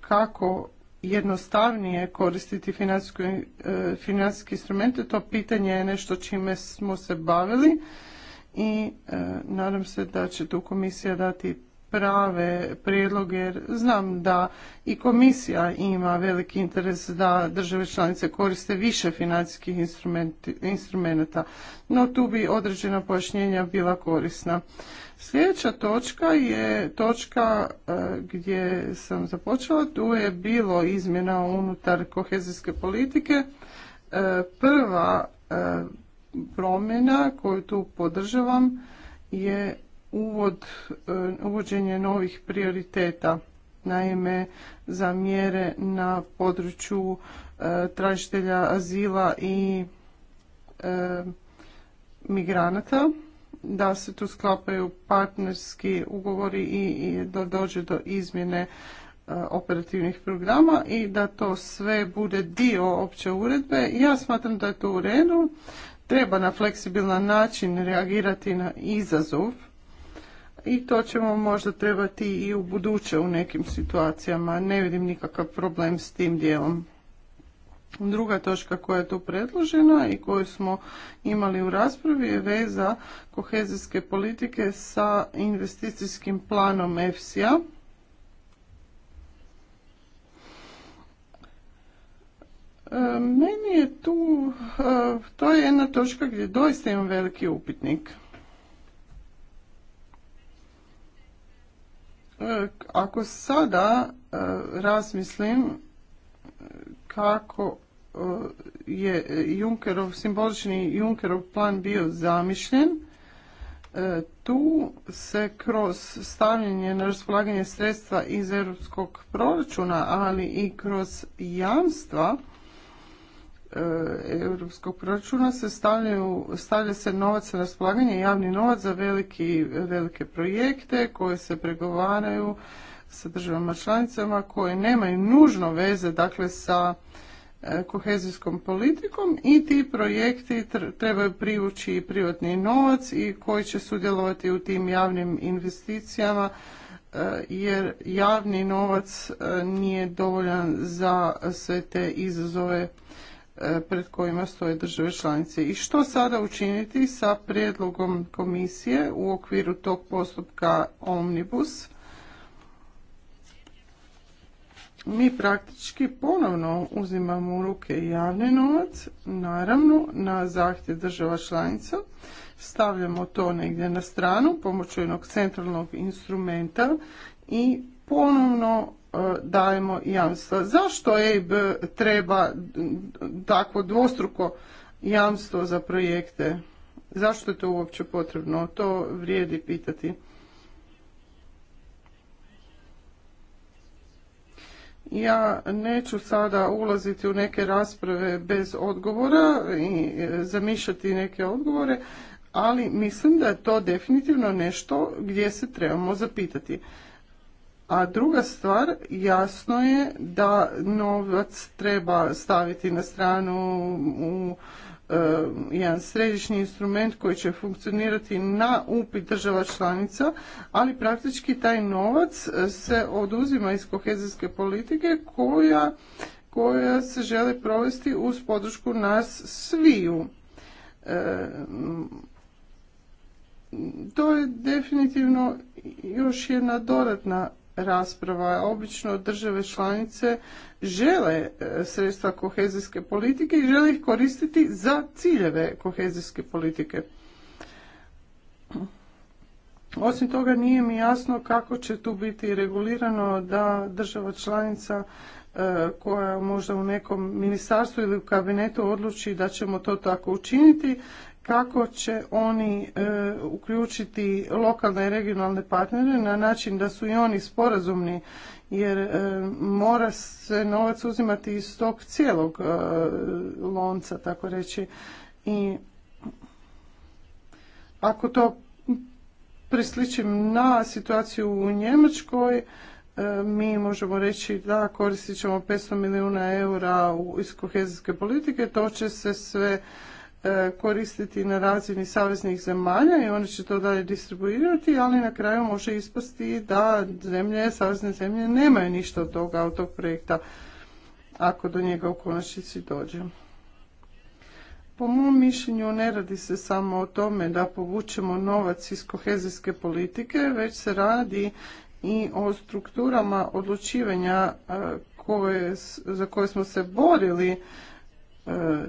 kako jednostavnije koristiti e, financijske instrumente, to pitanje je nešto čime smo se bavili i e, nadam se da će tu komisija dati prave prijedloge jer znam da i komisija ima veliki interes da države članice koriste više financijskih instrumenata, no tu bi određena pojašnjenja bila korisna. Sljedeća točka je točka e, gdje sam započela. Tu je bilo izmjena unutar kohezijske politike. E, prva e, promjena koju tu podržavam je uvod, uvođenje novih prioriteta. Naime, za mjere na području tražitelja azila i migranata da se tu sklapaju partnerski ugovori i da dođe do izmjene e, operativnih programa i da to sve bude dio opće uredbe. Ja smatram da je to u redu. Treba na fleksibilan način reagirati na izazov i to ćemo možda trebati i u buduće u nekim situacijama. Ne vidim nikakav problem s tim dijelom. Druga točka koja je tu predložena i koju smo imali u raspravi je veza kohezijske politike sa investicijskim planom EFSI-a. E, meni je tu, e, to je jedna točka gdje doista imam veliki upitnik. E, ako sada razmislim kako e, je Junkerov, simbolični Junkerov plan bio zamišljen. E, tu se kroz stavljanje na raspolaganje sredstva iz europskog proračuna, ali i kroz jamstva e, europskog proračuna se stavljaju, stavlja se novac na raspolaganje, javni novac za veliki, velike projekte koje se pregovaraju sa državama članicama koje nemaju nužno veze dakle sa e, kohezijskom politikom i ti projekti trebaju privući i privatni novac i koji će sudjelovati u tim javnim investicijama e, jer javni novac e, nije dovoljan za sve te izazove pred kojima stoje države članice. I što sada učiniti sa prijedlogom komisije u okviru tog postupka Omnibus? mi praktički ponovno uzimamo u ruke javni novac, naravno na zahtjev država članica, stavljamo to negdje na stranu pomoću jednog centralnog instrumenta i ponovno e, dajemo jamstva. Zašto EIB treba takvo dvostruko jamstvo za projekte? Zašto je to uopće potrebno? To vrijedi pitati. Ja neću sada ulaziti u neke rasprave bez odgovora i e, zamišljati neke odgovore, ali mislim da je to definitivno nešto gdje se trebamo zapitati. A druga stvar, jasno je da novac treba staviti na stranu u E, jedan središnji instrument koji će funkcionirati na upit država članica, ali praktički taj novac e, se oduzima iz kohezijske politike koja, koja se želi provesti uz podršku nas sviju. E, to je definitivno još jedna dodatna rasprava. Obično države članice žele e, sredstva kohezijske politike i žele ih koristiti za ciljeve kohezijske politike. Osim toga nije mi jasno kako će tu biti regulirano da država članica e, koja možda u nekom ministarstvu ili u kabinetu odluči da ćemo to tako učiniti, kako će oni e, uključiti lokalne i regionalne partnere na način da su i oni sporazumni jer e, mora se novac uzimati iz tog cijelog e, lonca tako reći i ako to presličim na situaciju u Njemačkoj mi možemo reći da koristit ćemo 500 milijuna eura iz kohezijske politike, to će se sve E, koristiti na razini saveznih zemalja i oni će to dalje distribuirati, ali na kraju može ispasti da zemlje, savezne zemlje nemaju ništa od toga, od tog projekta, ako do njega u konačnici dođe. Po mom mišljenju ne radi se samo o tome da povučemo novac iz kohezijske politike, već se radi i o strukturama odlučivanja e, za koje smo se borili e,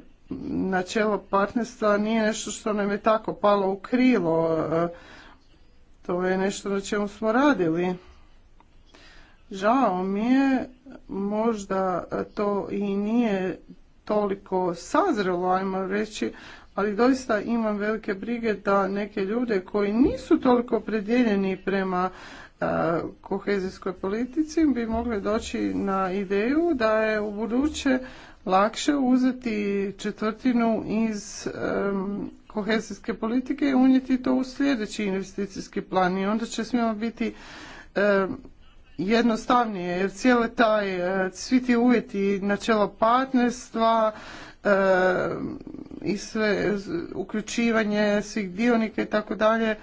načelo partnerstva nije nešto što nam je tako palo u krilo. To je nešto na čemu smo radili. Žao mi je, možda to i nije toliko sazrelo, ajmo reći, ali doista imam velike brige da neke ljude koji nisu toliko predjeljeni prema e, kohezijskoj politici bi mogli doći na ideju da je u buduće lakše uzeti četvrtinu iz kohezijske politike i unijeti to u sljedeći investicijski plan i onda će svima biti jednostavnije jer cijeli taj, e, svi ti uvjeti načelo partnerstva i sve uključivanje svih dionika i tako dalje,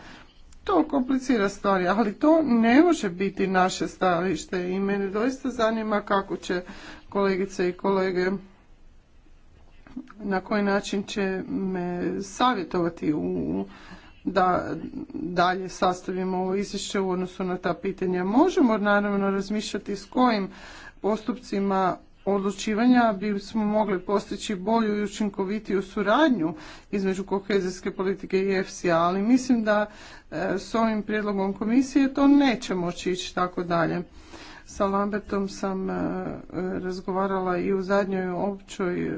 to komplicira stvari, ali to ne može biti naše stavište i mene doista zanima kako će kolegice i kolege na koji način će me savjetovati u da dalje sastavimo ovo izvješće u odnosu na ta pitanja. Možemo naravno razmišljati s kojim postupcima odlučivanja bi smo mogli postići bolju i učinkovitiju suradnju između kohezijske politike i EFSI-a, ali mislim da e, s ovim prijedlogom komisije to neće moći ići tako dalje. Sa Lambertom sam e, razgovarala i u zadnjoj općoj e,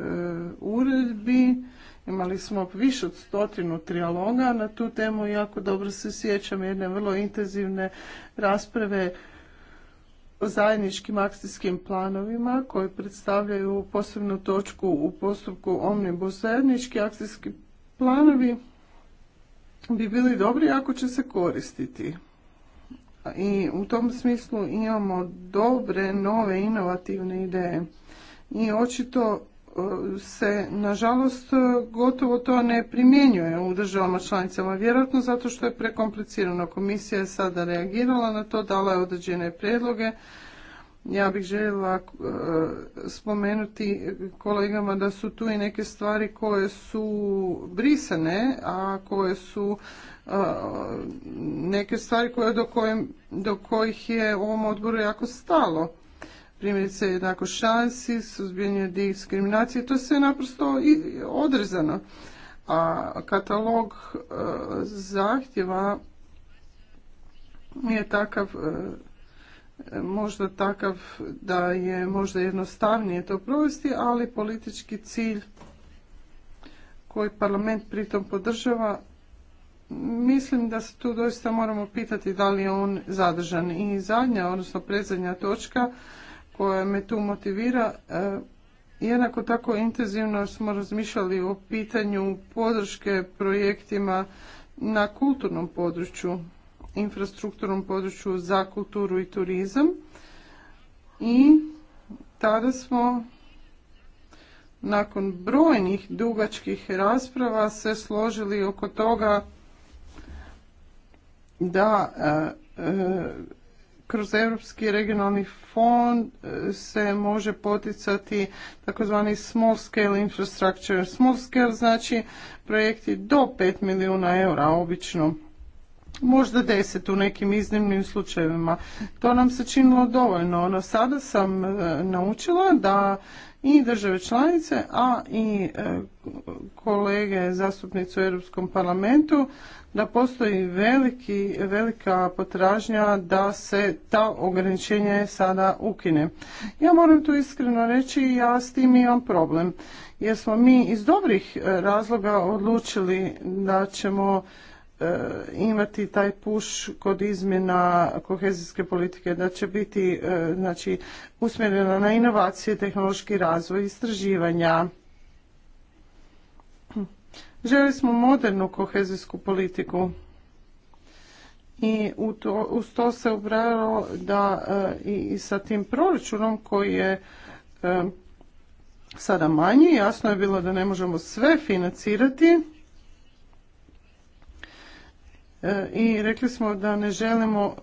uredbi. Imali smo više od stotinu trialoga na tu temu. Jako dobro se sjećam jedne vrlo intenzivne rasprave o zajedničkim akcijskim planovima koji predstavljaju posebnu točku u postupku Omnibus. Zajednički akcijski planovi bi bili dobri ako će se koristiti i u tom smislu imamo dobre, nove, inovativne ideje. I očito e, se, nažalost, e, gotovo to ne primjenjuje u državama članicama, vjerojatno zato što je prekomplicirano. Komisija je sada reagirala na to, dala je određene predloge. Ja bih željela e, spomenuti kolegama da su tu i neke stvari koje su brisane, a koje su neke stvari koje, do, do kojih je u ovom odboru jako stalo. Primjerice jednako šansi, suzbijanje diskriminacije, to se je naprosto i odrezano. A katalog e, zahtjeva nije takav e, možda takav da je možda jednostavnije to provesti, ali politički cilj koji parlament pritom podržava mislim da se tu doista moramo pitati da li je on zadržan. I zadnja, odnosno predzadnja točka koja me tu motivira, e, jednako tako intenzivno smo razmišljali o pitanju podrške projektima na kulturnom području, infrastrukturnom području za kulturu i turizam. I tada smo nakon brojnih dugačkih rasprava se složili oko toga da e, e, kroz Europski regionalni fond e, se može poticati takozvani small scale infrastructure. Small scale znači projekti do 5 milijuna eura obično možda deset u nekim iznimnim slučajevima. To nam se činilo dovoljno. Ono, sada sam e, naučila da i države članice, a i e, kolege zastupnici u Europskom parlamentu, da postoji veliki, velika potražnja da se ta ograničenje sada ukine. Ja moram tu iskreno reći, ja s tim imam problem, jer smo mi iz dobrih e, razloga odlučili da ćemo E, imati taj puš kod izmjena kohezijske politike, da će biti e, znači, usmjerena na inovacije, tehnološki razvoj, istraživanja. Želi smo modernu kohezijsku politiku i u to, uz to se ubrajalo da e, i, i sa tim proračunom koji je sada manji, jasno je bilo da ne možemo sve financirati, E, i rekli smo da ne želimo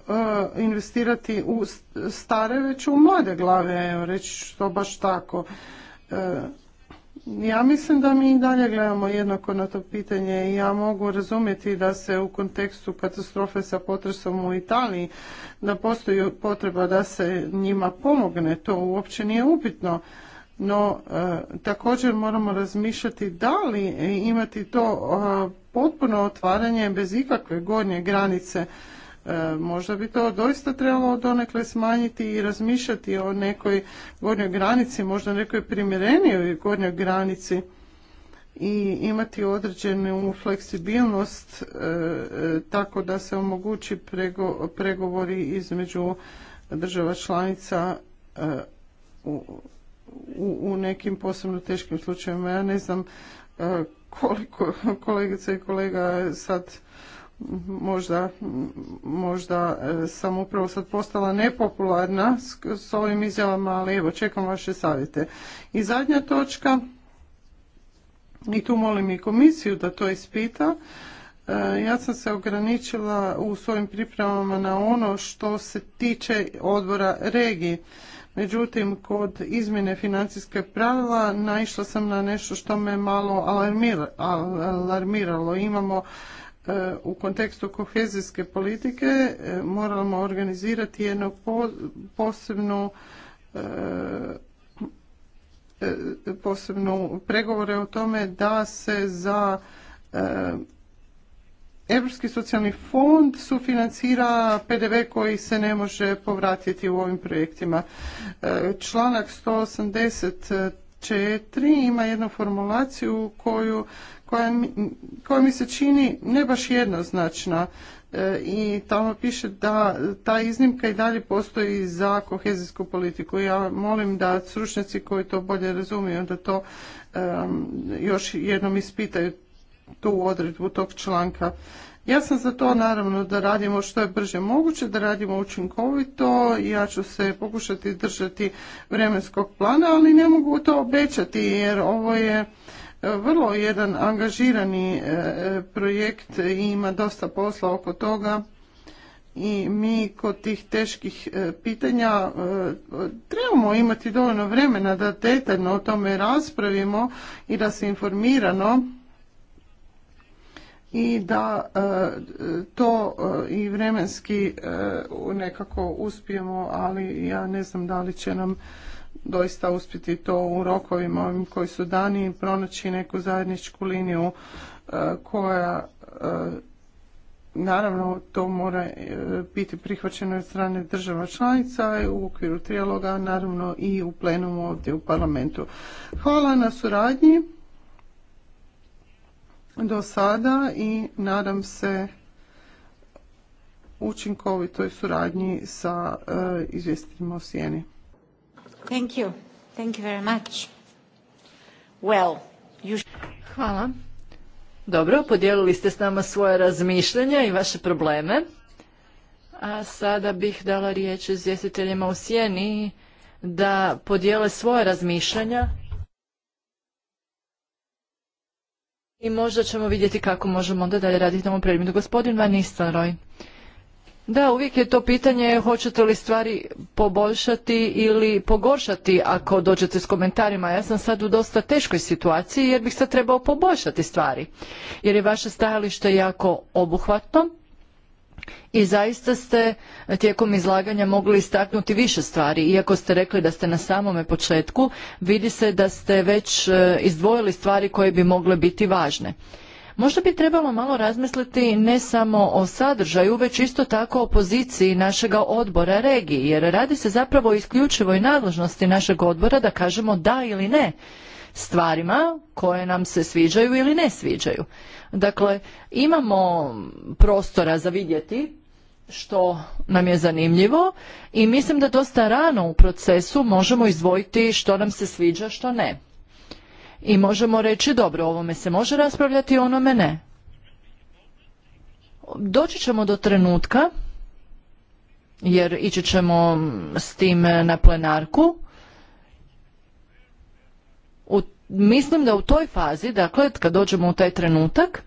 e, investirati u stare već u mlade glave, evo reći što baš tako. E, ja mislim da mi i dalje gledamo jednako na to pitanje i ja mogu razumjeti da se u kontekstu katastrofe sa potresom u Italiji da postoji potreba da se njima pomogne, to uopće nije upitno. No, također moramo razmišljati da li imati to potpuno otvaranje bez ikakve gornje granice. E, možda bi to doista trebalo donekle smanjiti i razmišljati o nekoj gornjoj granici, možda nekoj primjerenijoj gornjoj granici i imati određenu fleksibilnost e, tako da se omogući pregovori između država članica e, u nekim posebno teškim slučajevima. Ja ne znam koliko kolegice i kolega sad možda, možda e, sam upravo sad postala nepopularna s, ovim izjavama, ali evo čekam vaše savjete. I zadnja točka, i tu molim i komisiju da to ispita, e, ja sam se ograničila u svojim pripremama na ono što se tiče odbora regije. Međutim, kod izmjene financijske pravila naišla sam na nešto što me malo alarmiralo. Imamo e, u kontekstu kohezijske politike e, moramo organizirati jednu posebnu e, posebnu pregovore o tome da se za Europski socijalni fond sufinancira PDV koji se ne može povratiti u ovim projektima. E, članak 184 ima jednu formulaciju koju, koja, mi se čini ne baš jednoznačna e, i tamo piše da ta iznimka i dalje postoji za kohezijsku politiku. Ja molim da stručnjaci koji to bolje razumiju da to još jednom ispitaju tu odredbu tog članka. Ja sam za to naravno da radimo što je brže moguće, da radimo učinkovito. Ja ću se pokušati držati vremenskog plana, ali ne mogu to obećati jer ovo je e, vrlo jedan angažirani e, projekt i ima dosta posla oko toga i mi kod tih teških e, pitanja trebamo imati dovoljno vremena da detaljno o tome raspravimo i da se informirano i da e, to e, i vremenski e, nekako uspijemo, ali ja ne znam da li će nam doista uspjeti to u rokovima koji su dani pronaći neku zajedničku liniju koja naravno to mora biti prihvaćeno od strane država članica u okviru trijaloga, naravno i u plenumu ovdje u parlamentu. Hvala na suradnji do sada i nadam se učinkovitoj suradnji sa e, izvjestiteljima u sjeni. Thank you. Thank you very much. Well, Hvala. Dobro, podijelili ste s nama svoje razmišljanja i vaše probleme. A sada bih dala riječ izvjestiteljima u sjeni da podijele svoje razmišljanja I možda ćemo vidjeti kako možemo onda dalje raditi na ovom predmetu. Gospodin Van Nistelrooy. Da, uvijek je to pitanje hoćete li stvari poboljšati ili pogoršati ako dođete s komentarima. Ja sam sad u dosta teškoj situaciji jer bih sad trebao poboljšati stvari. Jer je vaše stajalište jako obuhvatno i zaista ste e, tijekom izlaganja mogli istaknuti više stvari. Iako ste rekli da ste na samome početku, vidi se da ste već e, izdvojili stvari koje bi mogle biti važne. Možda bi trebalo malo razmisliti ne samo o sadržaju, već isto tako o poziciji našega odbora regiji, jer radi se zapravo o isključivoj nadležnosti našeg odbora da kažemo da ili ne stvarima koje nam se sviđaju ili ne sviđaju. Dakle, imamo prostora za vidjeti što nam je zanimljivo i mislim da dosta rano u procesu možemo izdvojiti što nam se sviđa, što ne. I možemo reći, dobro, ovome se može raspravljati, onome ne. Doći ćemo do trenutka, jer ići ćemo s tim na plenarku, mislim da u toj fazi, dakle, kad dođemo u taj trenutak,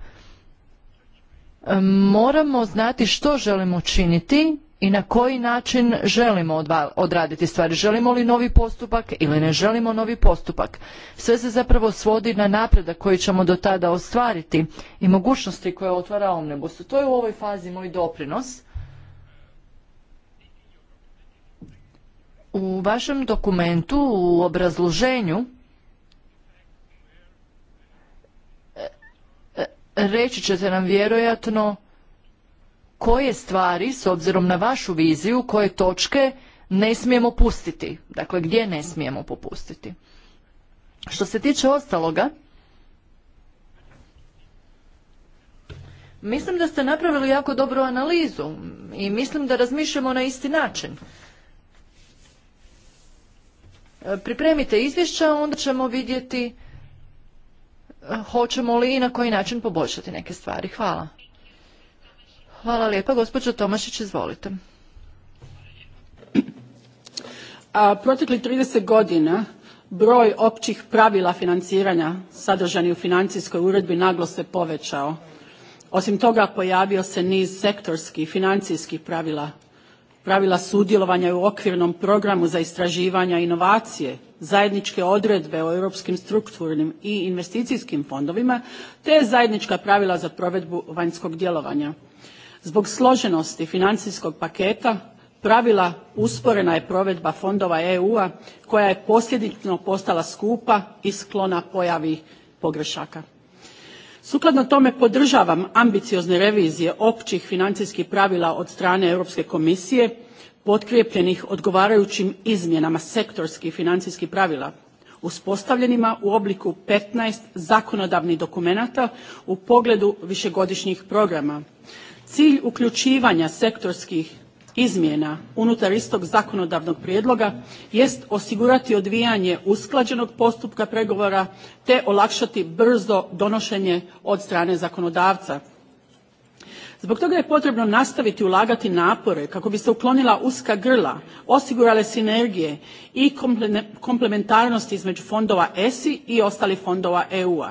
moramo znati što želimo činiti i na koji način želimo odraditi stvari. Želimo li novi postupak ili ne želimo novi postupak. Sve se zapravo svodi na napredak koji ćemo do tada ostvariti i mogućnosti koje otvara Omnibus. To je u ovoj fazi moj doprinos. U vašem dokumentu, u obrazloženju, reći ćete nam vjerojatno koje stvari, s obzirom na vašu viziju, koje točke ne smijemo pustiti. Dakle, gdje ne smijemo popustiti. Što se tiče ostaloga, mislim da ste napravili jako dobru analizu i mislim da razmišljamo na isti način. Pripremite izvješća, onda ćemo vidjeti hoćemo li i na koji način poboljšati neke stvari. Hvala. Hvala lijepa. Gospođo Tomašić, izvolite. A, proteklih 30 godina broj općih pravila financiranja sadržanih u financijskoj uredbi naglo se povećao. Osim toga pojavio se niz sektorskih financijskih pravila, pravila sudjelovanja u okvirnom programu za istraživanje inovacije, zajedničke odredbe o europskim strukturnim i investicijskim fondovima te zajednička pravila za provedbu vanjskog djelovanja. Zbog složenosti financijskog paketa pravila usporena je provedba fondova EU-a koja je posljedično postala skupa i sklona pojavi pogrešaka. Sukladno tome podržavam ambiciozne revizije općih financijskih pravila od strane Europske komisije potkrijepljenih odgovarajućim izmjenama sektorskih financijskih pravila uspostavljenima u obliku 15 zakonodavnih dokumenata u pogledu višegodišnjih programa. Cilj uključivanja sektorskih izmjena unutar istog zakonodavnog prijedloga jest osigurati odvijanje usklađenog postupka pregovora te olakšati brzo donošenje od strane zakonodavca. Zbog toga je potrebno nastaviti ulagati napore kako bi se uklonila uska grla, osigurale sinergije i komplementarnosti između fondova ESI i ostalih fondova EU-a.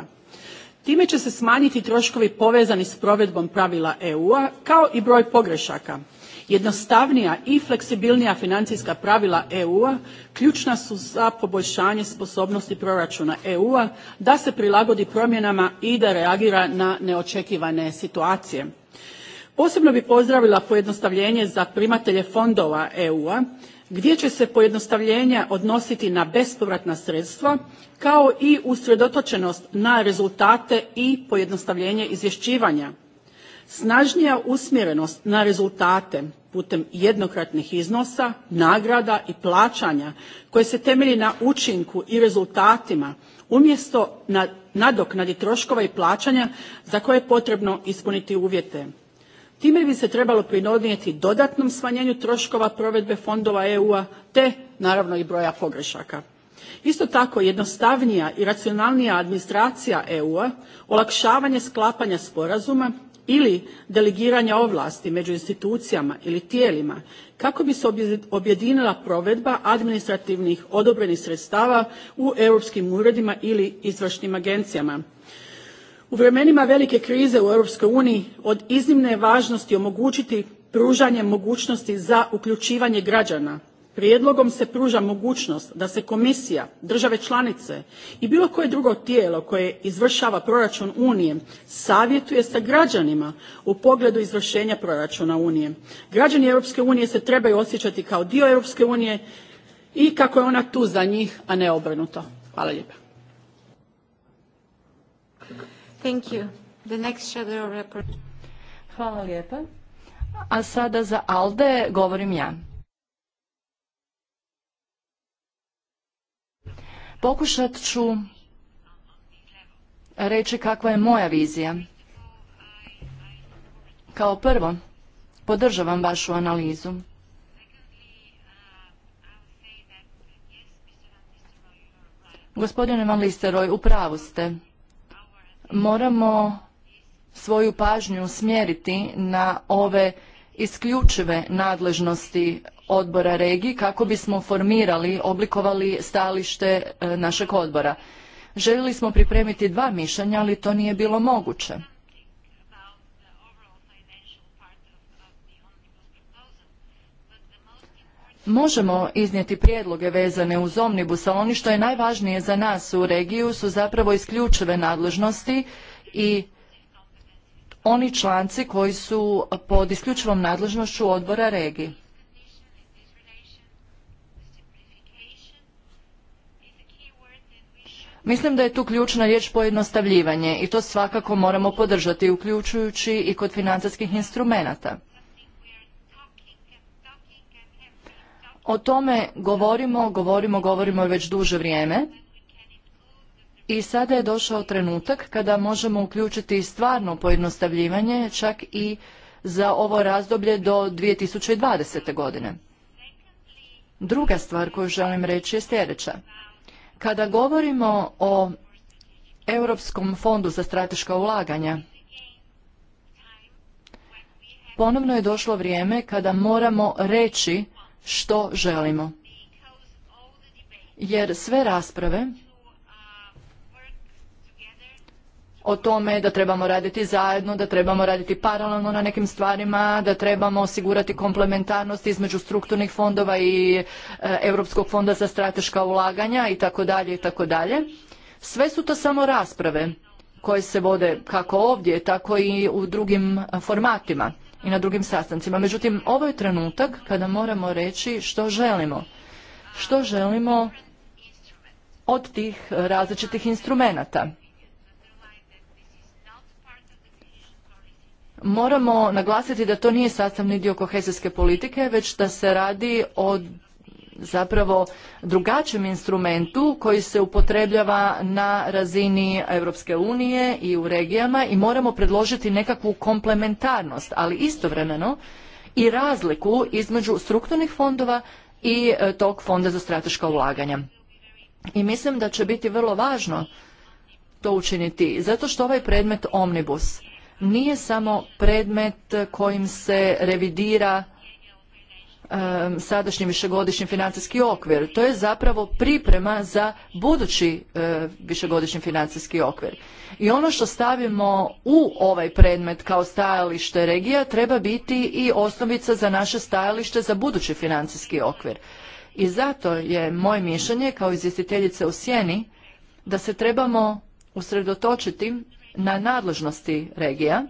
Time će se smanjiti troškovi povezani s provedbom pravila EU-a kao i broj pogrešaka. Jednostavnija i fleksibilnija financijska pravila EU-a ključna su za poboljšanje sposobnosti proračuna EU-a da se prilagodi promjenama i da reagira na neočekivane situacije. Posebno bih pozdravila pojednostavljenje za primatelje fondova EU-a gdje će se pojednostavljenja odnositi na bespovratna sredstva kao i usredotočenost na rezultate i pojednostavljenje izvješćivanja. Snažnija usmjerenost na rezultate putem jednokratnih iznosa, nagrada i plaćanja koje se temelji na učinku i rezultatima umjesto na nadoknadi troškova i plaćanja za koje je potrebno ispuniti uvjete. Time bi se trebalo pridonijeti dodatnom smanjenju troškova provedbe fondova EU-a te naravno i broja pogrešaka. Isto tako jednostavnija i racionalnija administracija EU-a, olakšavanje sklapanja sporazuma ili delegiranja ovlasti među institucijama ili tijelima kako bi se objedinila provedba administrativnih odobrenih sredstava u europskim uredima ili izvršnim agencijama. U vremenima velike krize u EU uniji od iznimne je važnosti omogućiti pružanje mogućnosti za uključivanje građana. Prijedlogom se pruža mogućnost da se komisija, države članice i bilo koje drugo tijelo koje izvršava proračun Unije savjetuje sa građanima u pogledu izvršenja proračuna Unije. Građani Europske unije se trebaju osjećati kao dio Europske unije i kako je ona tu za njih, a ne obrnuto. Hvala lijepa. Hvala lijepa. A sada za Alde govorim ja. Pokušat ću reći kakva je moja vizija. Kao prvo, podržavam vašu analizu. Gospodine Van Listeroj, u pravu ste moramo svoju pažnju smjeriti na ove isključive nadležnosti odbora regiji kako bismo formirali, oblikovali stajalište e, našeg odbora. Željeli smo pripremiti dva mišljenja, ali to nije bilo moguće. možemo iznijeti prijedloge vezane uz omnibus, ali oni što je najvažnije za nas u regiju su zapravo isključive nadležnosti i oni članci koji su pod isključivom nadležnošću odbora regiji. Mislim da je tu ključna riječ pojednostavljivanje i to svakako moramo podržati, uključujući i kod financijskih instrumenata. O tome govorimo, govorimo, govorimo već duže vrijeme i sada je došao trenutak kada možemo uključiti stvarno pojednostavljivanje čak i za ovo razdoblje do 2020. godine. Druga stvar koju želim reći je sljedeća. Kada govorimo o Europskom fondu za strateška ulaganja, ponovno je došlo vrijeme kada moramo reći što želimo. Jer sve rasprave o tome da trebamo raditi zajedno, da trebamo raditi paralelno na nekim stvarima, da trebamo osigurati komplementarnost između strukturnih fondova i e, Europskog fonda za strateška ulaganja i tako dalje i tako dalje. Sve su to samo rasprave koje se vode kako ovdje, tako i u drugim formatima i na drugim sastancima. Međutim, ovo je trenutak kada moramo reći što želimo. Što želimo od tih različitih instrumenata. Moramo naglasiti da to nije sastavni dio kohezijske politike, već da se radi o zapravo drugačijem instrumentu koji se upotrebljava na razini Europske unije i u regijama i moramo predložiti nekakvu komplementarnost, ali istovremeno i razliku između strukturnih fondova i e, tog fonda za strateška ulaganja. I mislim da će biti vrlo važno to učiniti, zato što ovaj predmet Omnibus nije samo predmet kojim se revidira sadašnji višegodišnji financijski okvir. To je zapravo priprema za budući e, višegodišnji financijski okvir. I ono što stavimo u ovaj predmet kao stajalište regija treba biti i osnovica za naše stajalište za budući financijski okvir. I zato je moje mišljenje kao izvjestiteljice u sjeni da se trebamo usredotočiti na nadležnosti regija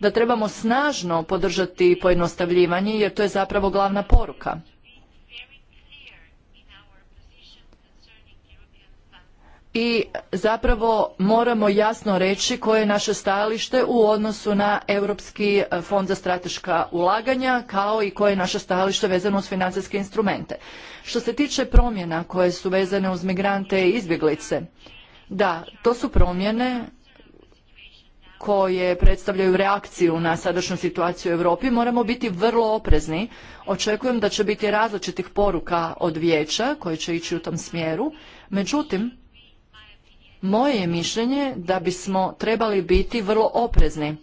da trebamo snažno podržati pojednostavljivanje jer to je zapravo glavna poruka. i zapravo moramo jasno reći koje je naše stajalište u odnosu na Europski e, fond za strateška ulaganja kao i koje je naše stajalište vezano uz financijske instrumente. Što se tiče promjena koje su vezane uz migrante i izbjeglice, da, to su promjene koje predstavljaju reakciju na sadašnju situaciju u Europi, moramo biti vrlo oprezni. Očekujem da će biti različitih poruka od vijeća koje će ići u tom smjeru. Međutim, moje je mišljenje da bismo trebali biti vrlo oprezni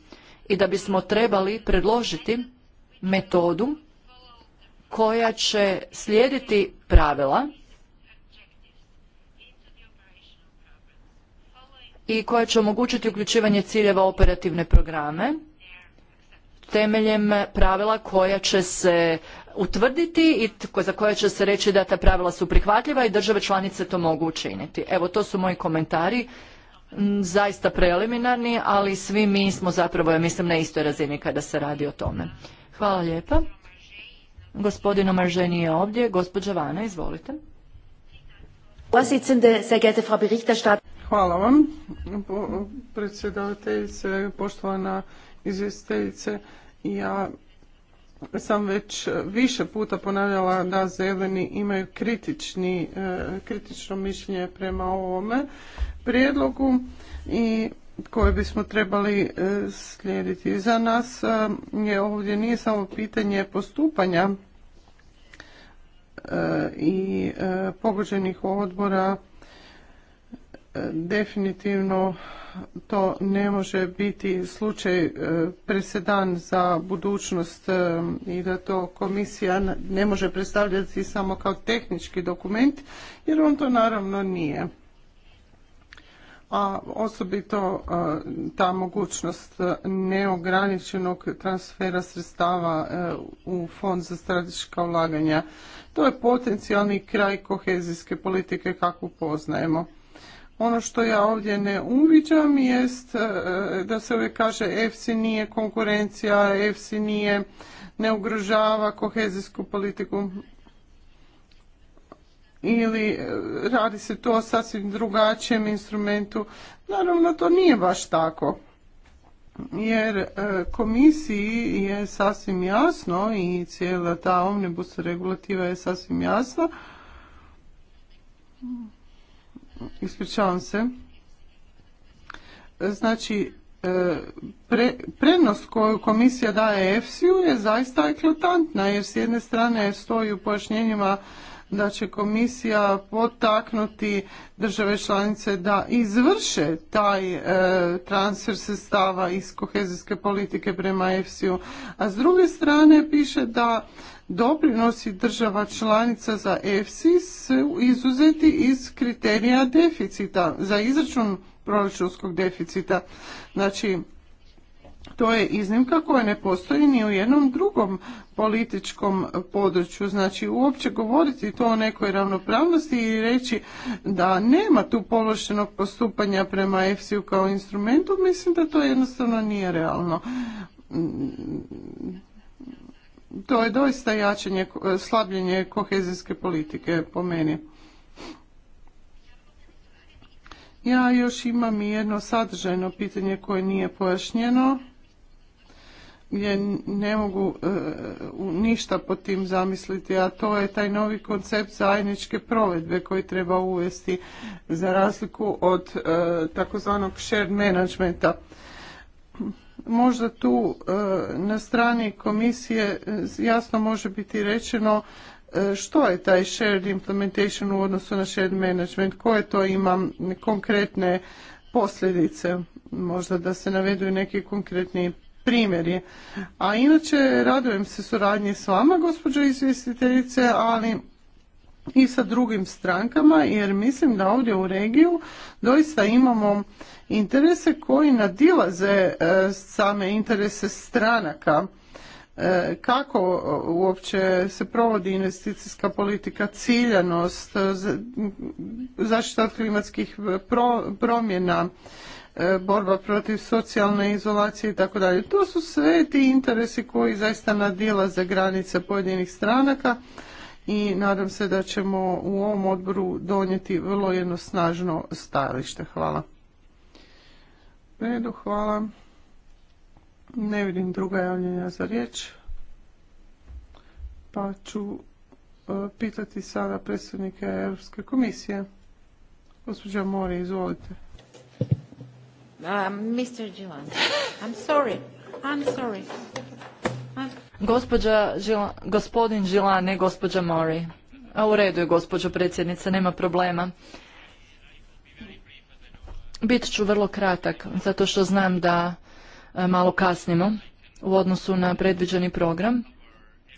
i da bismo trebali predložiti metodu koja će slijediti pravila i koja će omogućiti uključivanje ciljeva operativne programe temeljem pravila koja će se utvrditi i za koja će se reći da ta pravila su prihvatljiva i države članice to mogu učiniti. Evo, to su moji komentari, mm, zaista preliminarni, ali svi mi smo zapravo, ja mislim, na istoj razini kada se radi o tome. Hvala lijepa. Gospodin Omarženi je ovdje. Gospođa Vana, izvolite. Hvala vam, predsjedavateljice, poštovana izvjestiteljice. Ja sam već više puta ponavljala da zeleni imaju kritični, e, kritično mišljenje prema ovome prijedlogu i koje bismo trebali e, slijediti. Za nas e, je ovdje nije samo pitanje postupanja i pogođenih odbora definitivno to ne može biti slučaj e, presedan za budućnost e, i da to komisija ne može predstavljati samo kao tehnički dokument jer on to naravno nije a osobito e, ta mogućnost neograničenog transfera sredstava u fond za strateška ulaganja to je potencijalni kraj kohezijske politike kakvu poznajemo ono što ja ovdje ne uviđam jest e, da se uvijek kaže EFSI nije konkurencija, EFSI nije, ne ugrožava kohezijsku politiku ili e, radi se to o sasvim drugačijem instrumentu. Naravno, to nije baš tako. Jer e, komisiji je sasvim jasno i cijela ta omnibus regulativa je sasvim jasna ispričavam se, znači e, pre, prednost koju komisija daje EFSI-u je zaista eklatantna jer s jedne strane stoji u pojašnjenjima da će komisija potaknuti države članice da izvrše taj e, transfer sredstava iz kohezijske politike prema EFSI-u. A s druge strane piše da doprinosi država članica za EFSI su izuzeti iz kriterija deficita za izračun proračunskog deficita. Znači, to je iznimka koja ne postoji ni u jednom drugom političkom području. Znači uopće govoriti to o nekoj ravnopravnosti i reći da nema tu pološenog postupanja prema EFSI-u kao instrumentu, mislim da to jednostavno nije realno. Mm, to je doista jačanje, slabljenje kohezijske politike po meni. Ja još imam i jedno sadržajno pitanje koje nije pojašnjeno je ne mogu e, ništa po tim zamisliti, a to je taj novi koncept zajedničke provedbe koji treba uvesti za razliku od e, takozvanog shared managementa. Možda tu e, na strani komisije e, jasno može biti rečeno što je taj shared implementation u odnosu na shared management, koje to ima konkretne posljedice, možda da se navedu neki konkretni primjeri. A inače, radujem se suradnji s vama, gospođo izvjestiteljice, ali i sa drugim strankama, jer mislim da ovdje u regiju doista imamo interese koji nadilaze e, same interese stranaka e, kako uopće se provodi investicijska politika, ciljanost, zaštita klimatskih promjena, E, borba protiv socijalne izolacije i tako dalje. To su sve ti interesi koji zaista nadjela za granice pojedinih stranaka i nadam se da ćemo u ovom odboru donijeti vrlo jedno snažno stajalište. Hvala. Redu, hvala. Ne vidim druga javljenja za riječ. Pa ću e, pitati sada predsjednika Europske komisije. Gospođa Mori, izvolite. Uh, gospodin ne gospođa Mori. A u redu je gospođo predsjednice, nema problema. Bit ću vrlo kratak, zato što znam da e, malo kasnimo u odnosu na predviđeni program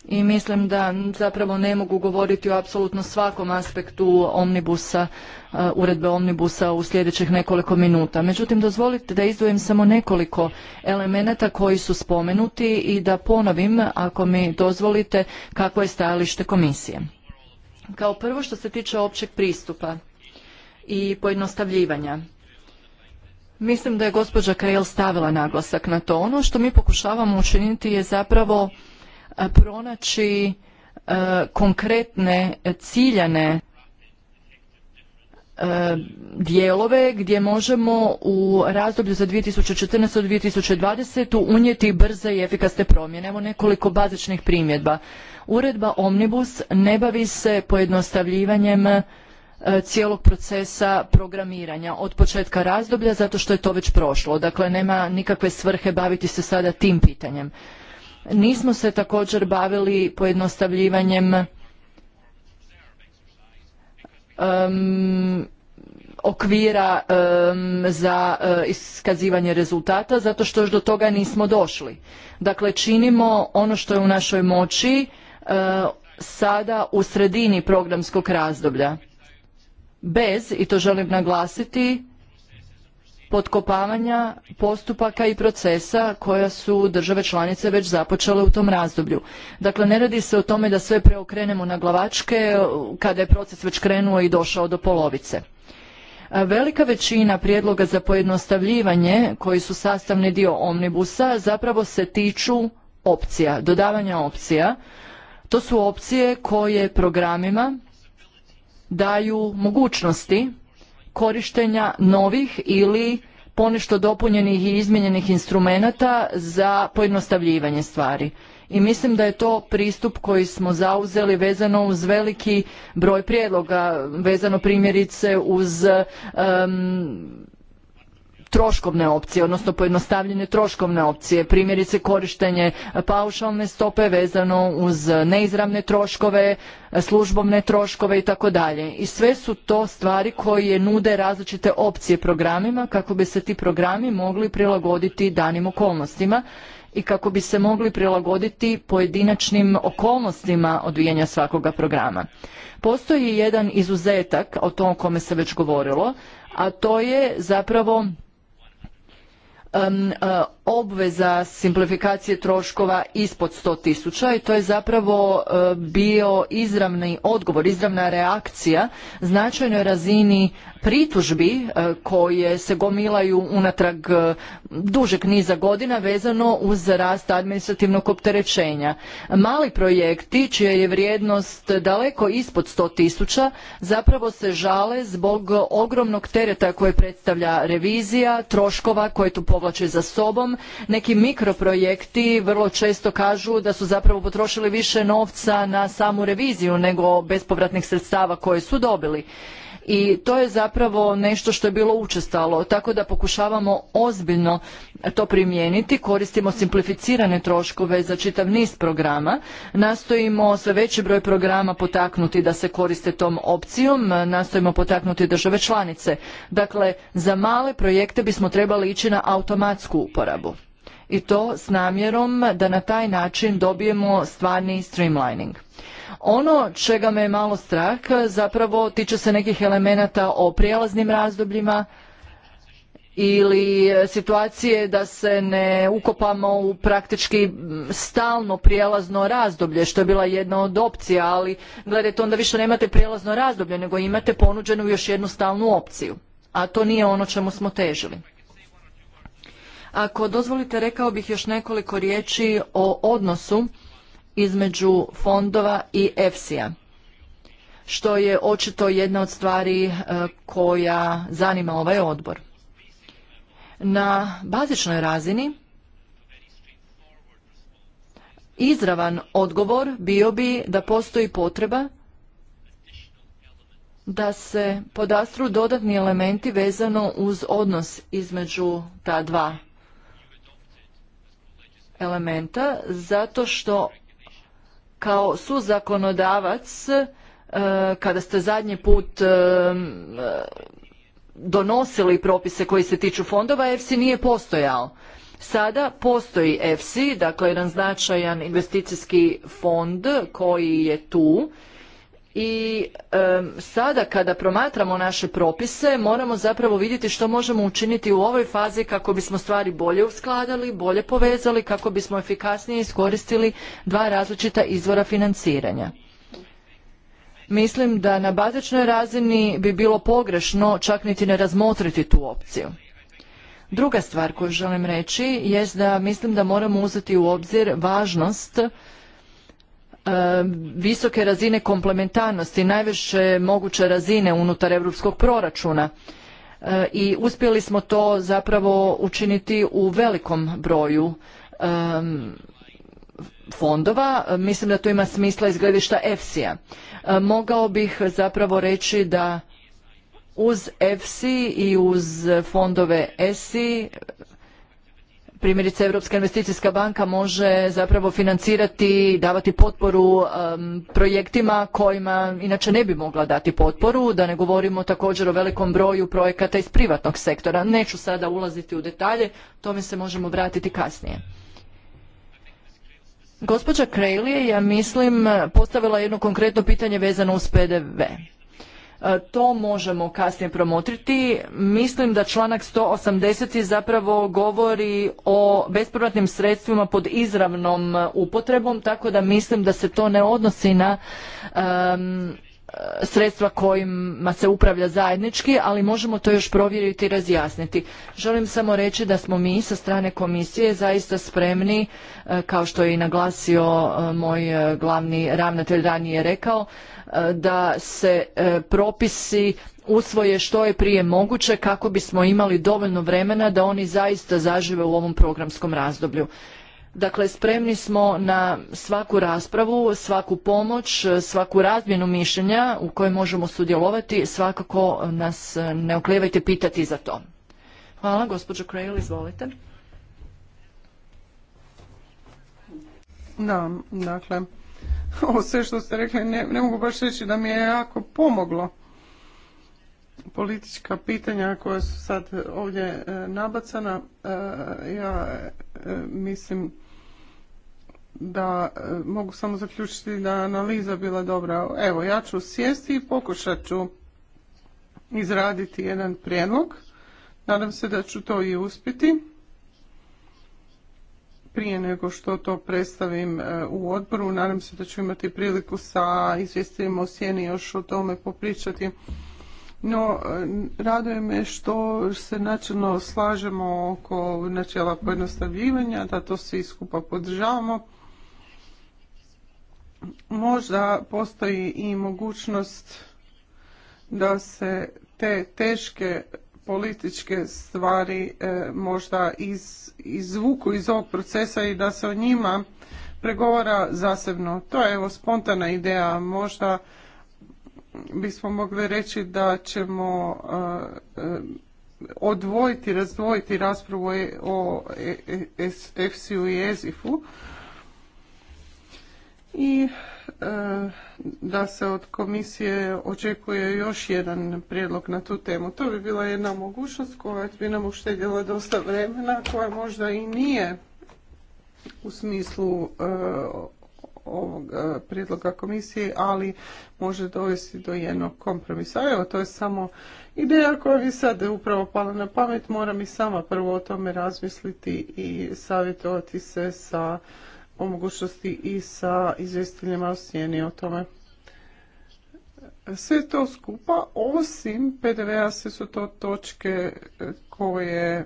i mislim da zapravo ne mogu govoriti o apsolutno svakom aspektu omnibusa, uh, uredbe omnibusa u sljedećih nekoliko minuta. Međutim, dozvolite da izdvojim samo nekoliko elemenata koji su spomenuti i da ponovim, ako mi dozvolite, kako je stajalište komisije. Kao prvo što se tiče općeg pristupa i pojednostavljivanja, Mislim da je gospođa Krejl stavila naglasak na to. Ono što mi pokušavamo učiniti je zapravo E, pronaći e, konkretne ciljane e, dijelove gdje možemo u razdoblju za 2014. do 2020. unijeti brze i efikasne promjene. Evo nekoliko bazičnih primjedba. Uredba Omnibus ne bavi se pojednostavljivanjem cijelog procesa programiranja od početka razdoblja zato što je to već prošlo. Dakle, nema nikakve svrhe baviti se sada tim pitanjem. Nismo se također bavili pojednostavljivanjem okvira za e, iskazivanje rezultata zato što još do toga nismo došli. Dakle, činimo ono što je u našoj moći e, sada u sredini programskog razdoblja. Bez, i to želim naglasiti, potkopavanja postupaka i procesa koja su države članice već započele u tom razdoblju. Dakle, ne radi se o tome da sve preokrenemo na glavačke kada je proces već krenuo i došao do polovice. Velika većina prijedloga za pojednostavljivanje koji su sastavni dio omnibusa zapravo se tiču opcija, dodavanja opcija. To su opcije koje programima daju mogućnosti korištenja novih ili ponešto dopunjenih i izmijenjenih instrumenata za pojednostavljivanje stvari. I mislim da je to pristup koji smo zauzeli vezano uz veliki broj prijedloga, vezano primjerice uz troškovne opcije, odnosno pojednostavljene troškovne opcije, primjerice korištenje paušalne stope vezano uz neizravne troškove, službovne troškove i tako dalje. I sve su to stvari koje nude različite opcije programima kako bi se ti programi mogli prilagoditi danim okolnostima i kako bi se mogli prilagoditi pojedinačnim okolnostima odvijanja svakoga programa. Postoji jedan izuzetak o tom o kome se već govorilo, a to je zapravo um, uh, obveza simplifikacije troškova ispod 100 tisuća i to je zapravo e, bio izravni odgovor, izravna reakcija značajnoj razini pritužbi e, koje se gomilaju unatrag e, dužeg niza godina vezano uz rast administrativnog opterećenja. Mali projekti čija je vrijednost daleko ispod sto tisuća zapravo se žale zbog ogromnog tereta koje predstavlja revizija, troškova koje tu povlače za sobom, neki mikroprojekti vrlo često kažu da su zapravo potrošili više novca na samu reviziju nego bespovratnih sredstava koje su dobili i to je zapravo nešto što je bilo učestalo, tako da pokušavamo ozbiljno to primijeniti, koristimo simplificirane troškove za čitav niz programa, nastojimo sve veći broj programa potaknuti da se koriste tom opcijom, nastojimo potaknuti države članice. Dakle, za male projekte bismo trebali ići na automatsku uporabu i to s namjerom da na taj način dobijemo stvarni streamlining. Ono čega me je malo strah zapravo tiče se nekih elemenata o prijelaznim razdobljima ili situacije da se ne ukopamo u praktički stalno prijelazno razdoblje što je bila jedna od opcija ali gledajte onda više nemate prijelazno razdoblje nego imate ponuđenu još jednu stalnu opciju a to nije ono čemu smo težili. Ako dozvolite rekao bih još nekoliko riječi o odnosu između fondova i EFSI-a što je očito jedna od stvari e, koja zanima ovaj odbor. Na bazičnoj razini izravan odgovor bio bi da postoji potreba da se podastru dodatni elementi vezano uz odnos između ta dva elementa zato što kao suzakonodavac e, kada ste zadnji put e, donosili propise koji se tiču fondova, EFSI nije postojao. Sada postoji EFSI, dakle jedan značajan investicijski fond koji je tu i sada kada promatramo naše propise moramo zapravo vidjeti što možemo učiniti u ovoj fazi kako bismo stvari bolje uskladali, bolje povezali, kako bismo efikasnije iskoristili dva različita izvora financiranja. Mislim da na bazičnoj razini bi bilo pogrešno čak niti ne razmotriti tu opciju. Druga stvar koju želim reći jest da mislim da moramo uzeti u obzir važnost visoke razine komplementarnosti, najviše moguće razine unutar europskog proračuna i uspjeli smo to zapravo učiniti u velikom broju fondova. Mislim da to ima smisla iz gledišta EFSI-a. Mogao bih zapravo reći da uz EFSI i uz fondove ESI primjerice Europska investicijska banka može zapravo financirati i davati potporu projektima kojima inače ne bi mogla dati potporu, da ne govorimo također o velikom broju projekata iz privatnog sektora. Neću sada ulaziti u detalje, tome se možemo vratiti kasnije. Gospođa Krejli je, ja mislim, postavila jedno konkretno pitanje vezano uz PDV. E, to možemo kasnije promotriti. Mislim da članak 180. zapravo govori o bespovratnim sredstvima pod izravnom upotrebom, tako da mislim da se to ne odnosi na E, sredstva kojima se upravlja zajednički, ali možemo to još provjeriti i razjasniti. Želim samo reći da smo mi sa strane komisije zaista spremni, e, kao što je i naglasio e, moj glavni ravnatelj ranije rekao, da se propisi usvoje što je prije moguće kako bismo imali dovoljno vremena da oni zaista zažive u ovom programskom razdoblju. Dakle, spremni smo na svaku raspravu, svaku pomoć, svaku razmjenu mišljenja u kojoj možemo sudjelovati. Svakako nas ne oklijevajte pitati za to. Hvala, gospođo Krail, izvolite. Da, dakle, ovo sve što ste rekli ne, mogu baš reći da mi je jako pomoglo. Politička pitanja koja su sad ovdje e, nabacana, e, ja e, mislim da e, mogu samo zaključiti da je analiza bila dobra. Evo, ja ću sjesti i pokušat ću izraditi jedan prijedlog. Nadam se da ću to i uspjeti. Prije nego što to predstavim e, u odboru, nadam se da ću imati priliku sa izvjestivima o sjeni još o tome popričati. No, e, raduje me što se načelno slažemo oko načela pojednostavljivanja, da to svi skupa podržavamo možda postoji i mogućnost da se te teške političke stvari možda iz, izvuku iz ovog procesa i da se o njima pregovara zasebno. To je evo spontana ideja. Možda bismo mogli reći da ćemo odvojiti, razdvojiti raspravu o EFSI-u i EZIF-u i e, da se od komisije očekuje još jedan prijedlog na tu temu. To bi bila jedna mogućnost koja bi nam uštedjela dosta vremena, koja možda i nije u smislu e, ovog e, prijedloga komisije, ali može dovesti do jednog kompromisa. Evo, to je samo ideja koja mi sad upravo pala na pamet. Moram i sama prvo o tome razmisliti i savjetovati se sa o mogućnosti i sa izvjestiteljima o o tome. Sve to skupa, osim PDV-a, sve su to točke e, koje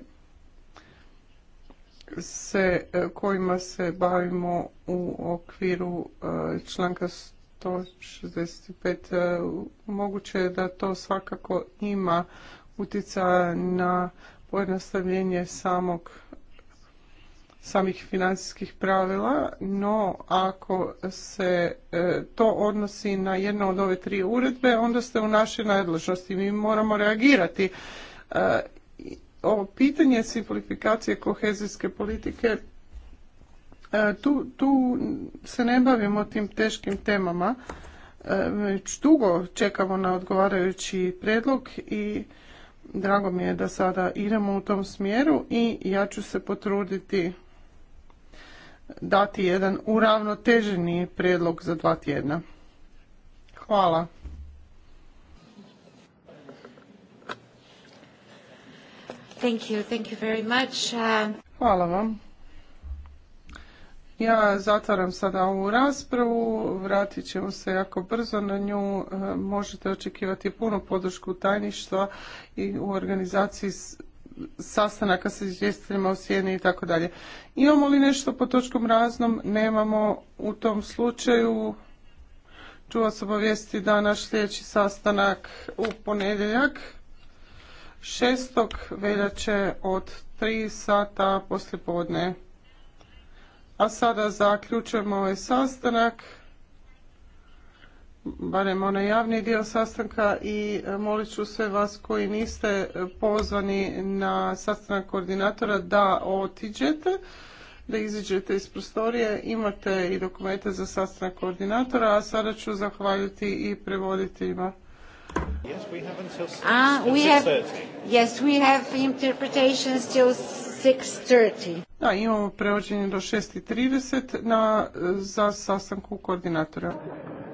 se, e, kojima se bavimo u okviru e, članka 165. Moguće je da to svakako ima utjecaja na pojednostavljenje samog samih financijskih pravila, no ako se e, to odnosi na jedno od ove tri uredbe, onda ste u našoj nadležnosti. Mi moramo reagirati. E, ovo pitanje simplifikacije kohezijske politike, e, tu, tu se ne bavimo tim teškim temama. Već dugo čekamo na odgovarajući predlog i drago mi je da sada idemo u tom smjeru i ja ću se potruditi dati jedan uravnoteženi prijedlog za dva tjedna. Hvala. Um, Hvala vam. Ja zatvaram sada ovu raspravu, vratit ćemo se jako brzo na nju. E, možete očekivati puno podršku tajništva i u organizaciji sastanaka sa izvjestiteljima u sjeni i tako dalje. Imamo li nešto po točkom raznom? Nemamo. U tom slučaju ću vas obavijestiti da naš sljedeći sastanak u ponedjeljak 6. veljače od 3 sata poslijepodne. A sada zaključujemo ovaj sastanak barem onaj javni dio sastanka i e, molit ću sve vas koji niste pozvani na sastanak koordinatora da otiđete, da iziđete iz prostorije. Imate i dokumente za sastanak koordinatora, a sada ću zahvaliti i prevoditeljima. ima. Da, imamo prevođenje do 6.30 na, za sastanku koordinatora.